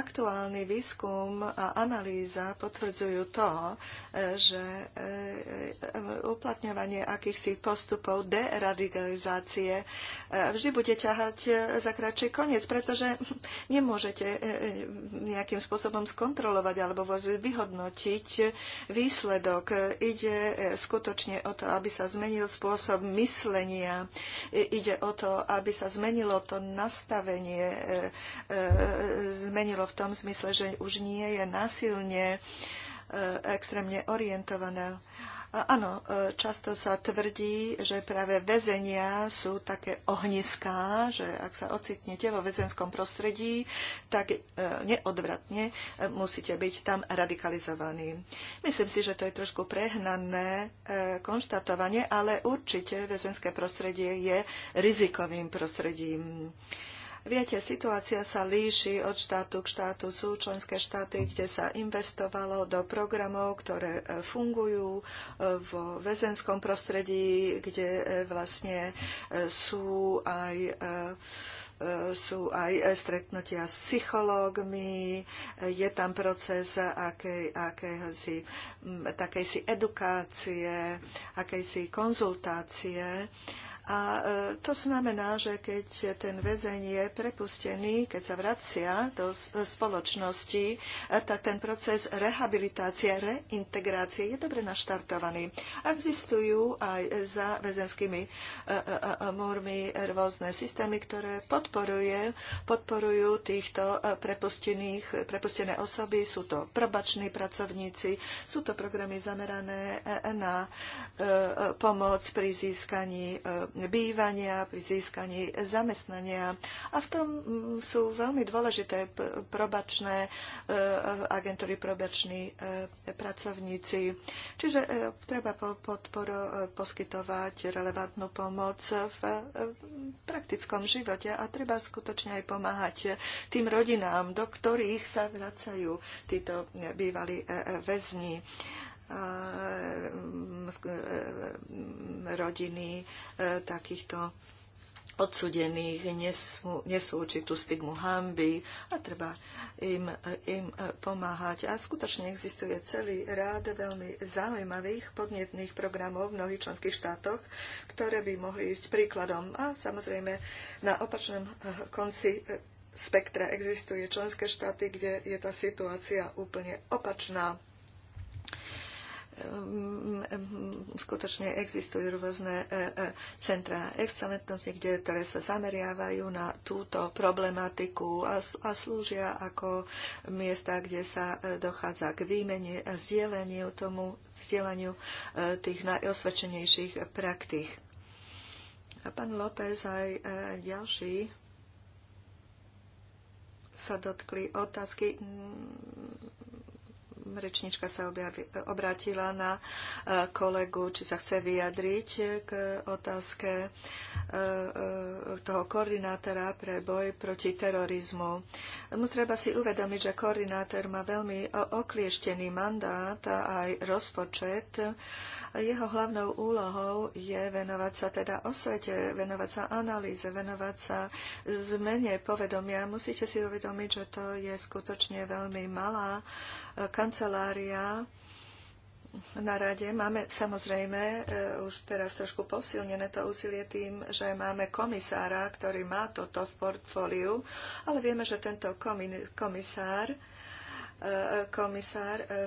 aktuálny výskum a analýza potvrdzujú to, eh, že eh, uplatňovanie akýchsi postupov deradikalizácie vždy bude ťahať za kratší koniec, pretože nemôžete nejakým spôsobom skontrolovať alebo vyhodnotiť výsledok. Ide skutočne o to, aby sa zmenil spôsob myslenia. Ide o to, aby sa zmenilo to nastavenie zmenilo v tom zmysle, že už nie je násilne e, extrémne orientovaná. Áno, e, často sa tvrdí, že práve väzenia sú také ohniská, že ak sa ocitnete vo väzenskom prostredí, tak e, neodvratne musíte byť tam radikalizovaní. Myslím si, že to je trošku prehnané konštatovanie, ale určite väzenské prostredie je rizikovým prostredím. Viete, situácia sa líši od štátu k štátu. Sú členské štáty, kde sa investovalo do programov, ktoré e, fungujú e, v väzenskom prostredí, kde e, vlastne sú aj sú aj stretnutia s psychológmi, je tam proces akej, akejsi, takejsi edukácie, akejsi konzultácie a e, to znamená, že keď ten väzeň je prepustený, keď sa vracia do e, spoločnosti, e, tak ten proces rehabilitácie, reintegrácie je dobre naštartovaný. Existujú aj za väzenskými múrmi rôzne systémy, ktoré podporuje, podporujú týchto prepustených, prepustené osoby. Sú to probační pracovníci, sú to programy zamerané na pomoc pri získaní bývania, pri získaní zamestnania. A v tom mm, sú veľmi dôležité probačné e, agentúry, probační e, pracovníci. Čiže e, treba podporu poskytovať relevantnú pomoc v praktickom živote a treba skutočne aj pomáhať tým rodinám, do ktorých sa vracajú títo bývalí väzni rodiny e, takýchto odsudených nesú, nesú určitú stigmu hamby a treba im, im pomáhať. A skutočne existuje celý rád veľmi zaujímavých podnetných programov v mnohých členských štátoch, ktoré by mohli ísť príkladom. A samozrejme na opačnom e, konci e, spektra existuje členské štáty, kde je tá situácia úplne opačná. Ehm, skutočne existujú rôzne e, e, centra excelentnosti, kde, ktoré sa zameriavajú na túto problematiku a, a slúžia ako miesta, kde sa e, dochádza k výmene a zdieľaniu tomu vzdielaniu tých najosvedčenejších praktík. A pán López aj ďalší sa dotkli otázky rečnička sa objavi, obrátila na e, kolegu, či sa chce vyjadriť k otázke e, e, toho koordinátora pre boj proti terorizmu. Mu treba si uvedomiť, že koordinátor má veľmi oklieštený mandát a aj rozpočet jeho hlavnou úlohou je venovať sa teda osvete, venovať sa analýze, venovať sa zmene povedomia. Musíte si uvedomiť, že to je skutočne veľmi malá e, kancelária, na rade. Máme samozrejme e, už teraz trošku posilnené to úsilie tým, že máme komisára, ktorý má toto v portfóliu, ale vieme, že tento komisár E, komisár e, e,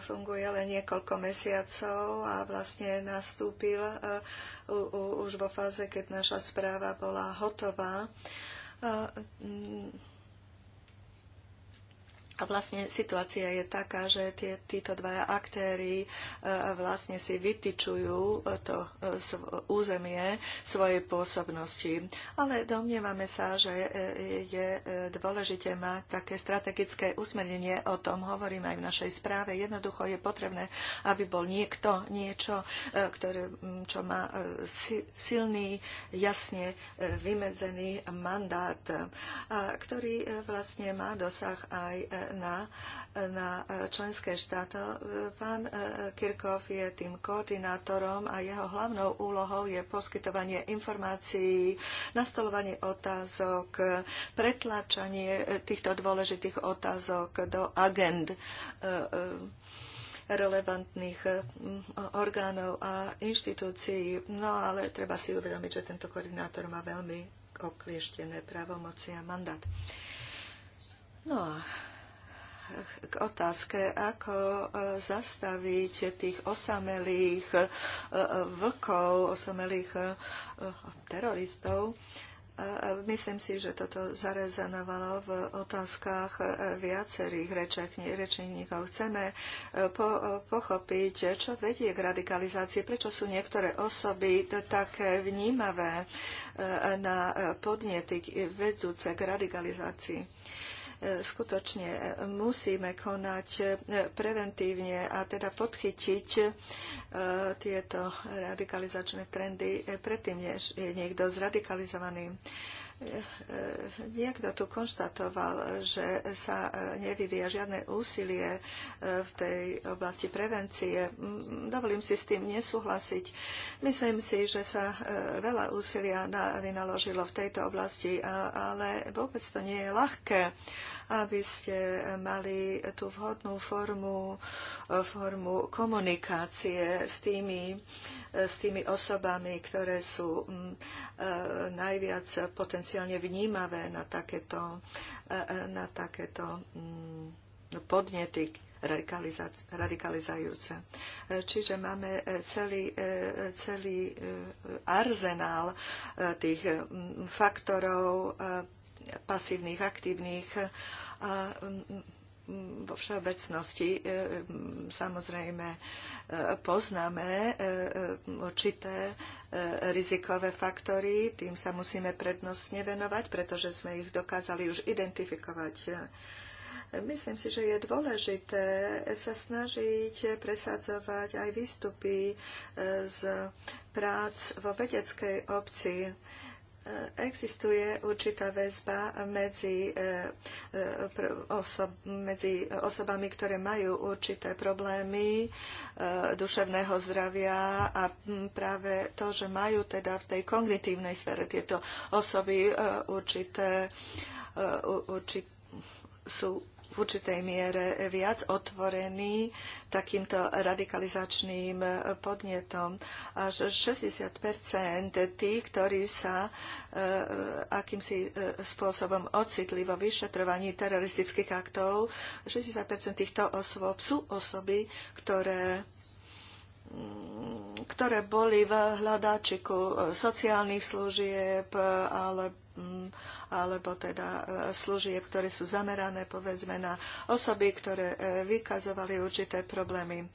funguje len niekoľko mesiacov a vlastne nastúpil už vo fáze, keď naša správa bola hotová. A vlastne situácia je taká, že tie, títo dvaja aktéry e, vlastne si vytyčujú e, to e, územie svojej pôsobnosti. Ale domnievame sa, že je dôležité mať také strategické usmernenie, o tom hovorím aj v našej správe. Jednoducho je potrebné, aby bol niekto, niečo, ktoré, čo má silný, jasne vymedzený mandát, ktorý vlastne má dosah aj na, na členské štáto. Pán e, Kirkov je tým koordinátorom a jeho hlavnou úlohou je poskytovanie informácií, nastolovanie otázok, pretlačanie týchto dôležitých otázok do agend e, e, relevantných orgánov a inštitúcií. No ale treba si uvedomiť, že tento koordinátor má veľmi oklieštené právomoci a mandát. No a k otázke, ako e, zastaviť tých osamelých e, vlkov, osamelých e, teroristov. Myslím si, že toto zarezanovalo v otázkach viacerých rečníkov. Chceme po, pochopiť, čo vedie k radikalizácii, prečo sú niektoré osoby také vnímavé na podnety vedúce k radikalizácii. E, skutočne musíme konať e, preventívne a teda podchytiť e, tieto radikalizačné trendy predtým, než je niekto zradikalizovaný. Niekto tu konštatoval, že sa e, nevyvíja žiadne úsilie e, v tej oblasti prevencie. Mm, dovolím si s tým nesúhlasiť. Myslím si, že sa e, veľa úsilia vynaložilo v tejto oblasti, ale vôbec to nie je ľahké aby ste mali tú vhodnú formu, eh, formu komunikácie s tými, eh, s tými osobami, ktoré sú mm, eh, najviac potenciálne vnímavé na takéto, na takéto mm, podnety, radikalizajúce. Čiže máme celý, celý arzenál tých mm, faktorov pasívnych, aktívnych a vo všeobecnosti e, samozrejme e, poznáme e, určité rizikové faktory, tým sa musíme prednostne venovať, pretože sme ich dokázali už identifikovať. Myslím si, že je dôležité sa snažiť presadzovať aj výstupy z prác vo vedeckej obci existuje určitá väzba medzi, eh, osob, medzi osobami, ktoré majú určité problémy eh, duševného zdravia a hm, práve to, že majú teda v tej kognitívnej sfere tieto osoby eh, určité, určité sú v určitej miere viac otvorení takýmto radikalizačným podnetom. Až 60 tých, ktorí sa e, e, akýmsi e, spôsobom ocitli vo vyšetrovaní teroristických aktov, 60 týchto osôb sú osoby, ktoré ktoré boli v hľadáčiku sociálnych služieb alebo alebo teda e, služieb, ktoré sú zamerané povedzme na osoby, ktoré e, vykazovali určité problémy. E,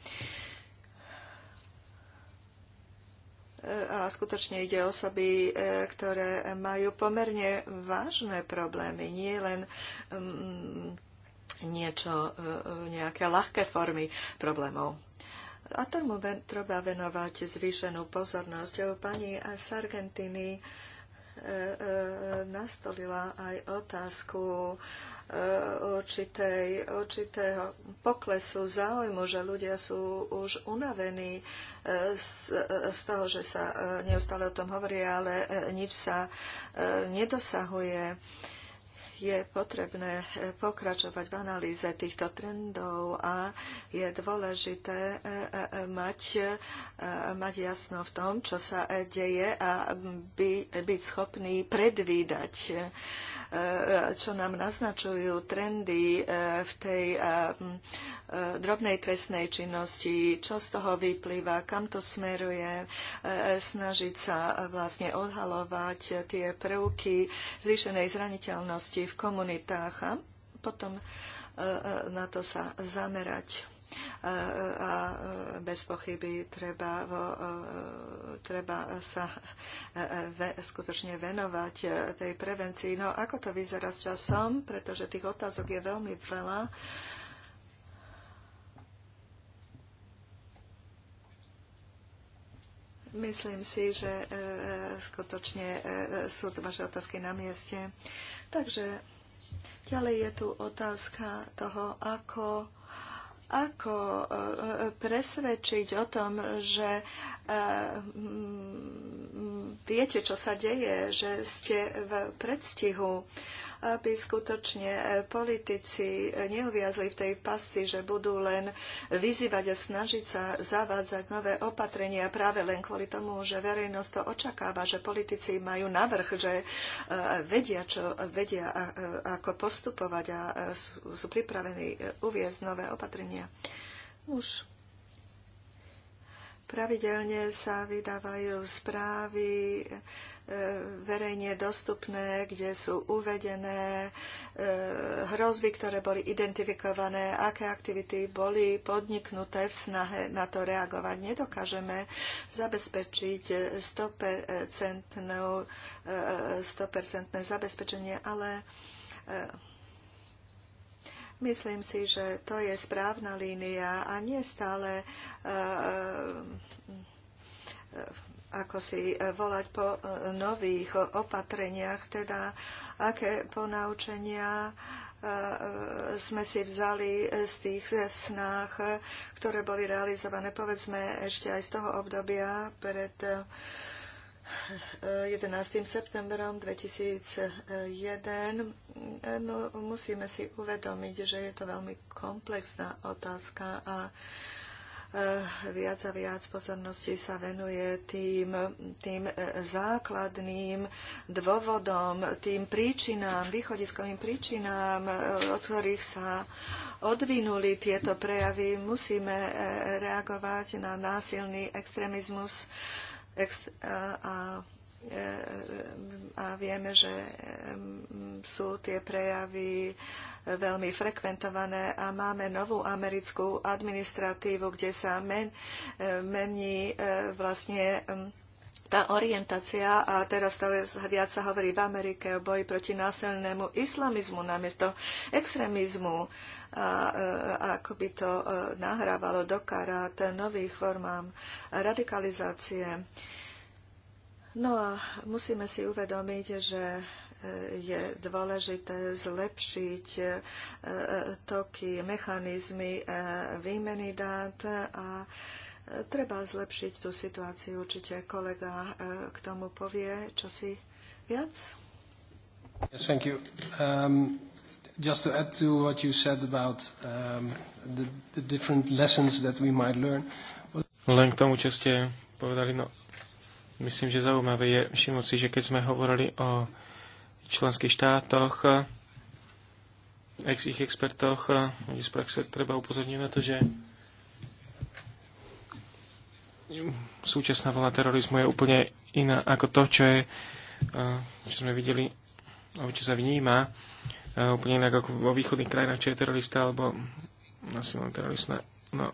a skutočne ide osoby, ktoré majú pomerne vážne problémy, nie len niečo, nejaké ľahké formy problémov. A tomu treba venovať zvýšenú pozornosť. Pani Sargentini E, e, nastolila aj otázku e, určitej, určitého poklesu záujmu, že ľudia sú už unavení z, z toho, že sa neustále o tom hovorí, ale nič sa nedosahuje je potrebné e, pokračovať v analýze týchto trendov a je dôležité e, e, mať, mať jasno v tom, čo sa deje a by, byť schopný predvídať E, čo nám naznačujú trendy e, v tej e, drobnej trestnej činnosti, čo z toho vyplýva, kam to smeruje, snažiť sa vlastne odhalovať tie prvky zvýšenej zraniteľnosti v komunitách a potom na to sa zamerať a bez pochyby treba, e, treba sa e, ve, skutočne venovať e, tej prevencii. No ako to vyzerá s časom, pretože tých otázok je veľmi veľa. Myslím si, že skutočne sú to vaše otázky na mieste. Takže ďalej je tu otázka toho, ako ako e, e, presvedčiť o tom, že e, viete, čo sa deje, že ste v predstihu aby skutočne e, politici e, neuviazli v tej pasci, že budú len vyzývať a snažiť sa zavádzať nové opatrenia práve len kvôli tomu, že verejnosť to očakáva, že politici majú navrh, že e, vedia, čo, vedia ako postupovať a sú, pripravení uviezť nové opatrenia. Už Pravidelne sa vydávajú správy verejne dostupné, kde sú uvedené e, hrozby, ktoré boli identifikované, aké aktivity boli podniknuté v snahe na to reagovať. Nedokážeme zabezpečiť 100%, e, zabezpečenie, ale e, myslím si, že to je správna línia a nie stále ako si e, volať po e, nových opatreniach, teda aké ponaučenia e, sme si vzali z tých snách, ktoré boli realizované, povedzme, ešte aj z toho obdobia pred 11. septembrom 2001. No, musíme si uvedomiť, že je to veľmi komplexná otázka a Eh, viac a viac pozornosti sa venuje tým, tým eh, základným dôvodom, tým príčinám, východiskovým príčinám, eh, od ktorých sa odvinuli tieto prejavy. Musíme reagovať na násilný extrémizmus a a vieme, že sú tie prejavy veľmi frekventované a máme novú americkú administratívu, kde sa men, mení e, vlastne tá orientácia a teraz stále viac sa hovorí v Amerike o boji proti násilnému islamizmu namiesto extrémizmu a, e, ako by to e, nahrávalo do karát nových formám radikalizácie. No a musíme si uvedomiť, že e, je dôležité zlepšiť e, e, toky, mechanizmy výmeny dát a treba zlepšiť tú situáciu. Určite kolega k tomu povie, čo si viac. Yes, thank you. Um, just to add to what you said about um, the, the different lessons that we might learn. Len k tomu, čo ste povedali, no myslím, že zaujímavé je všimnúť si, že keď sme hovorili o členských štátoch, ex ich expertoch, ľudí z praxe treba upozorniť na to, že súčasná vlna terorizmu je úplne iná ako to, čo, je, eh, čo sme videli, alebo čo sa vníma, eh, úplne inak ako vo východných krajinách, čo je terorista alebo násilný terorista. No,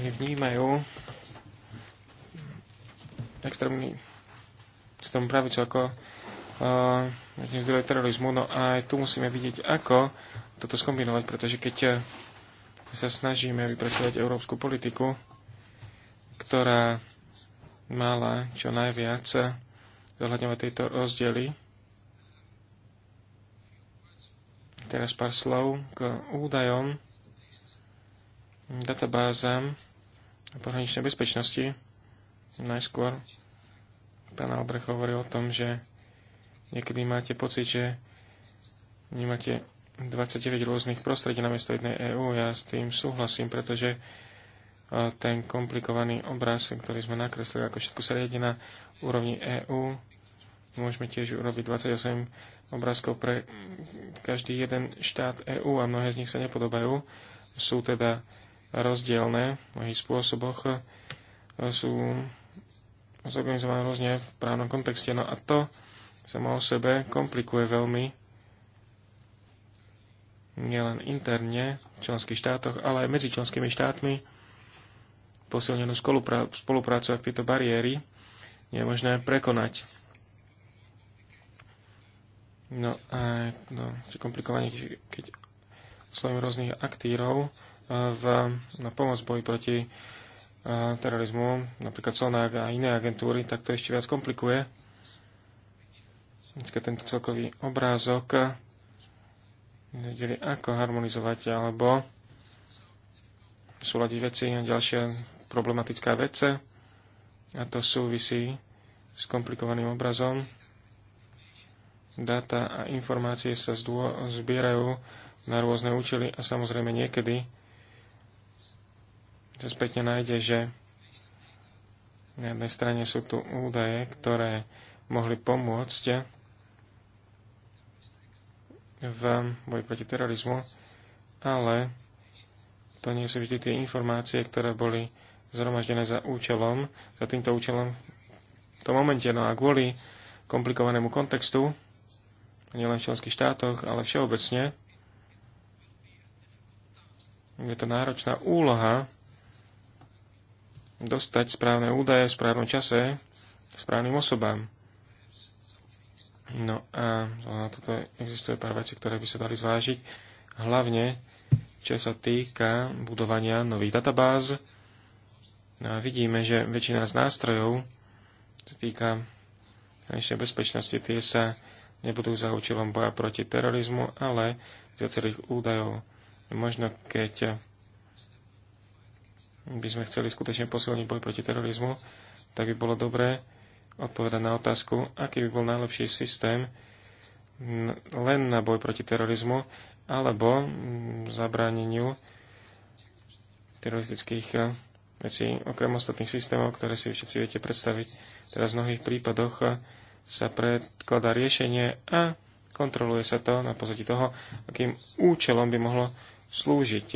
oni vnímajú extrémny strom pravicu ako uh, zdroj terorizmu. No a aj tu musíme vidieť, ako toto skombinovať, pretože keď eh, sa snažíme vypracovať európsku politiku, ktorá mala čo najviac eh, zohľadňovať tieto rozdiely. Teraz pár slov k údajom, databázam a pohraničnej bezpečnosti. Najskôr pán Albrecht hovoril o tom, že niekedy máte pocit, že nemáte 29 rôznych prostredí namiesto jednej EÚ. Ja s tým súhlasím, pretože e, ten komplikovaný obraz, ktorý sme nakreslili, ako všetko sa riadi na úrovni EÚ, môžeme tiež urobiť 28 obrázkov pre každý jeden štát EÚ a mnohé z nich sa nepodobajú. Sú teda rozdielne v mnohých spôsoboch. E, sú zorganizované rôzne v právnom kontexte. No a to sa o sebe komplikuje veľmi nielen interne v členských štátoch, ale aj medzi členskými štátmi posilnenú spoluprácu, ak tieto bariéry je možné prekonať. No a no, komplikovanie, keď oslovím rôznych aktírov eh, v, na pomoc boji proti terorizmu, napríklad Sonák a iné agentúry, tak to ešte viac komplikuje. Vždycky tento celkový obrázok vedeli, ako harmonizovať alebo súľadiť veci. A ďalšia problematická vec, a to súvisí s komplikovaným obrazom. Dáta a informácie sa zbierajú na rôzne účely a samozrejme niekedy sa spätne nájde, že na jednej strane sú tu údaje, ktoré mohli pomôcť v boji proti terorizmu, ale to nie sú vždy tie informácie, ktoré boli zhromaždené za účelom, za týmto účelom v tom momente. No a kvôli komplikovanému kontextu, nielen v členských štátoch, ale všeobecne, je to náročná úloha dostať správne údaje v správnom čase správnym osobám. No a na toto existuje pár vecí, ktoré by sa dali zvážiť. Hlavne, čo sa týka budovania nových databáz. No a vidíme, že väčšina z nástrojov, čo týka hraničnej bezpečnosti, tie sa nebudú za účelom boja proti terorizmu, ale z viacerých údajov. Možno keď by sme chceli skutočne posilniť boj proti terorizmu, tak by bolo dobré odpovedať na otázku, aký by bol najlepší systém len na boj proti terorizmu alebo zabráneniu teroristických eh, vecí, okrem ostatných systémov, ktoré si všetci viete predstaviť. Teraz v mnohých prípadoch eh, sa predkladá riešenie a kontroluje sa to na pozadí toho, akým účelom by mohlo slúžiť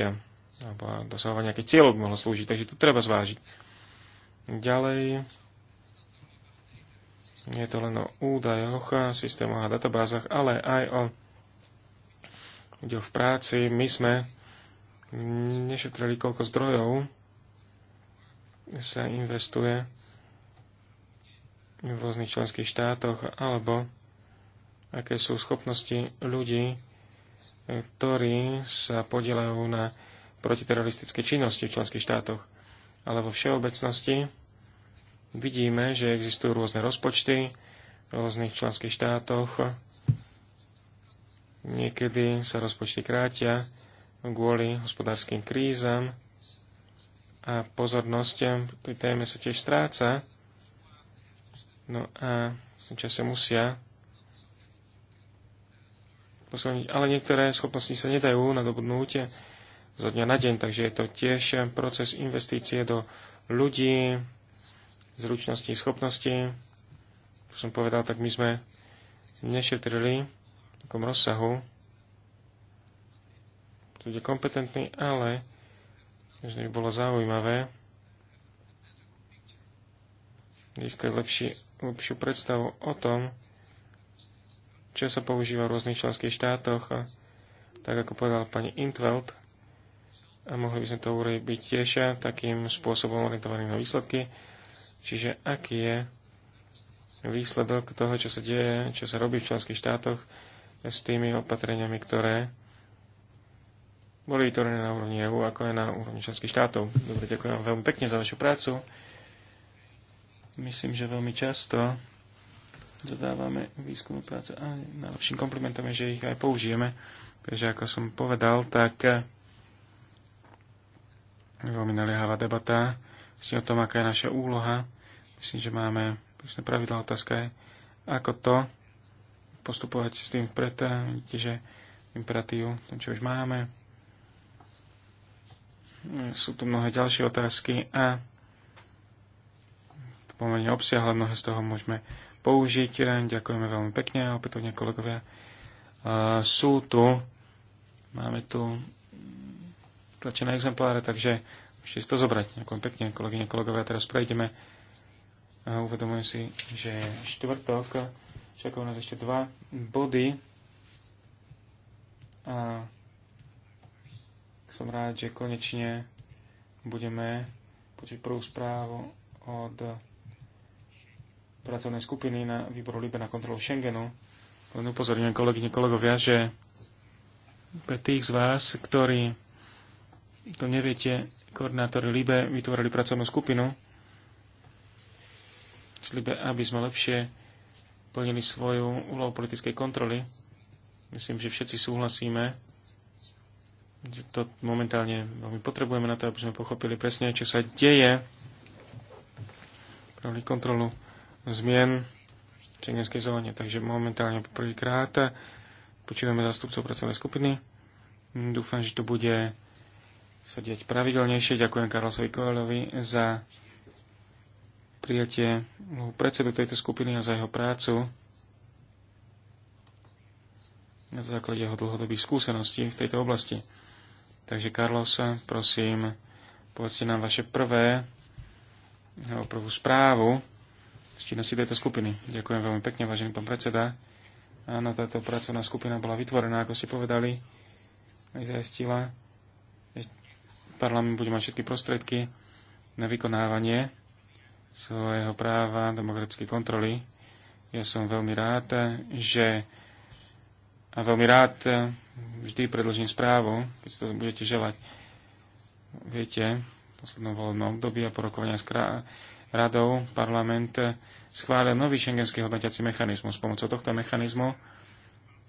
alebo dosahovať nejakých cieľov by mohlo slúžiť, takže to treba zvážiť. Ďalej nie je to len o údajoch, a systémoch a databázach, ale aj o ľuďoch v práci. My sme nešetrili, koľko zdrojov sa investuje v rôznych členských štátoch, alebo aké sú schopnosti ľudí, ktorí sa podielajú na protiteroristické činnosti v členských štátoch. Ale vo všeobecnosti vidíme, že existujú rôzne rozpočty v rôznych členských štátoch. Niekedy sa rozpočty krátia kvôli hospodárskym krízam a pozornosť pri téme sa tiež stráca. No a v čase musia posilniť. Ale niektoré schopnosti sa nedajú nadobudnúť zo dňa na deň, takže je to tiež proces investície do ľudí, zručností, schopností. Ako som povedal, tak my sme nešetrili v takom rozsahu. To je kompetentný, ale že by bolo zaujímavé získať lepší, lepšiu predstavu o tom, čo sa používa v rôznych členských štátoch, tak ako povedal pani Intveld, a mohli by sme to urobiť tiež takým spôsobom orientovaným na výsledky. Čiže aký je výsledok toho, čo sa deje, čo sa robí v členských štátoch s tými opatreniami, ktoré boli vytvorené na úrovni EU, ako aj na úrovni členských štátov. Dobre, ďakujem vám veľmi pekne za vašu prácu. Myslím, že veľmi často zadávame výskumu práce a najlepším komplimentom je, že ich aj použijeme. Takže ako som povedal, tak veľmi naliehavá debata myslím o tom, aká je naša úloha. Myslím, že máme prísne pravidlá otázka je, ako to postupovať s tým vpred. Vidíte, že imperatív, ten, čo už máme. Sú tu mnohé ďalšie otázky a pomerne obsiahle, mnohé z toho môžeme použiť. Ďakujeme veľmi pekne a opätovne kolegovia. Sú tu, máme tu tlačené exempláre, takže ešte si to zobrať. Ďakujem pekne, kolegyne, kolegovia. Teraz prejdeme. A uvedomujem si, že štvrtok čakajú nás ešte dva body. A som rád, že konečne budeme počuť prvú správu od pracovnej skupiny na výboru Libe na kontrolu Schengenu. Len upozorňujem kolegyne, kolegovia, že pre tých z vás, ktorí to neviete, koordinátori LIBE vytvorili pracovnú skupinu s LIBE, aby sme lepšie plnili svoju úlohu politickej kontroly. Myslím, že všetci súhlasíme, že to momentálne veľmi potrebujeme na to, aby sme pochopili presne, čo sa deje. Pravili kontrolu zmien v šengenskej zóne. Takže momentálne poprvýkrát počívame zastupcov pracovnej skupiny. Dúfam, že to bude sa deť pravidelnejšie. Ďakujem Karlosovi Koelovi za prijatie predsedu tejto skupiny a za jeho prácu na základe jeho dlhodobých skúseností v tejto oblasti. Takže Carlos, prosím, povedzte nám vaše prvé, jeho prvú správu z činnosti tejto skupiny. Ďakujem veľmi pekne, vážený pán predseda. Áno, táto pracovná skupina bola vytvorená, ako ste povedali, aj zaistila parlament bude mať všetky prostriedky na vykonávanie svojho práva demokratickej kontroly. Ja som veľmi rád, že a veľmi rád vždy predložím správu, keď si to budete želať. Viete, v poslednom voľnom období a porokovania s radou parlament schválil nový šengenský hodnotiaci mechanizmus. S Pomocou tohto mechanizmu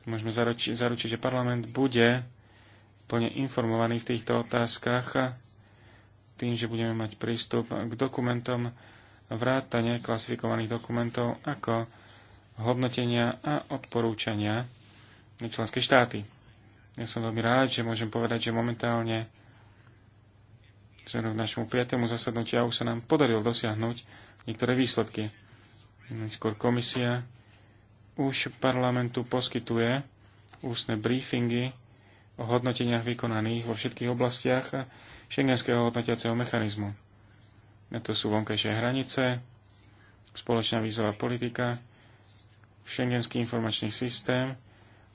môžeme zaručiť, zaručiť že parlament bude plne informovaní v týchto otázkach tým, že budeme mať prístup k dokumentom vrátane klasifikovaných dokumentov ako hodnotenia a odporúčania členské štáty. Ja som veľmi rád, že môžem povedať, že momentálne k našemu priatému zasadnutiu už sa nám podarilo dosiahnuť niektoré výsledky. Skôr komisia už parlamentu poskytuje ústne briefingy o hodnoteniach vykonaných vo všetkých oblastiach šengenského hodnotiaceho mechanizmu. A to sú vonkajšie hranice, spoločná vízová politika, šengenský informačný systém,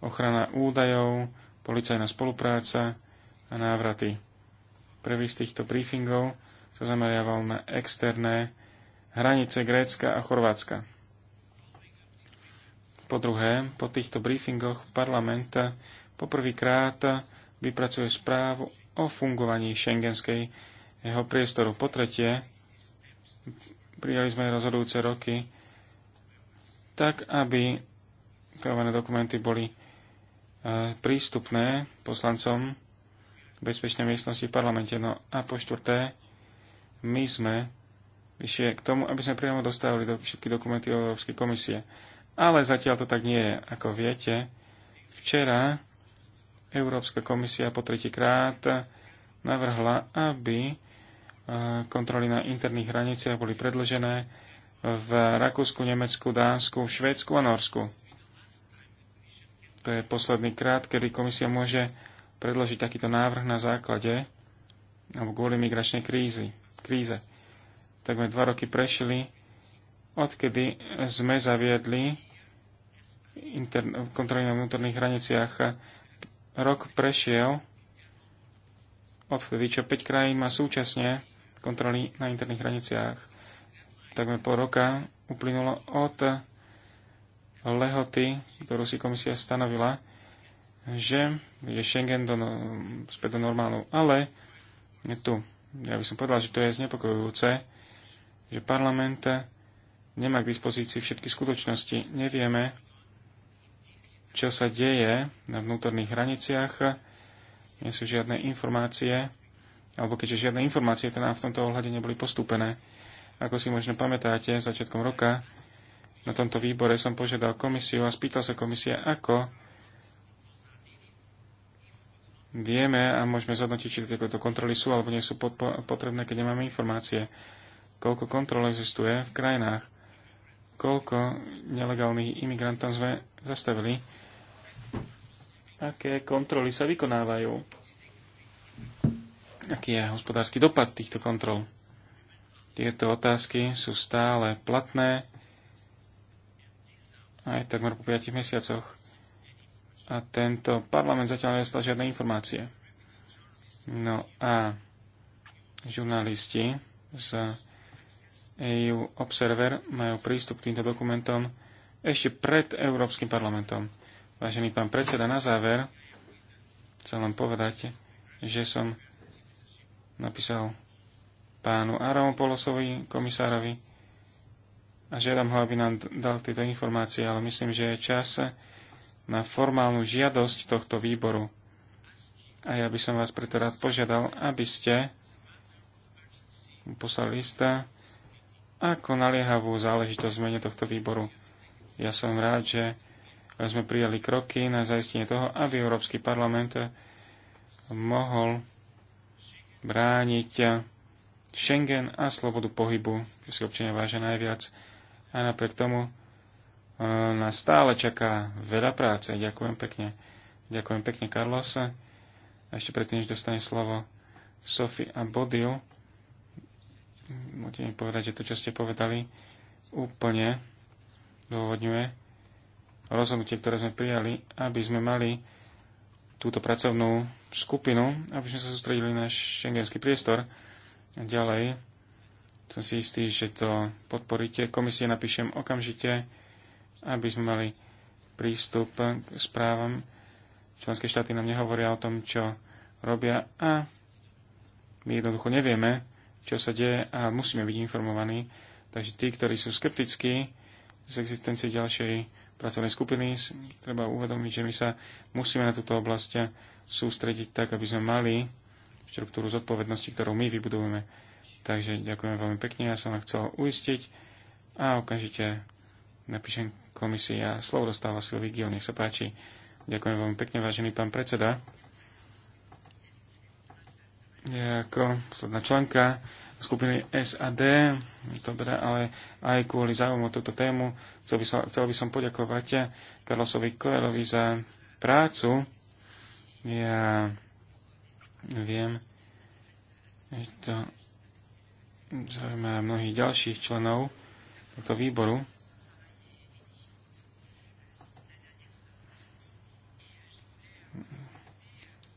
ochrana údajov, policajná spolupráca a návraty. Prvý z týchto briefingov sa zameriaval na externé hranice Grécka a Chorvátska. Po druhé, po týchto briefingoch parlament poprvýkrát vypracuje správu o fungovaní šengenskej jeho priestoru. Po tretie, prijali sme rozhodujúce roky tak, aby utajované dokumenty boli e, prístupné poslancom v bezpečnej miestnosti v parlamente. No a po štvrté, my sme vyššie k tomu, aby sme priamo dostávali do všetky dokumenty Európskej komisie. Ale zatiaľ to tak nie je. Ako viete, včera Európska komisia po tretíkrát navrhla, aby e, kontroly na interných hraniciach boli predlžené v Rakúsku, Nemecku, Dánsku, Švédsku a Norsku. To je posledný krát, kedy komisia môže predložiť takýto návrh na základe alebo kvôli migračnej krízy, kríze. Takmer dva roky prešli, odkedy sme zaviedli inter- kontroly na vnútorných hraniciach rok prešiel odvtedy, čo 5 krajín má súčasne kontroly na interných hraniciach. Takmer pol roka uplynulo od lehoty, ktorú si komisia stanovila, že je Schengen do, no- späť do normálu. Ale je tu. Ja by som povedal, že to je znepokojujúce, že parlament nemá k dispozícii všetky skutočnosti. Nevieme, čo sa deje na vnútorných hraniciach. Nie sú žiadne informácie, alebo keďže žiadne informácie nám teda v tomto ohľade neboli postúpené. Ako si možno pamätáte, začiatkom roka na tomto výbore som požiadal komisiu a spýtal sa komisia, ako vieme a môžeme zhodnotiť, či takéto kontroly sú alebo nie sú potrebné, keď nemáme informácie. Koľko kontrol existuje v krajinách? Koľko nelegálnych imigrantov sme zastavili? aké kontroly sa vykonávajú, aký je hospodársky dopad týchto kontrol. Tieto otázky sú stále platné aj takmer po 5 mesiacoch. A tento parlament zatiaľ nedostal žiadne informácie. No a žurnalisti z EU Observer majú prístup k týmto dokumentom ešte pred Európskym parlamentom. Vážený pán predseda, na záver chcem vám povedať, že som napísal pánu Aramopolosovi, komisárovi, a žiadam ho, aby nám dal tieto informácie, ale myslím, že je čas na formálnu žiadosť tohto výboru. A ja by som vás preto rád požiadal, aby ste poslali lista ako naliehavú záležitosť v mene tohto výboru. Ja som rád, že sme prijali kroky na zaistenie toho, aby Európsky parlament mohol brániť Schengen a slobodu pohybu, čo si občania vážia najviac. A napriek tomu e, nás stále čaká veľa práce. Ďakujem pekne. Ďakujem pekne, Carlos. A ešte predtým, než dostane slovo Sophie a Bodil, môžete mi povedať, že to, čo ste povedali, úplne dôvodňuje rozhodnutie, ktoré sme prijali, aby sme mali túto pracovnú skupinu, aby sme sa sústredili na šengenský priestor. A ďalej som si istý, že to podporíte. Komisie napíšem okamžite, aby sme mali prístup k správam. Členské štáty nám nehovoria o tom, čo robia a my jednoducho nevieme, čo sa deje a musíme byť informovaní. Takže tí, ktorí sú skeptickí z existencie ďalšej pracovnej skupiny, treba uvedomiť, že my sa musíme na túto oblasť sústrediť tak, aby sme mali štruktúru zodpovednosti, ktorú my vybudujeme. Takže ďakujem veľmi pekne, ja som vám chcel uistiť a okamžite napíšem komisii a slovo dostáva Silvi Gio, nech sa páči. Ďakujem veľmi pekne, vážený pán predseda. Ja ako posledná členka skupiny SAD. Dobre, ale aj kvôli záujmu túto tému chcel by som, chcel by som poďakovať Karlosovi Koelovi za prácu. Ja viem, že to zaujíma mnohých ďalších členov tohto výboru.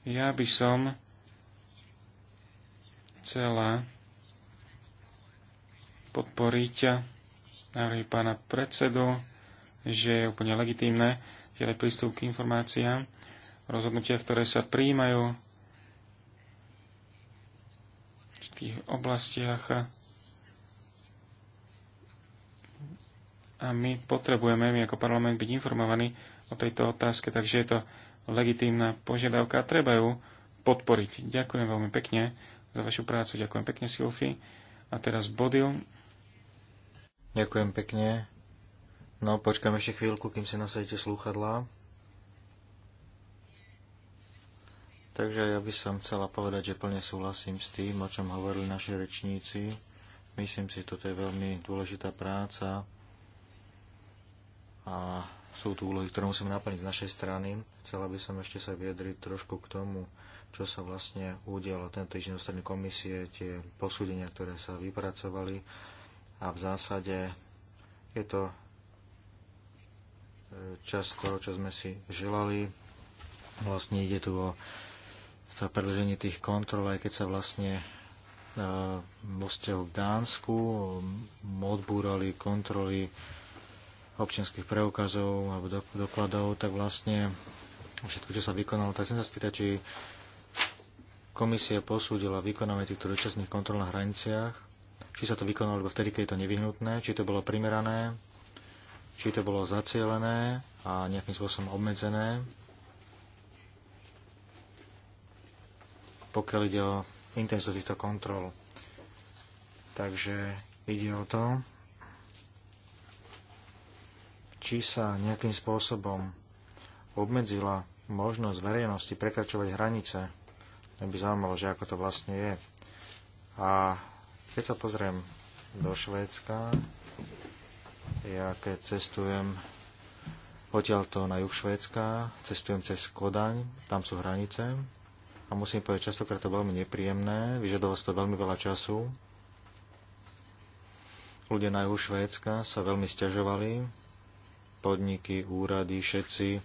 Ja by som chcela podporiť návrhy pána predsedu, že je úplne legitímne že aj prístup k informáciám, rozhodnutia, ktoré sa príjmajú v tých oblastiach. A my potrebujeme, my ako parlament, byť informovaní o tejto otázke, takže je to legitímna požiadavka a treba ju podporiť. Ďakujem veľmi pekne za vašu prácu, ďakujem pekne Silfi. A teraz Bodil. Ďakujem pekne. No, počkám ešte chvíľku, kým si nasadíte slúchadlá. Takže ja by som chcela povedať, že plne súhlasím s tým, o čom hovorili naši rečníci. Myslím si, toto je veľmi dôležitá práca a sú tu úlohy, ktoré musíme naplniť z našej strany. Chcela by som ešte sa vyjadriť trošku k tomu, čo sa vlastne udialo tento týždeň strany komisie, tie posúdenia, ktoré sa vypracovali a v zásade je to e, čas toho, čo sme si želali. Vlastne ide tu o predlženie tých kontrol, aj keď sa vlastne e, vo vzťahu k Dánsku odbúrali kontroly občianských preukazov alebo dokladov, tak vlastne všetko, čo sa vykonalo, tak chcem sa spýtať, či komisia posúdila vykonanie týchto dočasných kontrol na hraniciach či sa to vykonalo iba vtedy, keď je to nevyhnutné, či to bolo primerané, či to bolo zacielené a nejakým spôsobom obmedzené. Pokiaľ ide o intenzitu týchto kontrol. Takže ide o to, či sa nejakým spôsobom obmedzila možnosť verejnosti prekračovať hranice. Mňa by zaujímalo, že ako to vlastne je. A keď sa pozriem do Švédska, ja keď cestujem odtiaľto na juh Švédska, cestujem cez Kodaň, tam sú hranice a musím povedať, častokrát to veľmi nepríjemné, vyžadovalo to veľmi veľa času. Ľudia na juhu Švédska sa veľmi stiažovali, podniky, úrady, všetci.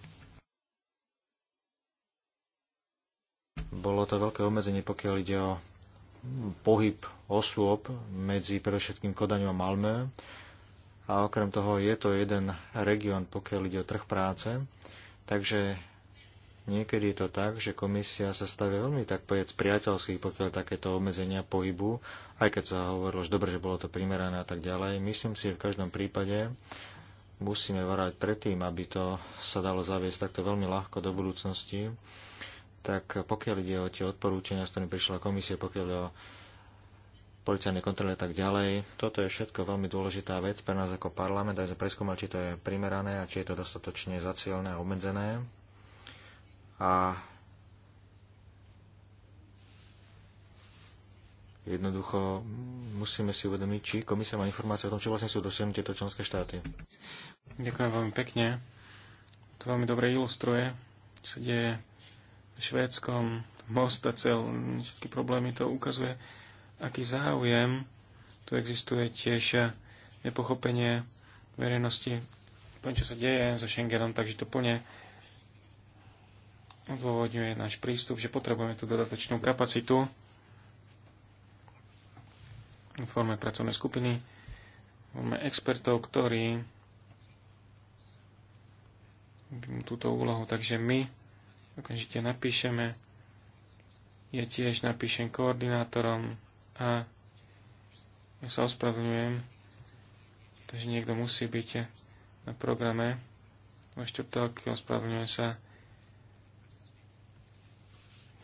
Bolo to veľké obmedzenie, pokiaľ ide o pohyb osôb medzi predovšetkým Kodaňom a Malmö. A okrem toho je to jeden región, pokiaľ ide o trh práce. Takže niekedy je to tak, že komisia sa stavia veľmi tak povedz priateľských, pokiaľ takéto obmedzenia pohybu, aj keď sa hovorilo, že dobre, že bolo to primerané a tak ďalej. Myslím si, že v každom prípade musíme varať pred tým, aby to sa dalo zaviesť takto veľmi ľahko do budúcnosti, tak pokiaľ ide o tie odporúčania, s ktorým prišla komisia, pokiaľ ide o policajné kontroly a tak ďalej, toto je všetko veľmi dôležitá vec pre nás ako parlament, aby sme preskúmali, či to je primerané a či je to dostatočne zacielné a obmedzené. A Jednoducho musíme si uvedomiť, či komisia má informácie o tom, čo vlastne sú dosiahnuté tieto členské štáty. Ďakujem veľmi pekne. To veľmi dobre ilustruje, čo sa deje Švédskom, Mostacel všetky problémy to ukazuje, aký záujem tu existuje tiež nepochopenie verejnosti tom, čo sa deje so Schengenom, takže to plne odôvodňuje náš prístup, že potrebujeme tú dodatočnú kapacitu v forme pracovnej skupiny, v forme expertov, ktorí túto úlohu, takže my okamžite napíšeme. Ja tiež napíšem koordinátorom a ja sa ospravedlňujem, takže niekto musí byť na programe. Vo štvrtok ospravedlňujem sa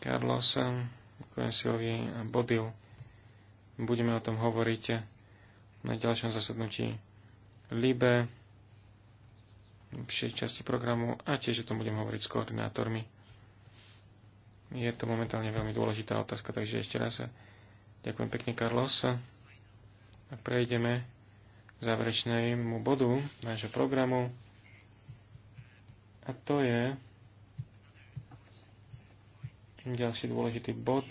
Carlosom, Silvi a Bodil. Budeme o tom hovoriť na ďalšom zasadnutí Libe, v časti programu a tiež o tom budem hovoriť s koordinátormi je to momentálne veľmi dôležitá otázka, takže ešte raz ďakujem pekne Carlos. A prejdeme k záverečnému bodu nášho programu. A to je ďalší dôležitý bod.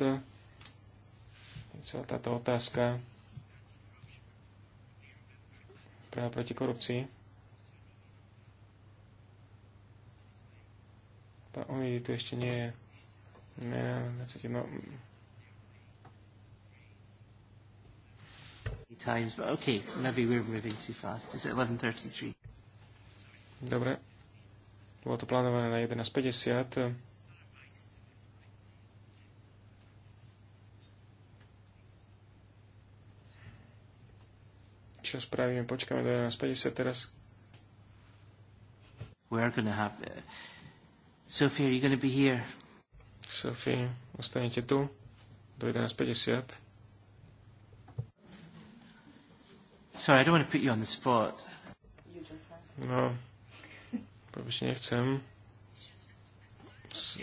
Celá táto otázka práva proti korupcii. Pán Onidi tu ešte nie je. No, times, but okay, maybe we're moving too fast. It's at 11.33. Dobre. Bolo to plánované na 11.50. Čo spravíme? Počkáme do 11.50 teraz. We are going to have... Uh, Sophie, are you going to be here? Sophie, ostanete tu do 11.50. Sorry, I don't want to put you on the spot. No, prepačte, nechcem.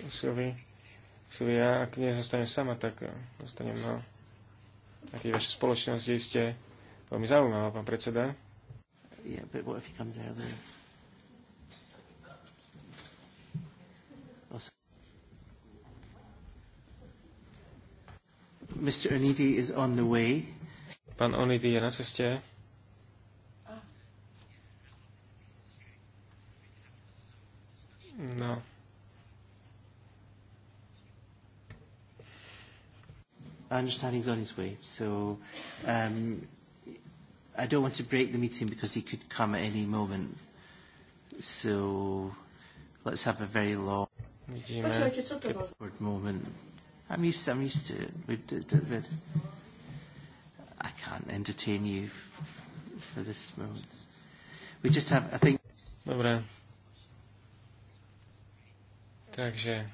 Sylvie, Sylvie, ja ak nezostanem sama, tak eh, zostanem no. Ak je vaša spoločnosť, iste veľmi zaujímavá, pán predseda. Yeah, but what if he comes out of there? Mr. Onidi is on the way. Pán Onidi je na ceste. No. I understand he's on his way, so um, I don't want to break the meeting because he could come at any moment. So let's have a very long Vidíme, moment. I'm used. to, I'm used to it. We've, David, I can't entertain you for this moment. We just have. I think. Dobre. Takže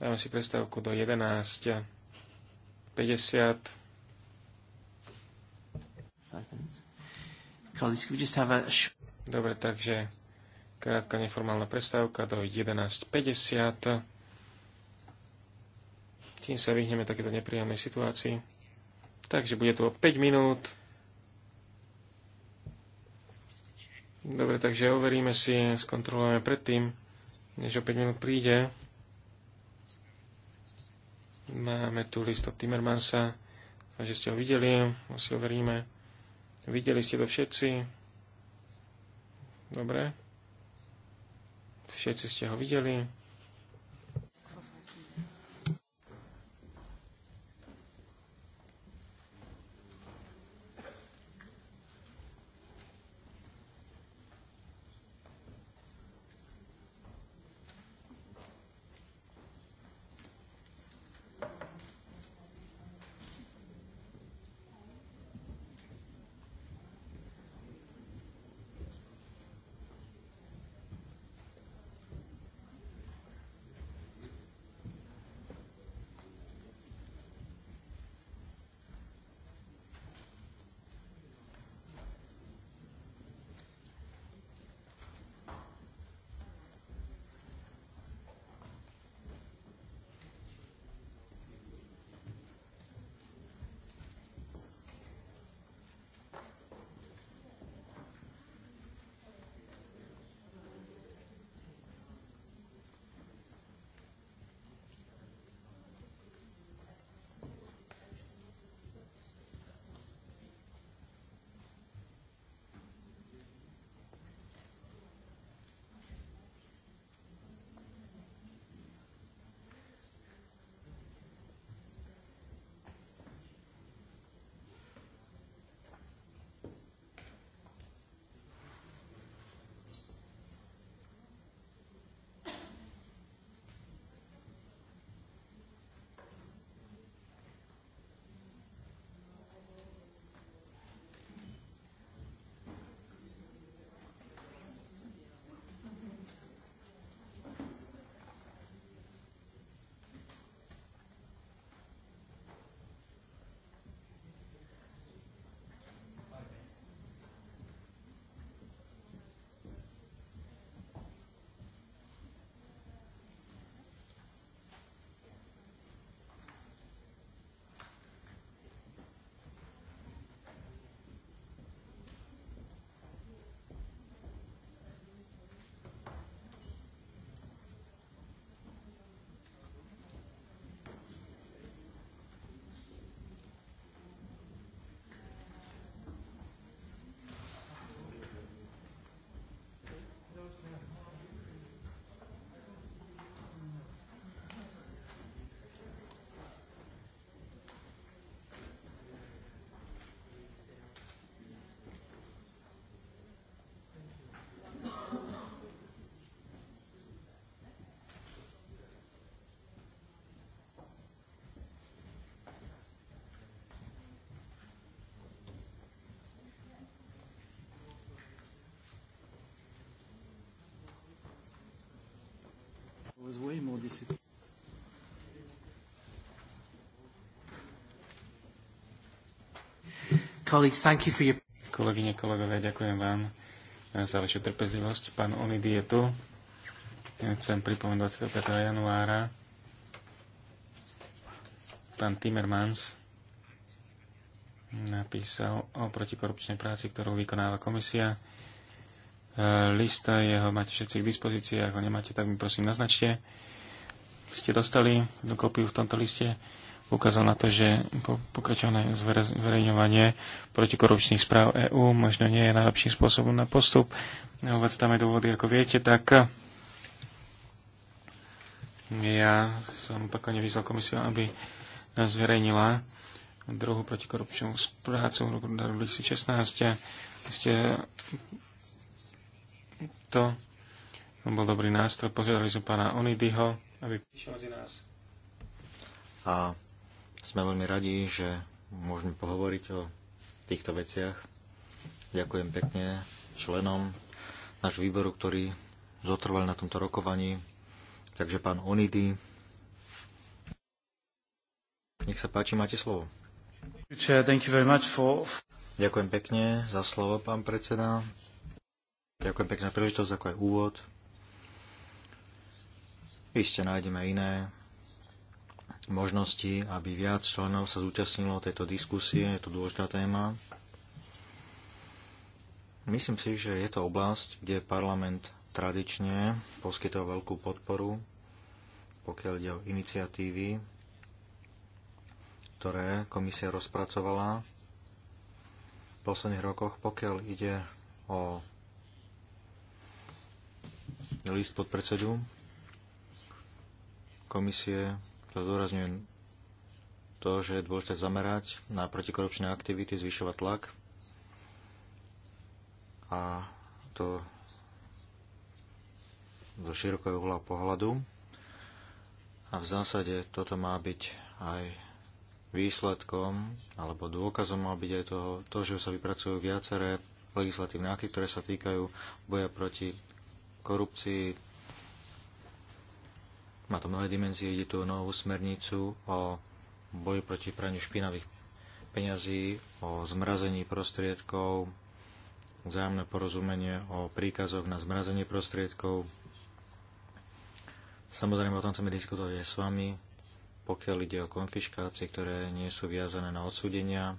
dáme si prestávku do 11.50. Dobre, takže krátka neformálna prestávka do 11.50 kým sa vyhneme takéto nepríjemnej situácii. Takže bude to o 5 minút. Dobre, takže overíme si, skontrolujeme predtým, než o 5 minút príde. Máme tu list od Timmermansa, takže ste ho videli, ho si overíme. Videli ste to všetci. Dobre. Všetci ste ho videli. Kolegyne, kolegové, ďakujem vám eh, za vašu trpezlivosť. Pán Onidy je tu. Chcem pripomenúť 25. januára. Pán Timmermans napísal o protikorupčnej práci, ktorú vykonáva komisia Eh, lista, jeho máte všetci k dispozícii, ak ho nemáte, tak mi prosím naznačte. Ste dostali jednu kópiu v tomto liste. Ukázal na to, že pokračované zverejňovanie protikorupčných správ EÚ možno nie je najlepším spôsobom na postup. aj dôvody, ako viete, tak ja som opakovane vyzval komisiu, aby zverejnila druhú protikorupčnú správcu v roku 2016. Ste to bol dobrý nástroj. Požiadali sme pána Onidyho, aby prišiel medzi nás. A sme veľmi radi, že môžeme pohovoriť o týchto veciach. Ďakujem pekne členom nášho výboru, ktorí zotrval na tomto rokovaní. Takže pán Onidy, nech sa páči, máte slovo. Ďakujem pekne za slovo, pán predseda. Ďakujem pekne za príležitosť, ako aj úvod. Iste nájdeme iné možnosti, aby viac členov sa zúčastnilo tejto diskusie. Je to dôležitá téma. Myslím si, že je to oblasť, kde parlament tradične poskytoval veľkú podporu, pokiaľ ide o iniciatívy, ktoré komisia rozpracovala v posledných rokoch, pokiaľ ide o list pod predsedu komisie, to zdôrazňuje to, že je dôležité zamerať na protikorupčné aktivity, zvyšovať tlak a to zo širokého uhla pohľadu. A v zásade toto má byť aj výsledkom alebo dôkazom má byť aj toho, to, že sa vypracujú viaceré legislatívne akty, ktoré sa týkajú boja proti korupcii. Má to mnohé dimenzie, ide tu o novú smernicu o boji proti praniu špinavých peňazí, o zmrazení prostriedkov, vzájomné porozumenie o príkazoch na zmrazenie prostriedkov. Samozrejme, o tom chceme diskutovať aj s vami, pokiaľ ide o konfiškácie, ktoré nie sú viazané na odsúdenia.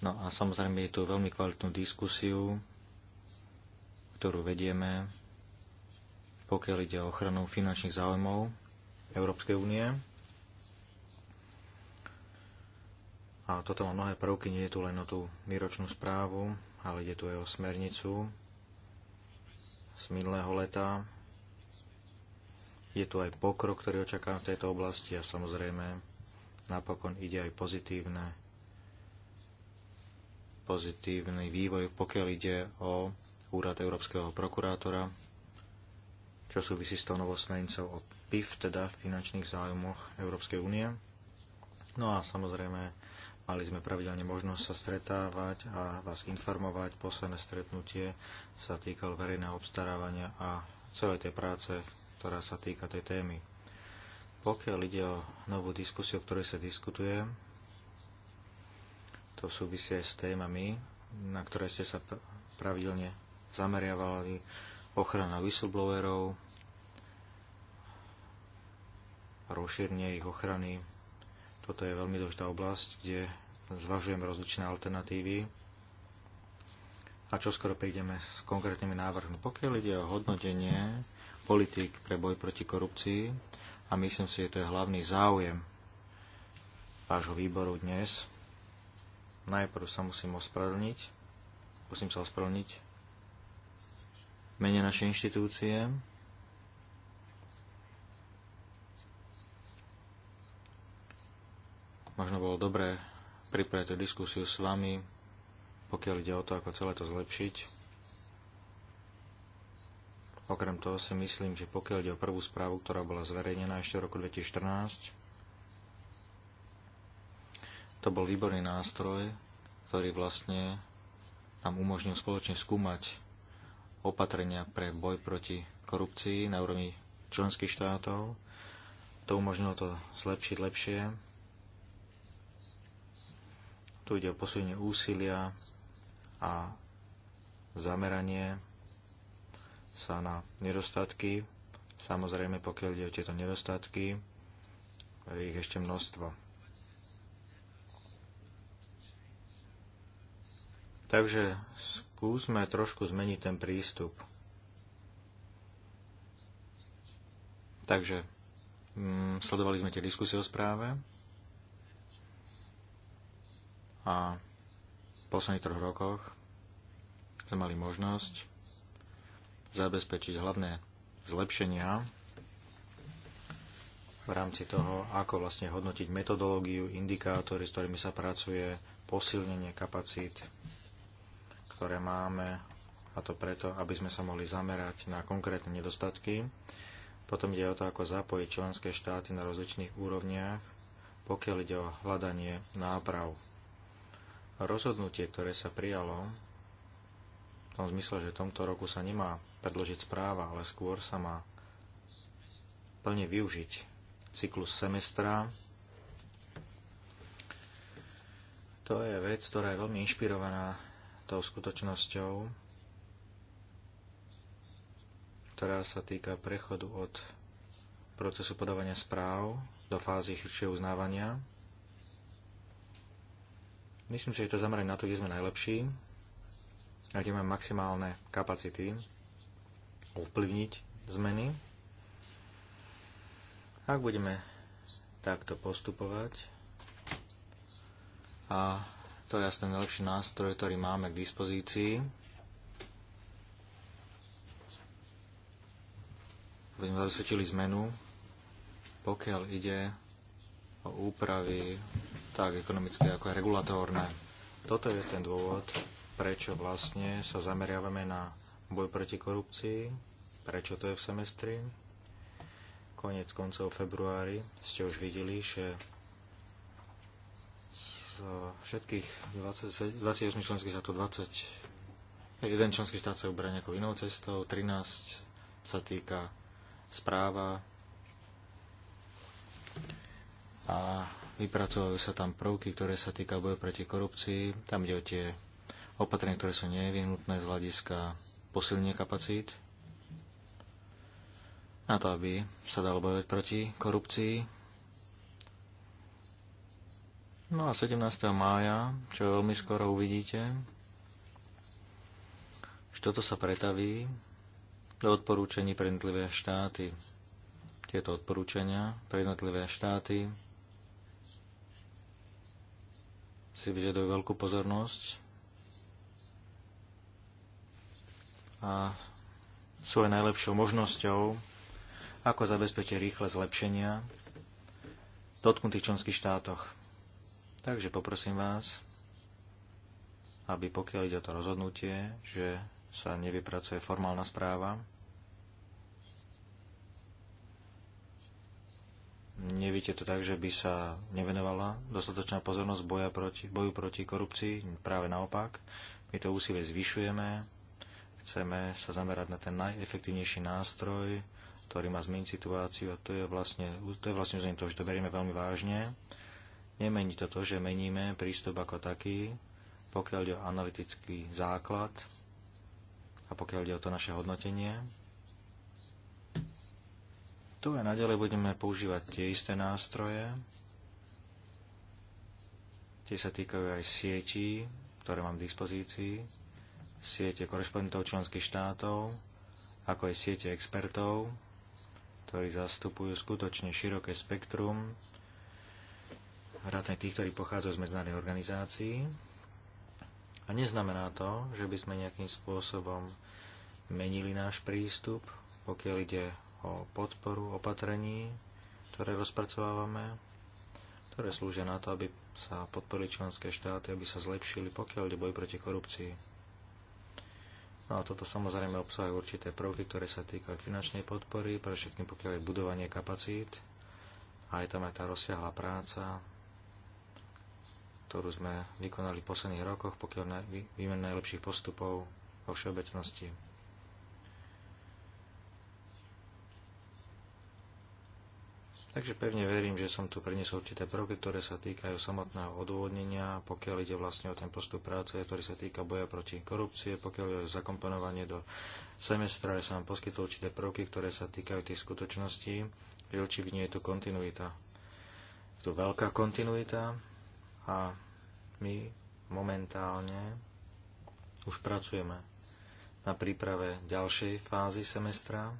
No a samozrejme je tu veľmi kvalitnú diskusiu ktorú vedieme, pokiaľ ide o ochranu finančných záujmov Európskej únie. A toto má mnohé prvky, nie je tu len o tú výročnú správu, ale ide tu aj o smernicu z minulého leta. Je tu aj pokrok, ktorý očakávam v tejto oblasti a samozrejme napokon ide aj pozitívne pozitívny vývoj, pokiaľ ide o úrad Európskeho prokurátora, čo súvisí s tou novou smernicou o PIF, teda v finančných záujmoch Európskej únie. No a samozrejme, mali sme pravidelne možnosť sa stretávať a vás informovať. Posledné stretnutie sa týkalo verejného obstarávania a celej tej práce, ktorá sa týka tej témy. Pokiaľ ide o novú diskusiu, o ktorej sa diskutuje, to súvisie s témami, na ktoré ste sa pravidelne zameriavali ochrana whistleblowerov, rozšírenie ich ochrany. Toto je veľmi dôležitá oblasť, kde zvažujeme rozličné alternatívy a čo skoro prídeme s konkrétnymi návrhmi. Pokiaľ ide o hodnotenie politik pre boj proti korupcii, a myslím si, že to je hlavný záujem vášho výboru dnes, najprv sa musím ospravedlniť, musím sa ospravedlniť mene našej inštitúcie. Možno bolo dobré pripraviť tú diskusiu s vami, pokiaľ ide o to, ako celé to zlepšiť. Okrem toho si myslím, že pokiaľ ide o prvú správu, ktorá bola zverejnená ešte v roku 2014, to bol výborný nástroj, ktorý vlastne nám umožnil spoločne skúmať opatrenia pre boj proti korupcii na úrovni členských štátov. To umožnilo to zlepšiť lepšie. Tu ide o posilnenie úsilia a zameranie sa na nedostatky. Samozrejme, pokiaľ ide o tieto nedostatky, je ich ešte množstvo. Takže skúsme trošku zmeniť ten prístup. Takže mm, sledovali sme tie diskusie o správe a v posledných troch rokoch sme mali možnosť zabezpečiť hlavné zlepšenia v rámci toho, ako vlastne hodnotiť metodológiu, indikátory, s ktorými sa pracuje, posilnenie kapacít ktoré máme, a to preto, aby sme sa mohli zamerať na konkrétne nedostatky. Potom ide o to, ako zapojiť členské štáty na rozličných úrovniach, pokiaľ ide o hľadanie náprav. Rozhodnutie, ktoré sa prijalo, v tom zmysle, že v tomto roku sa nemá predložiť správa, ale skôr sa má plne využiť cyklus semestra. To je vec, ktorá je veľmi inšpirovaná tou skutočnosťou, ktorá sa týka prechodu od procesu podávania správ do fázy širšieho uznávania. Myslím si, že to zamerať na to, kde sme najlepší a kde máme maximálne kapacity ovplyvniť zmeny. Ak budeme takto postupovať a to je ten najlepší nástroj, ktorý máme k dispozícii. Budeme zasvedčili zmenu, pokiaľ ide o úpravy tak ekonomické ako aj regulatórne. Toto je ten dôvod, prečo vlastne sa zameriavame na boj proti korupcii, prečo to je v semestri. Konec koncov februári ste už videli, že všetkých 28 členských štátov 20, jeden členský štát sa uberá nejakou inou cestou, 13 sa týka správa a vypracovajú sa tam prvky, ktoré sa týkajú boja proti korupcii, tam ide o tie opatrenia, ktoré sú nevyhnutné z hľadiska posilnenia kapacít, na to, aby sa dalo bojovať proti korupcii, No a 17. mája, čo veľmi skoro uvidíte, že toto sa pretaví do odporúčení pre jednotlivé štáty. Tieto odporúčania pre jednotlivé štáty si vyžadujú veľkú pozornosť a sú aj najlepšou možnosťou, ako zabezpečiť rýchle zlepšenia v dotknutých členských štátoch. Takže poprosím vás, aby pokiaľ ide o to rozhodnutie, že sa nevypracuje formálna správa, nevidíte to tak, že by sa nevenovala dostatočná pozornosť boja proti, boju proti korupcii, práve naopak. My to úsilie zvyšujeme, chceme sa zamerať na ten najefektívnejší nástroj, ktorý má zmeniť situáciu a to je vlastne, to je vlastne to, že to berieme veľmi vážne Nemení to to, že meníme prístup ako taký, pokiaľ je o analytický základ a pokiaľ ide o to naše hodnotenie. Tu aj naďalej budeme používať tie isté nástroje. Tie sa týkajú aj sietí, ktoré mám v dispozícii, siete korešpondentov členských štátov, ako aj siete expertov, ktorí zastupujú skutočne široké spektrum vrátane tých, ktorí pochádzajú z medzinárodných organizácií. A neznamená to, že by sme nejakým spôsobom menili náš prístup, pokiaľ ide o podporu opatrení, ktoré rozpracovávame, ktoré slúžia na to, aby sa podporili členské štáty, aby sa zlepšili, pokiaľ ide boj proti korupcii. No a toto samozrejme obsahuje určité prvky, ktoré sa týkajú finančnej podpory, pre všetkým pokiaľ je budovanie kapacít, a je tam aj tá rozsiahla práca ktorú sme vykonali v posledných rokoch, pokiaľ na, výmen najlepších postupov vo všeobecnosti. Takže pevne verím, že som tu priniesol určité prvky, ktoré sa týkajú samotného odôvodnenia, pokiaľ ide vlastne o ten postup práce, ktorý sa týka boja proti korupcie, pokiaľ ide o zakomponovanie do semestra, ja som vám poskytol určité prvky, ktoré sa týkajú tých skutočností, že určite nie je tu kontinuita. Je tu veľká kontinuita, a my momentálne už pracujeme na príprave ďalšej fázy semestra.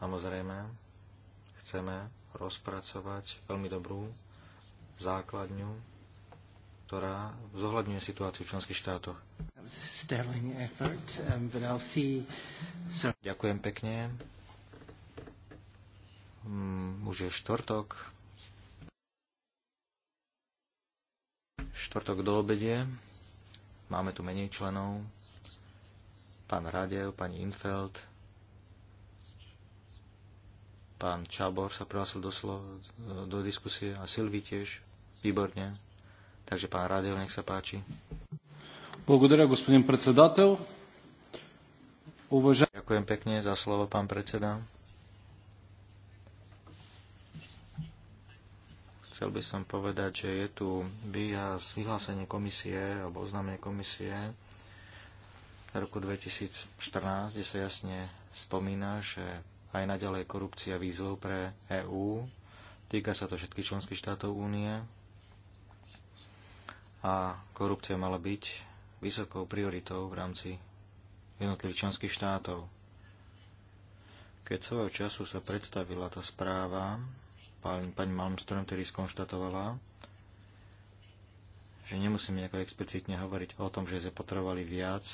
Samozrejme, chceme rozpracovať veľmi dobrú základňu, ktorá zohľadňuje situáciu v členských štátoch. Um, Ďakujem pekne. Mm, už je štvrtok, štvrtok do obede. Máme tu menej členov. Pán Radev, pani Infeld, pán Čabor sa prihlásil do, slo- do diskusie a Silvi tiež. Výborne. Takže pán Radev, nech sa páči. Благодаря, господин председател. Уважа... Ďakujem pekne za slovo, pán predseda. chcel by som povedať, že je tu vyhlásenie komisie alebo oznámenie komisie v roku 2014, kde sa jasne spomína, že aj naďalej korupcia výzvou pre EÚ. Týka sa to všetkých členských štátov únie. A korupcia mala byť vysokou prioritou v rámci jednotlivých členských štátov. Keď svojho času sa predstavila tá správa pani, pani Malmström, ktorý skonštatovala, že nemusíme nejako explicitne hovoriť o tom, že sme potrebovali viac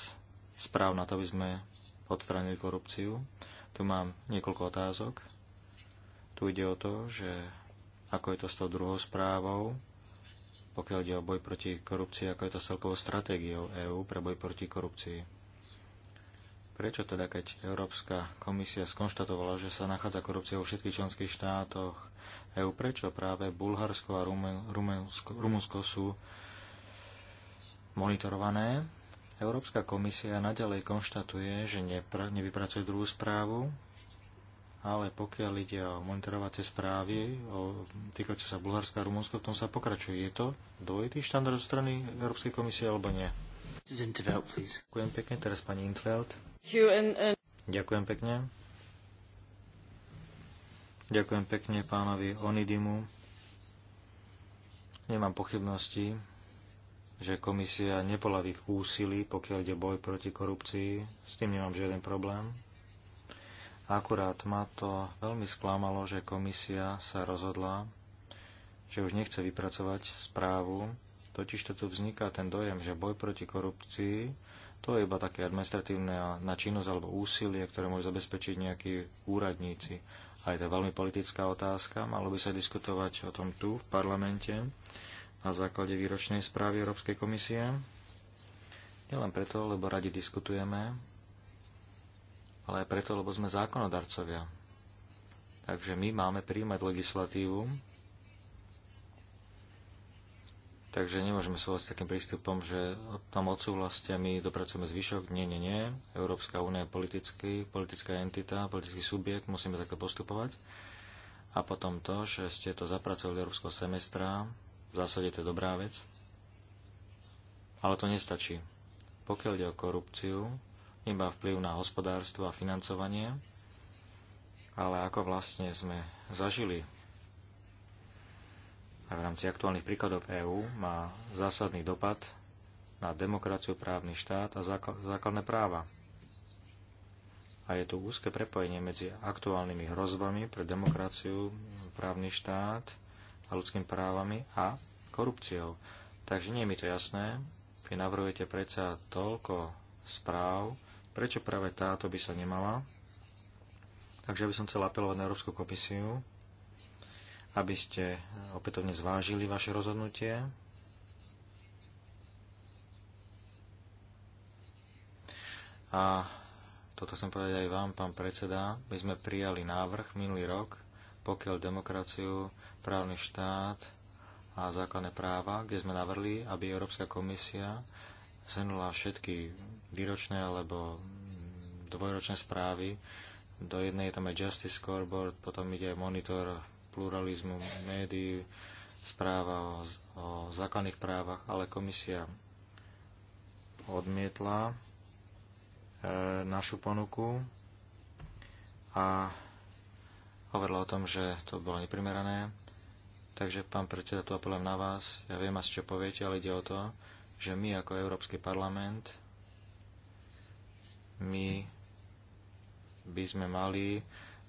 správ na to, aby sme odstránili korupciu. Tu mám niekoľko otázok. Tu ide o to, že ako je to s tou druhou správou, pokiaľ ide o boj proti korupcii, ako je to s celkovou stratégiou EÚ pre boj proti korupcii. Prečo teda, keď Európska komisia skonštatovala, že sa nachádza korupcia vo všetkých členských štátoch, EÚ. Prečo práve Bulharsko a Rumunsko sú monitorované? Európska komisia naďalej konštatuje, že nevypracuje druhú správu, ale pokiaľ ide o monitorovacie správy o, týkajúce sa Bulharska a Rumunsko, v tom sa pokračuje. Je to dvojitý štandard zo strany Európskej komisie alebo nie? Ďakujem pekne, teraz pani Intveld. Ďakujem pekne. Ďakujem pekne pánovi Onidimu. Nemám pochybnosti, že komisia nepolaví v úsilí, pokiaľ ide boj proti korupcii. S tým nemám žiaden problém. Akurát ma to veľmi sklamalo, že komisia sa rozhodla, že už nechce vypracovať správu. Totiž to tu vzniká ten dojem, že boj proti korupcii to je iba také administratívne na činnosť alebo úsilie, ktoré môžu zabezpečiť nejakí úradníci. A je to veľmi politická otázka. Malo by sa diskutovať o tom tu, v parlamente, na základe výročnej správy Európskej komisie. Nielen preto, lebo radi diskutujeme, ale aj preto, lebo sme zákonodarcovia. Takže my máme príjmať legislatívu, Takže nemôžeme súhlasiť s takým prístupom, že tam odsúhlaste a my dopracujeme zvyšok. Nie, nie, nie. Európska únia je politický, politická entita, politický subjekt, musíme takto postupovať. A potom to, že ste to zapracovali do európskeho semestra, v zásade to je dobrá vec. Ale to nestačí. Pokiaľ ide o korupciu, iba vplyv na hospodárstvo a financovanie, ale ako vlastne sme zažili a v rámci aktuálnych príkladov EÚ má zásadný dopad na demokraciu, právny štát a základné práva. A je tu úzke prepojenie medzi aktuálnymi hrozbami pre demokraciu, právny štát a ľudskými právami a korupciou. Takže nie je mi to jasné. Vy navrhujete predsa toľko správ, prečo práve táto by sa nemala. Takže by som chcel apelovať na Európsku komisiu, aby ste opätovne zvážili vaše rozhodnutie. A toto som povedať aj vám, pán predseda, my sme prijali návrh minulý rok, pokiaľ demokraciu, právny štát a základné práva, kde sme navrli, aby Európska komisia zhrnula všetky výročné alebo dvojročné správy. Do jednej je tam aj Justice Scoreboard, potom ide aj monitor pluralizmu médií, správa o, o základných právach, ale komisia odmietla e, našu ponuku a hovorila o tom, že to bolo neprimerané. Takže, pán predseda, to apelujem na vás. Ja viem asi, čo poviete, ale ide o to, že my ako Európsky parlament, my by sme mali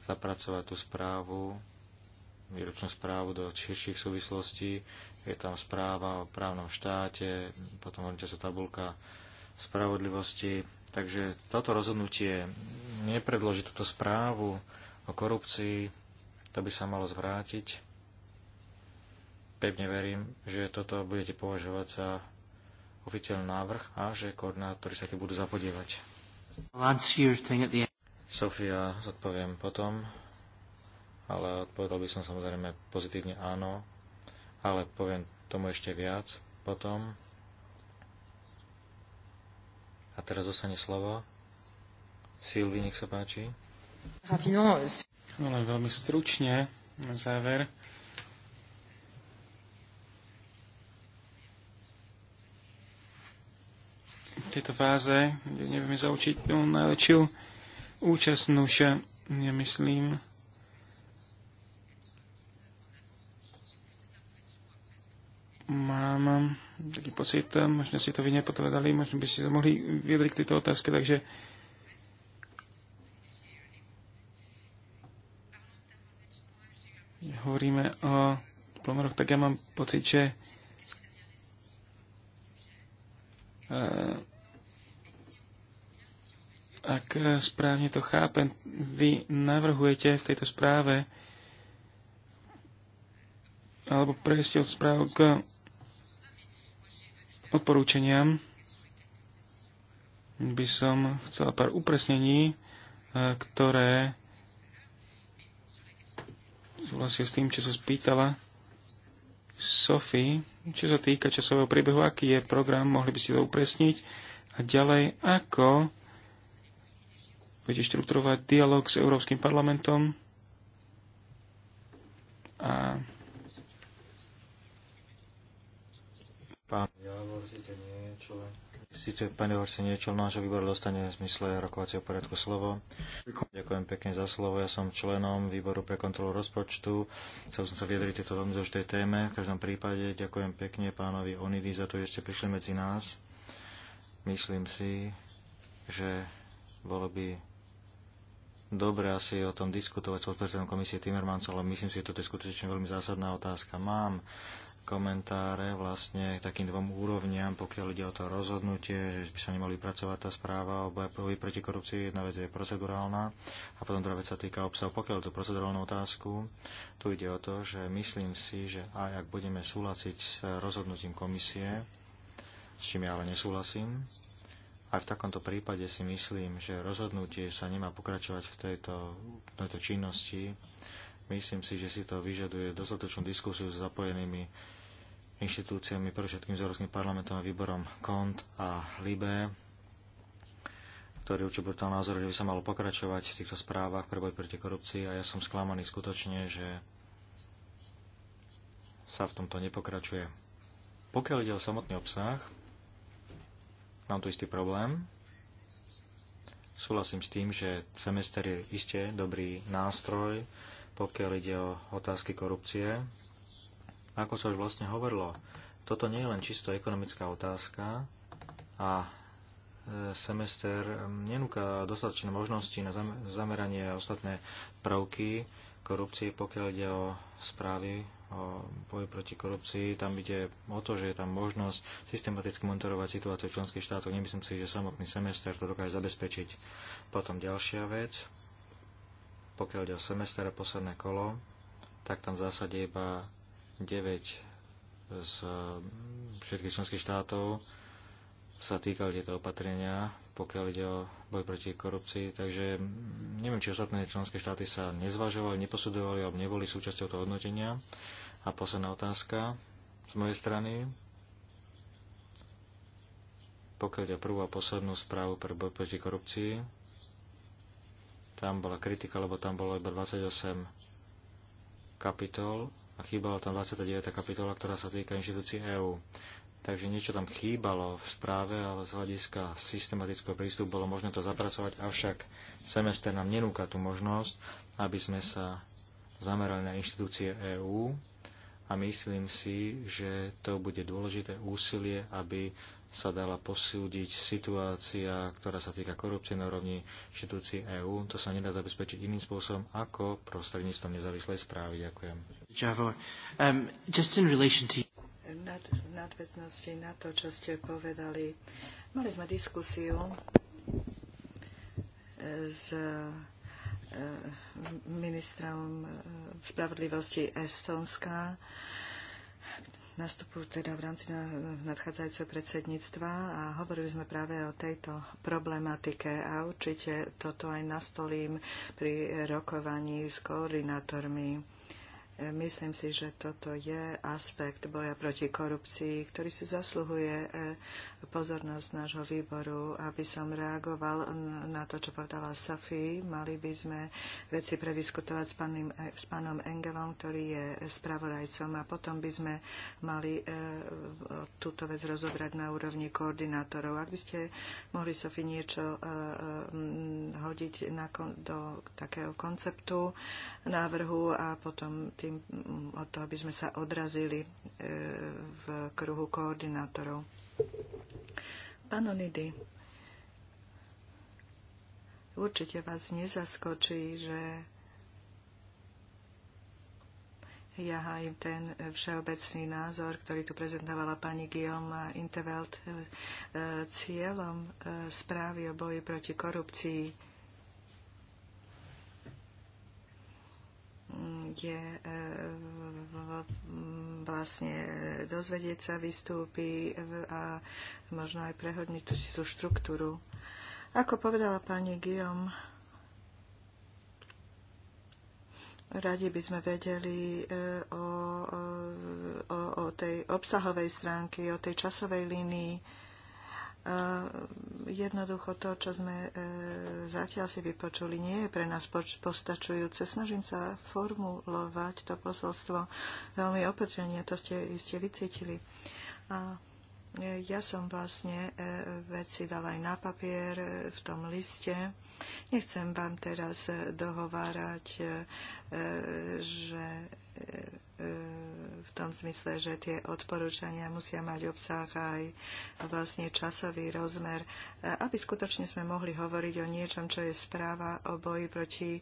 zapracovať tú správu výročnú správu do širších súvislostí. Je tam správa o právnom štáte, potom sa tabulka spravodlivosti. Takže toto rozhodnutie nepredložiť túto správu o korupcii, to by sa malo zvrátiť. Pevne verím, že toto budete považovať za oficiálny návrh a že koordinátori sa tým budú zapodievať. Sofia, zodpoviem potom ale odpovedal by som samozrejme pozitívne áno, ale poviem tomu ešte viac potom. A teraz zostane slovo. Silvi, nech sa páči. Euh, no len veľmi stručne na záver. V tejto fáze, kde nevieme zaučiť tú najväčšiu účastnúša, ja mám taký pocit, možno si to vy nepovedali, možno by ste sa mohli vyjadriť k tejto otázke, takže hovoríme o plomeroch, tak ja mám pocit, že eh, ak správne to chápem, vy navrhujete v tejto správe alebo prejsť od správ k odporúčaniam by som chcel pár upresnení, e, ktoré súhlasia s tým, čo sa spýtala Sophie, čo sa týka časového príbehu, aký je program, mohli by ste to upresniť a ďalej, ako budete štruktúrovať dialog s Európskym parlamentom a Pán Horsice niečo. Síce pani Horsi niečo nášho výboru dostane v zmysle rokovacieho poriadku slovo. Ďakujem pekne za slovo. Ja som členom výboru pre kontrolu rozpočtu. Chcel som sa vyjadriť tejto veľmi dôležitej téme. V každom prípade ďakujem pekne pánovi Onidy za to, že ste prišli medzi nás. Myslím si, že bolo by dobre asi o tom diskutovať s podpredsedom komisie Timmermansom, ale myslím si, že toto je skutočne veľmi zásadná otázka. Mám komentáre vlastne k takým dvom úrovniam, pokiaľ ide o to rozhodnutie, že by sa nemali pracovať tá správa o boji proti korupcii. Jedna vec je procedurálna a potom druhá vec sa týka obsahu. Pokiaľ tú procedurálnu otázku, tu ide o to, že myslím si, že aj ak budeme súhlasiť s rozhodnutím komisie, s čím ja ale nesúhlasím, aj v takomto prípade si myslím, že rozhodnutie sa nemá pokračovať v tejto, tejto činnosti. Myslím si, že si to vyžaduje dostatočnú diskusiu s zapojenými inštitúciami, pre všetkým s Európskym parlamentom a výborom KONT a LIBE, ktorý určite bol názor, že by sa malo pokračovať v týchto správach pre boj proti korupcii a ja som sklamaný skutočne, že sa v tomto nepokračuje. Pokiaľ ide o samotný obsah, mám tu istý problém. Súhlasím s tým, že semester je iste dobrý nástroj, pokiaľ ide o otázky korupcie, ako sa už vlastne hovorilo, toto nie je len čisto ekonomická otázka a e, semester nenúka dostatočné možnosti na zameranie ostatné prvky korupcie, pokiaľ ide o správy o boji proti korupcii. Tam ide o to, že je tam možnosť systematicky monitorovať situáciu v členských štátoch. Nemyslím si, že samotný semester to dokáže zabezpečiť. Potom ďalšia vec, pokiaľ ide o semester a posledné kolo, tak tam v zásade iba 9 z všetkých členských štátov sa týkali tieto opatrenia, pokiaľ ide o boj proti korupcii. Takže neviem, či ostatné členské štáty sa nezvažovali, neposudovali alebo neboli súčasťou toho hodnotenia. A posledná otázka z mojej strany. Pokiaľ ide o prvú a poslednú správu pre boj proti korupcii, tam bola kritika, lebo tam bolo iba 28 kapitol a chýbala tam 29. kapitola, ktorá sa týka inštitúcií EÚ. Takže niečo tam chýbalo v správe, ale z hľadiska systematického prístupu bolo možné to zapracovať, avšak semester nám nenúka tú možnosť, aby sme sa zamerali na inštitúcie EÚ a myslím si, že to bude dôležité úsilie, aby sa dala posúdiť situácia, ktorá sa týka korupcie na úrovni inštitúcií EÚ. To sa nedá zabezpečiť iným spôsobom ako prostredníctvom nezávislej správy. Ďakujem. um, just in relation to... Nad, nadväznosti na to, čo ste povedali. Mali sme diskusiu e, s e, ministrom e, spravodlivosti Estonska nastupujú teda v rámci nadchádzajúceho predsedníctva a hovorili sme práve o tejto problematike a určite toto aj nastolím pri rokovaní s koordinátormi. Myslím si, že toto je aspekt boja proti korupcii, ktorý si zasluhuje e, pozornosť nášho výboru, aby som reagoval na to, čo povedala Sofie. Mali by sme veci prediskutovať s, pánim, s pánom Engelom, ktorý je spravodajcom a potom by sme mali e, túto vec rozobrať na úrovni koordinátorov. Ak by ste mohli, Sofie, niečo e, e, hodiť na, do takého konceptu návrhu a potom tým, od toho by sme sa odrazili e, v kruhu koordinátorov. Panonidy, určite vás nezaskočí, že ja hájim ten všeobecný názor, ktorý tu prezentovala pani Guillaume Intervelt. E, cieľom e, správy o boji proti korupcii je e, vlastne dozvedieť sa, vystúpi a možno aj prehodniť tú si tú štruktúru. Ako povedala pani Guillaume, radi by sme vedeli e, o, e, o, o tej obsahovej stránke, o tej časovej línii, jednoducho to, čo sme e, zatiaľ si vypočuli, nie je pre nás postačujúce. Snažím sa formulovať to posolstvo veľmi opatrne, to ste iste vycítili. A e, ja som vlastne e, veci dala aj na papier v tom liste. Nechcem vám teraz dohovárať, že E, v tom zmysle, že tie odporúčania musia mať obsah aj vlastne časový rozmer, e, aby skutočne sme mohli hovoriť o niečom, čo je správa o boji proti e,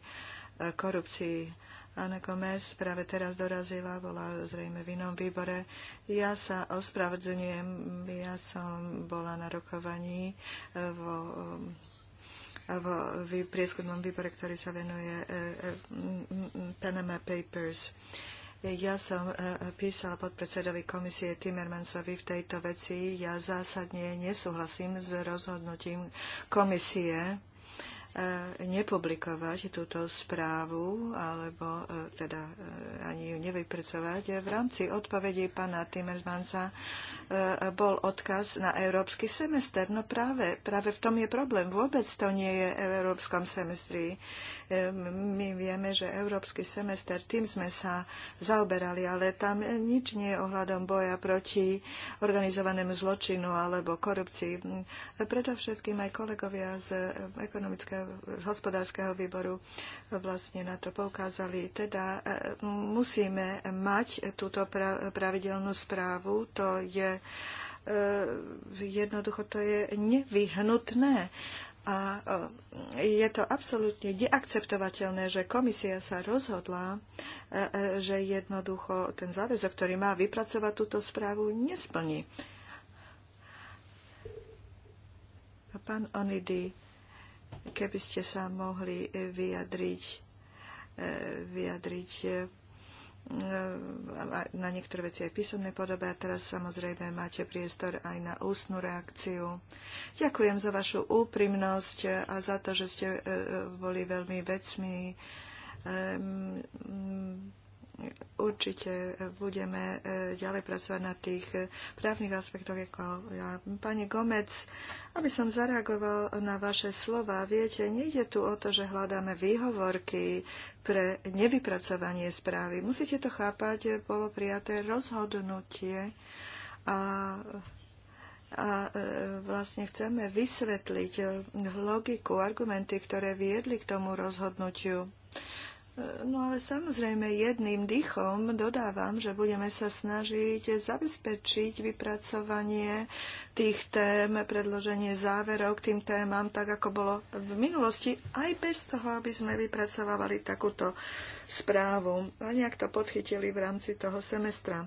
korupcii. Anna Gomez práve teraz dorazila, bola zrejme v inom výbore. Ja sa ospravedlňujem, ja som bola na rokovaní vo v prieskumnom výbore, ktorý sa venuje Panama Papers. Ja som e, e, písala podpredsedovi komisie Timmermansovi v tejto veci. Ja zásadne nesúhlasím s rozhodnutím komisie e, nepublikovať túto správu, alebo teda ani ju nevypracovať. V rámci odpovedí pána Timmermansa E, bol odkaz na európsky semester. No práve, práve v tom je problém. Vôbec to nie je v európskom semestri. E, my vieme, že európsky semester, tým sme sa zaoberali, ale tam nič nie je ohľadom boja proti organizovanému zločinu alebo korupcii. Predovšetkým aj kolegovia z ekonomického hospodárskeho výboru vlastne na to poukázali. Teda e, musíme mať túto pravidelnú správu. To je E, jednoducho to je nevyhnutné. A e, je to absolútne neakceptovateľné, že komisia sa rozhodla, e, že jednoducho ten záväzok, ktorý má vypracovať túto správu, nesplní. Pán Onidy, keby ste sa mohli vyjadriť, vyjadriť E, na niektoré veci aj písomnej podobe a teraz samozrejme máte priestor aj na ústnu reakciu. Ďakujem za vašu úprimnosť a za to, že ste e, e, boli veľmi vecmi určite budeme e, ďalej pracovať na tých e, právnych aspektoch ako ja. Pani Gomec, aby som zareagoval na vaše slova, viete, nejde tu o to, že hľadáme výhovorky pre nevypracovanie správy. Musíte to chápať, e, bolo prijaté rozhodnutie a a vlastne chceme vysvetliť logiku, argumenty, ktoré viedli k tomu rozhodnutiu. No ale samozrejme jedným dýchom dodávam, že budeme sa snažiť zabezpečiť vypracovanie tých tém, predloženie záverov k tým témam, tak ako bolo v minulosti, aj bez toho, aby sme vypracovávali takúto správu a nejak to podchytili v rámci toho semestra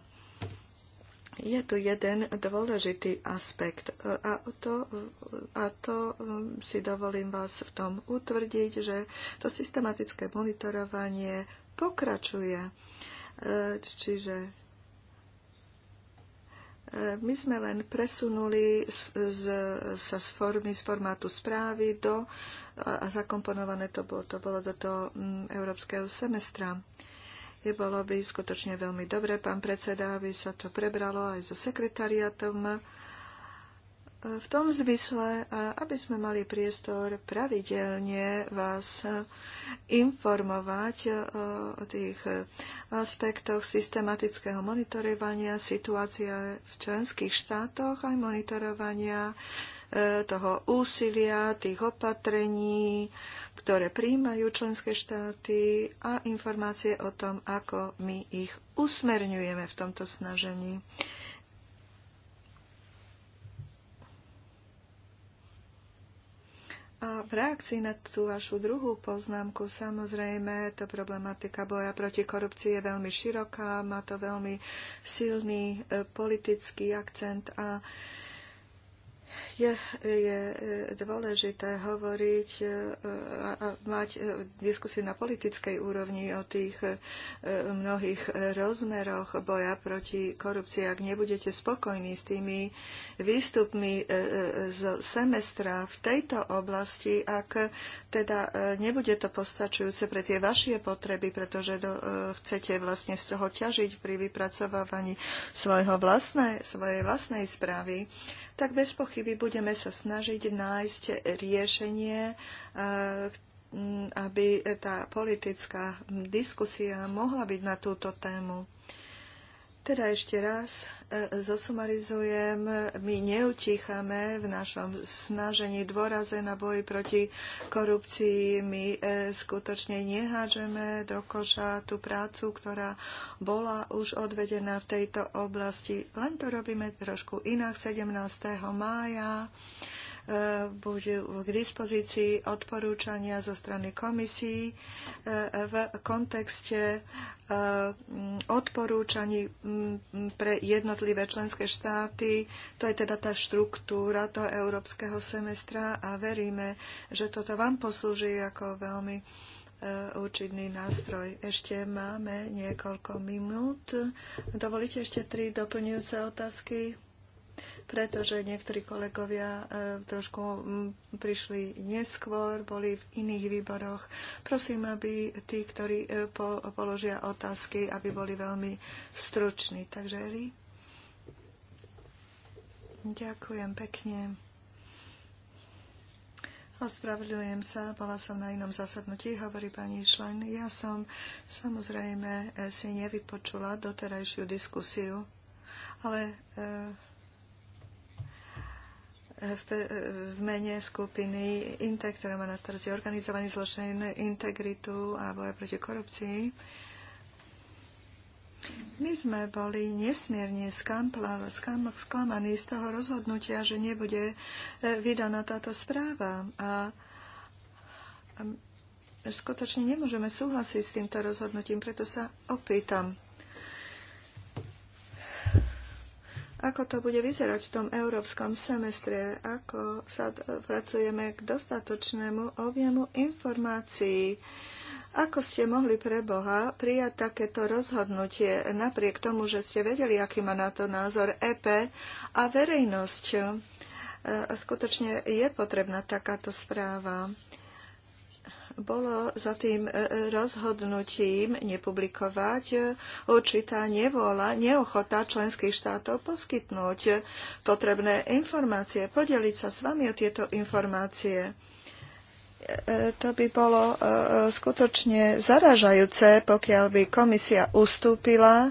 je tu jeden dôležitý aspekt e, a to, a to e, si dovolím vás v tom utvrdiť, že to systematické monitorovanie pokračuje. E, čiže my sme len presunuli z, z, sa z formy, z formátu správy do, a zakomponované to bolo, to bolo do toho mm, európskeho semestra. Bolo by skutočne veľmi dobre, pán predseda, aby sa to prebralo aj so sekretariatom v tom zmysle, aby sme mali priestor pravidelne vás informovať e, o tých aspektoch systematického monitorovania situácie v členských štátoch aj monitorovania E, toho úsilia, tých opatrení, ktoré príjmajú členské štáty a informácie o tom, ako my ich usmerňujeme v tomto snažení. A v reakcii na tú vašu druhú poznámku, samozrejme, tá problematika boja proti korupcii je veľmi široká, má to veľmi silný e, politický akcent a je, je e, dôležité hovoriť e, a mať e, diskusiu na politickej úrovni o tých mnohých rozmeroch boja proti korupcii. Ak nebudete spokojní s tými výstupmi z semestra v tejto oblasti, ak teda nebude to postačujúce pre tie vaše potreby, pretože do, chcete vlastne z toho ťažiť pri vypracovávaní svojho vlastnej, svojej vlastnej správy, tak bez pochyby bude budeme sa snažiť nájsť riešenie, eh, aby tá politická diskusia mohla byť na túto tému. Teda ešte raz e, zosumarizujem, my neutíchame v našom snažení dôraze na boji proti korupcii. My e, skutočne nehážeme do koša tú prácu, ktorá bola už odvedená v tejto oblasti. Len to robíme trošku inak 17. mája budú k dispozícii odporúčania zo strany komisií e, v kontexte e, odporúčaní pre jednotlivé členské štáty. To je teda tá štruktúra toho európskeho semestra a veríme, že toto vám poslúži ako veľmi e, účinný nástroj. Ešte máme niekoľko minút. Dovolíte ešte tri doplňujúce otázky? pretože niektorí kolegovia e, trošku prišli neskôr, boli v iných výboroch. Prosím, aby tí, ktorí e, položia otázky, aby boli veľmi struční. Takže Eli? Ďakujem pekne. Ospravedlňujem sa, bola som na inom zasadnutí, hovorí pani Šlen. Ja som samozrejme e, si nevypočula doterajšiu diskusiu, ale e, v, v mene skupiny INTE, ktorá má na starosti organizovaný zločin, integritu a boja proti korupcii. My sme boli nesmierne sklamaní z toho rozhodnutia, že nebude e, vydaná táto správa. A, a skutočne nemôžeme súhlasiť s týmto rozhodnutím, preto sa opýtam ako to bude vyzerať v tom európskom semestre, ako sa pracujeme k dostatočnému objemu informácií. Ako ste mohli pre Boha prijať takéto rozhodnutie napriek tomu, že ste vedeli, aký má na to názor EP a verejnosť? E, skutočne je potrebná takáto správa bolo za tým e, e, rozhodnutím nepublikovať e, určitá nevola, neochota členských štátov poskytnúť potrebné informácie, podeliť sa s vami o tieto informácie to by bolo skutočne zaražajúce, pokiaľ by komisia ustúpila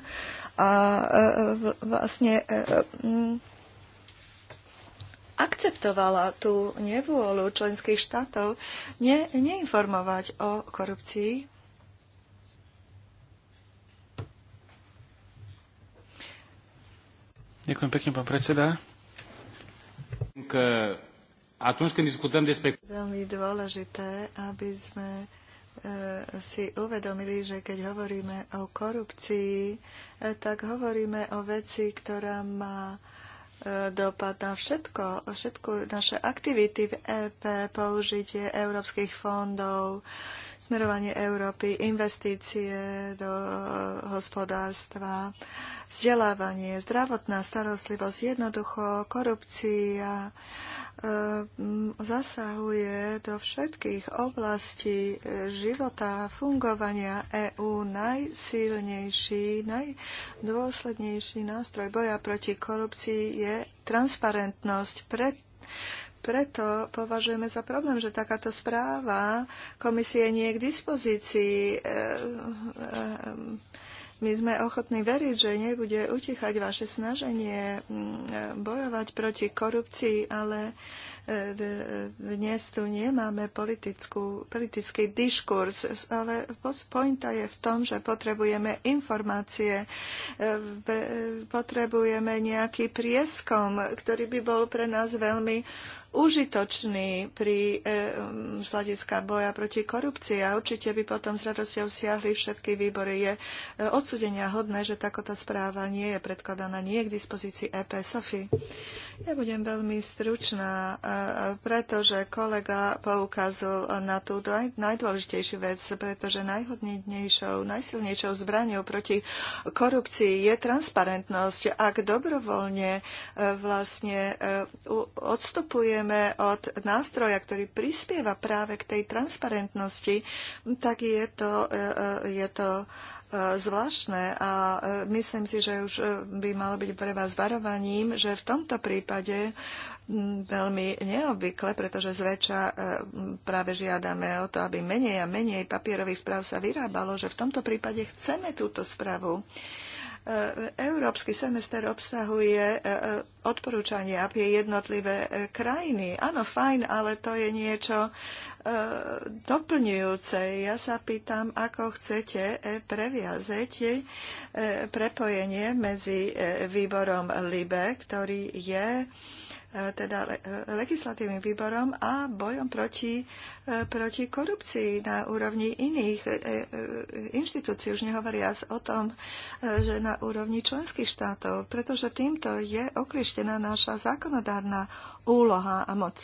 a vlastne akceptovala tú nevôľu členských štátov ne, neinformovať o korupcii Ďakujem pekne, pán predseda. Veľmi dôležité, aby sme e, si uvedomili, že keď hovoríme o korupcii, e, tak hovoríme o veci, ktorá má E, dopad na všetko, všetko naše aktivity v EP, použitie európskych fondov, smerovanie Európy, investície do hospodárstva, vzdelávanie, zdravotná starostlivosť, jednoducho korupcia, Ehm, zasahuje do všetkých oblastí e, života a fungovania EÚ najsilnejší, najdôslednejší nástroj boja proti korupcii je transparentnosť. Pre, preto považujeme za problém, že takáto správa komisie nie je k dispozícii. E, e, e, my sme ochotní veriť, že nebude utichať vaše snaženie mm, bojovať proti korupcii, ale e, dnes tu nemáme politickú, politický diskurs, ale pointa je v tom, že potrebujeme informácie, e, e, potrebujeme nejaký prieskom, ktorý by bol pre nás veľmi užitočný pri e, um, z boja proti korupcii a určite by potom s radosťou siahli všetky výbory. Je e, odsudenia hodné, že takáto správa nie je predkladaná, nie je k dispozícii EP Sofy. Ja budem veľmi stručná, e, pretože kolega poukazol na tú najdôležitejšiu vec, pretože najhodnejšou, najsilnejšou zbraňou proti korupcii je transparentnosť. Ak dobrovoľne e, vlastne odstupuje oddelujeme od nástroja, ktorý prispieva práve k tej transparentnosti, tak je to, e, e, je to e, zvláštne a myslím si, že už by malo byť pre vás varovaním, že v tomto prípade veľmi neobvykle, pretože zväčša práve žiadame o to, aby menej a menej papierových správ sa vyrábalo, že v tomto prípade chceme túto správu. Európsky semester obsahuje e, e, odporúčania pre jednotlivé e, krajiny. Áno, fajn, ale to je niečo doplňujúce. Ja sa pýtam, ako chcete previazať prepojenie medzi výborom LIBE, ktorý je E, teda e, legislatívnym výborom a bojom proti, e, proti korupcii na úrovni iných inštitúcií. Už nehovoriac o tom, že na úrovni členských štátov, pretože týmto je oklieštená naša zákonodárna úloha a moc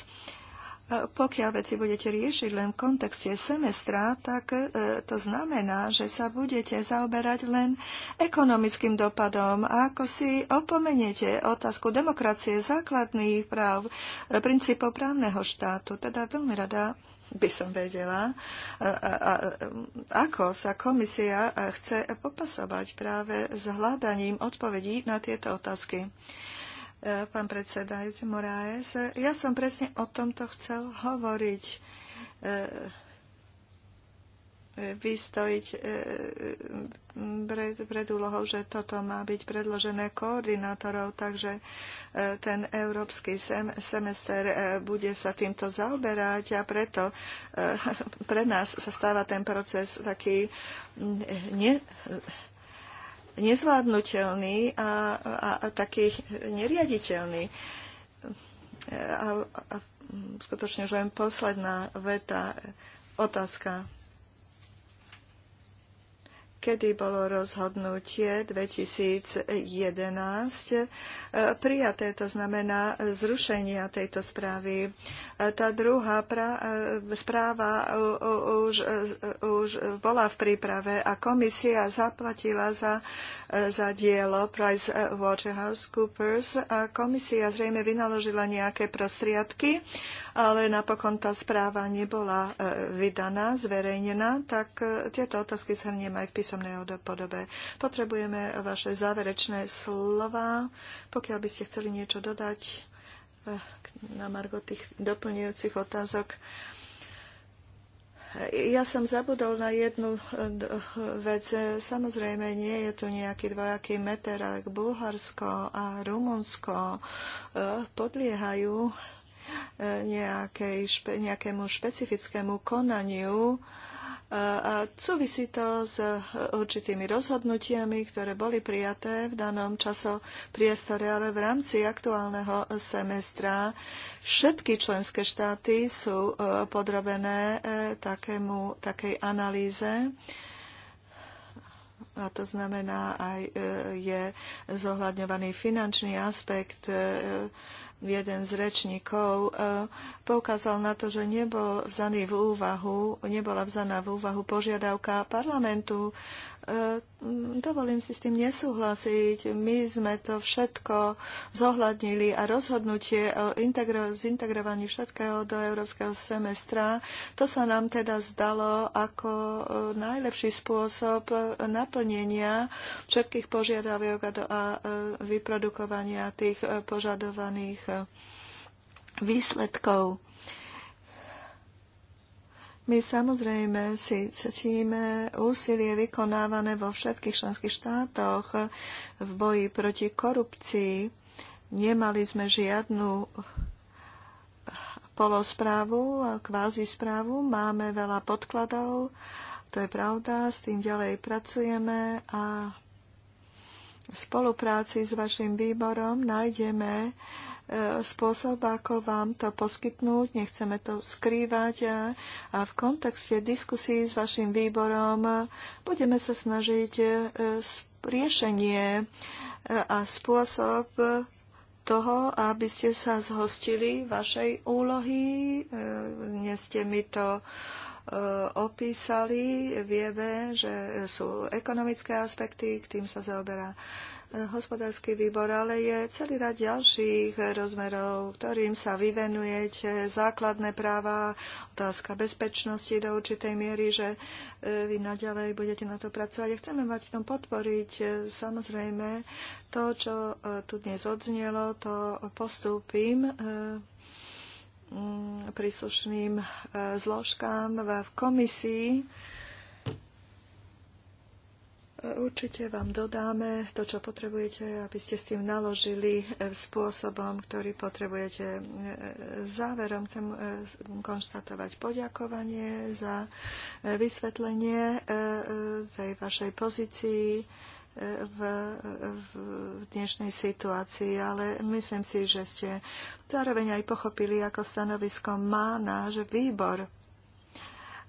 pokiaľ veci budete riešiť len v kontexte semestra, tak e, to znamená, že sa budete zaoberať len ekonomickým dopadom. A ako si opomeniete otázku demokracie, základných práv, e, princípov právneho štátu, teda veľmi rada by som vedela, e, ako sa komisia chce popasovať práve s hľadaním odpovedí na tieto otázky. Eh, pán predsedajúci Moraes. Eh, ja som presne o tomto chcel hovoriť. Eh, Vy stojiť pred, pred úlohou, že toto má byť predložené koordinátorov, takže ten európsky sem, semester bude sa týmto zaoberať a preto pre nás sa stáva ten proces taký mm, ne, nezvládnutelný a, a, a taký neriaditeľný. A, a, a skutočne už len posledná veta, otázka kedy bolo rozhodnutie 2011 e, prijaté, to znamená zrušenia tejto správy. E, tá druhá pra, e, správa už, už bola v príprave a komisia zaplatila za, za dielo Price Waterhouse Coopers a komisia zrejme vynaložila nejaké prostriedky, ale napokon tá správa nebola vydaná, zverejnená, tak tieto otázky sa aj v písomnej písomnej podobe. Potrebujeme vaše záverečné slova, pokiaľ by ste chceli niečo dodať eh, na margo tých doplňujúcich otázok. Ja som zabudol na jednu eh, vec. Samozrejme, nie je tu nejaký dvojaký meter, ale Bulharsko a Rumunsko eh, podliehajú nejakej, nejakému špecifickému konaniu a súvisí to s e, určitými rozhodnutiami, ktoré boli prijaté v danom časopriestore, ale v rámci aktuálneho semestra všetky členské štáty sú e, podrobené e, takému, takej analýze a to znamená aj je zohľadňovaný finančný aspekt jeden z rečníkov e, poukázal na to, že nebol vzaný v úvahu, nebola vzaná v úvahu požiadavka parlamentu E, dovolím si s tým nesúhlasiť. My sme to všetko zohľadnili a rozhodnutie o integro- zintegrovaní všetkého do európskeho semestra, to sa nám teda zdalo ako e, najlepší spôsob naplnenia všetkých požiadaviek a e, vyprodukovania tých požadovaných výsledkov. My samozrejme si cítime úsilie vykonávané vo všetkých členských štátoch v boji proti korupcii. Nemali sme žiadnu polosprávu a kvázi správu. Máme veľa podkladov, to je pravda, s tým ďalej pracujeme a v spolupráci s vašim výborom nájdeme spôsob, ako vám to poskytnúť. Nechceme to skrývať a v kontexte diskusí s vašim výborom budeme sa snažiť e, riešenie e, a spôsob toho, aby ste sa zhostili vašej úlohy. E, dnes ste mi to opísali. Vieme, že sú ekonomické aspekty, k tým sa zaoberá hospodársky výbor, ale je celý rad ďalších rozmerov, ktorým sa vyvenujete, základné práva, otázka bezpečnosti do určitej miery, že e, vy naďalej budete na to pracovať. A chceme mať v tom podporiť e, samozrejme to, čo e, tu dnes odznelo, to postúpim príslušným zložkám v komisii Určite vám dodáme to, čo potrebujete, aby ste s tým naložili eh, spôsobom, ktorý potrebujete. Eh, záverom chcem eh, konštatovať poďakovanie za vysvetlenie tej vašej pozícii v, v dnešnej situácii, ale myslím si, že ste zároveň aj pochopili, ako stanovisko má náš výbor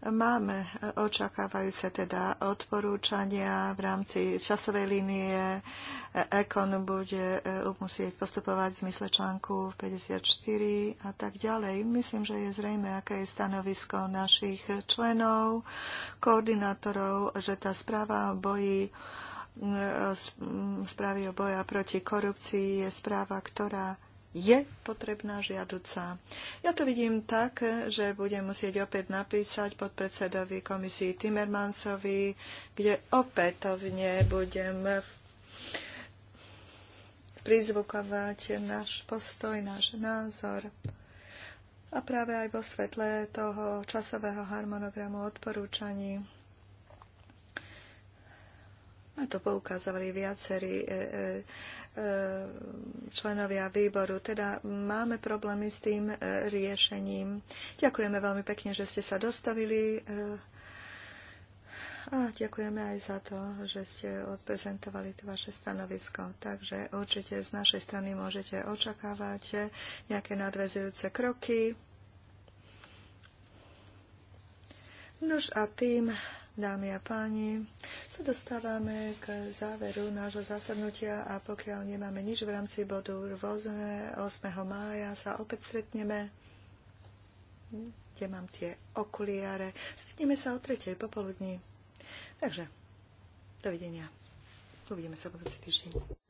Máme očakávajúce teda odporúčania v rámci časovej línie. Ekon bude e, musieť postupovať v zmysle článku 54 a tak ďalej. Myslím, že je zrejme, aké je stanovisko našich členov, koordinátorov, že tá správa o boji e, správy o boja proti korupcii je správa, ktorá je potrebná žiaduca. Ja to vidím tak, že budem musieť opäť napísať podpredsedovi komisii Timmermansovi, kde opätovne budem prizvukovať náš postoj, náš názor. A práve aj vo svetle toho časového harmonogramu odporúčaní na to poukázali viacerí e, e, e, členovia výboru. Teda máme problémy s tým riešením. Ďakujeme veľmi pekne, že ste sa dostavili. A ďakujeme aj za to, že ste odprezentovali to vaše stanovisko. Takže určite z našej strany môžete očakávať nejaké nadvezujúce kroky. Nož a tým dámy a páni, sa dostávame k záveru nášho zasadnutia a pokiaľ nemáme nič v rámci bodu rôzne, 8. mája sa opäť stretneme, kde mám tie okuliare. Stretneme sa o tretej popoludní. Takže, dovidenia. Uvidíme sa v budúci týždeň.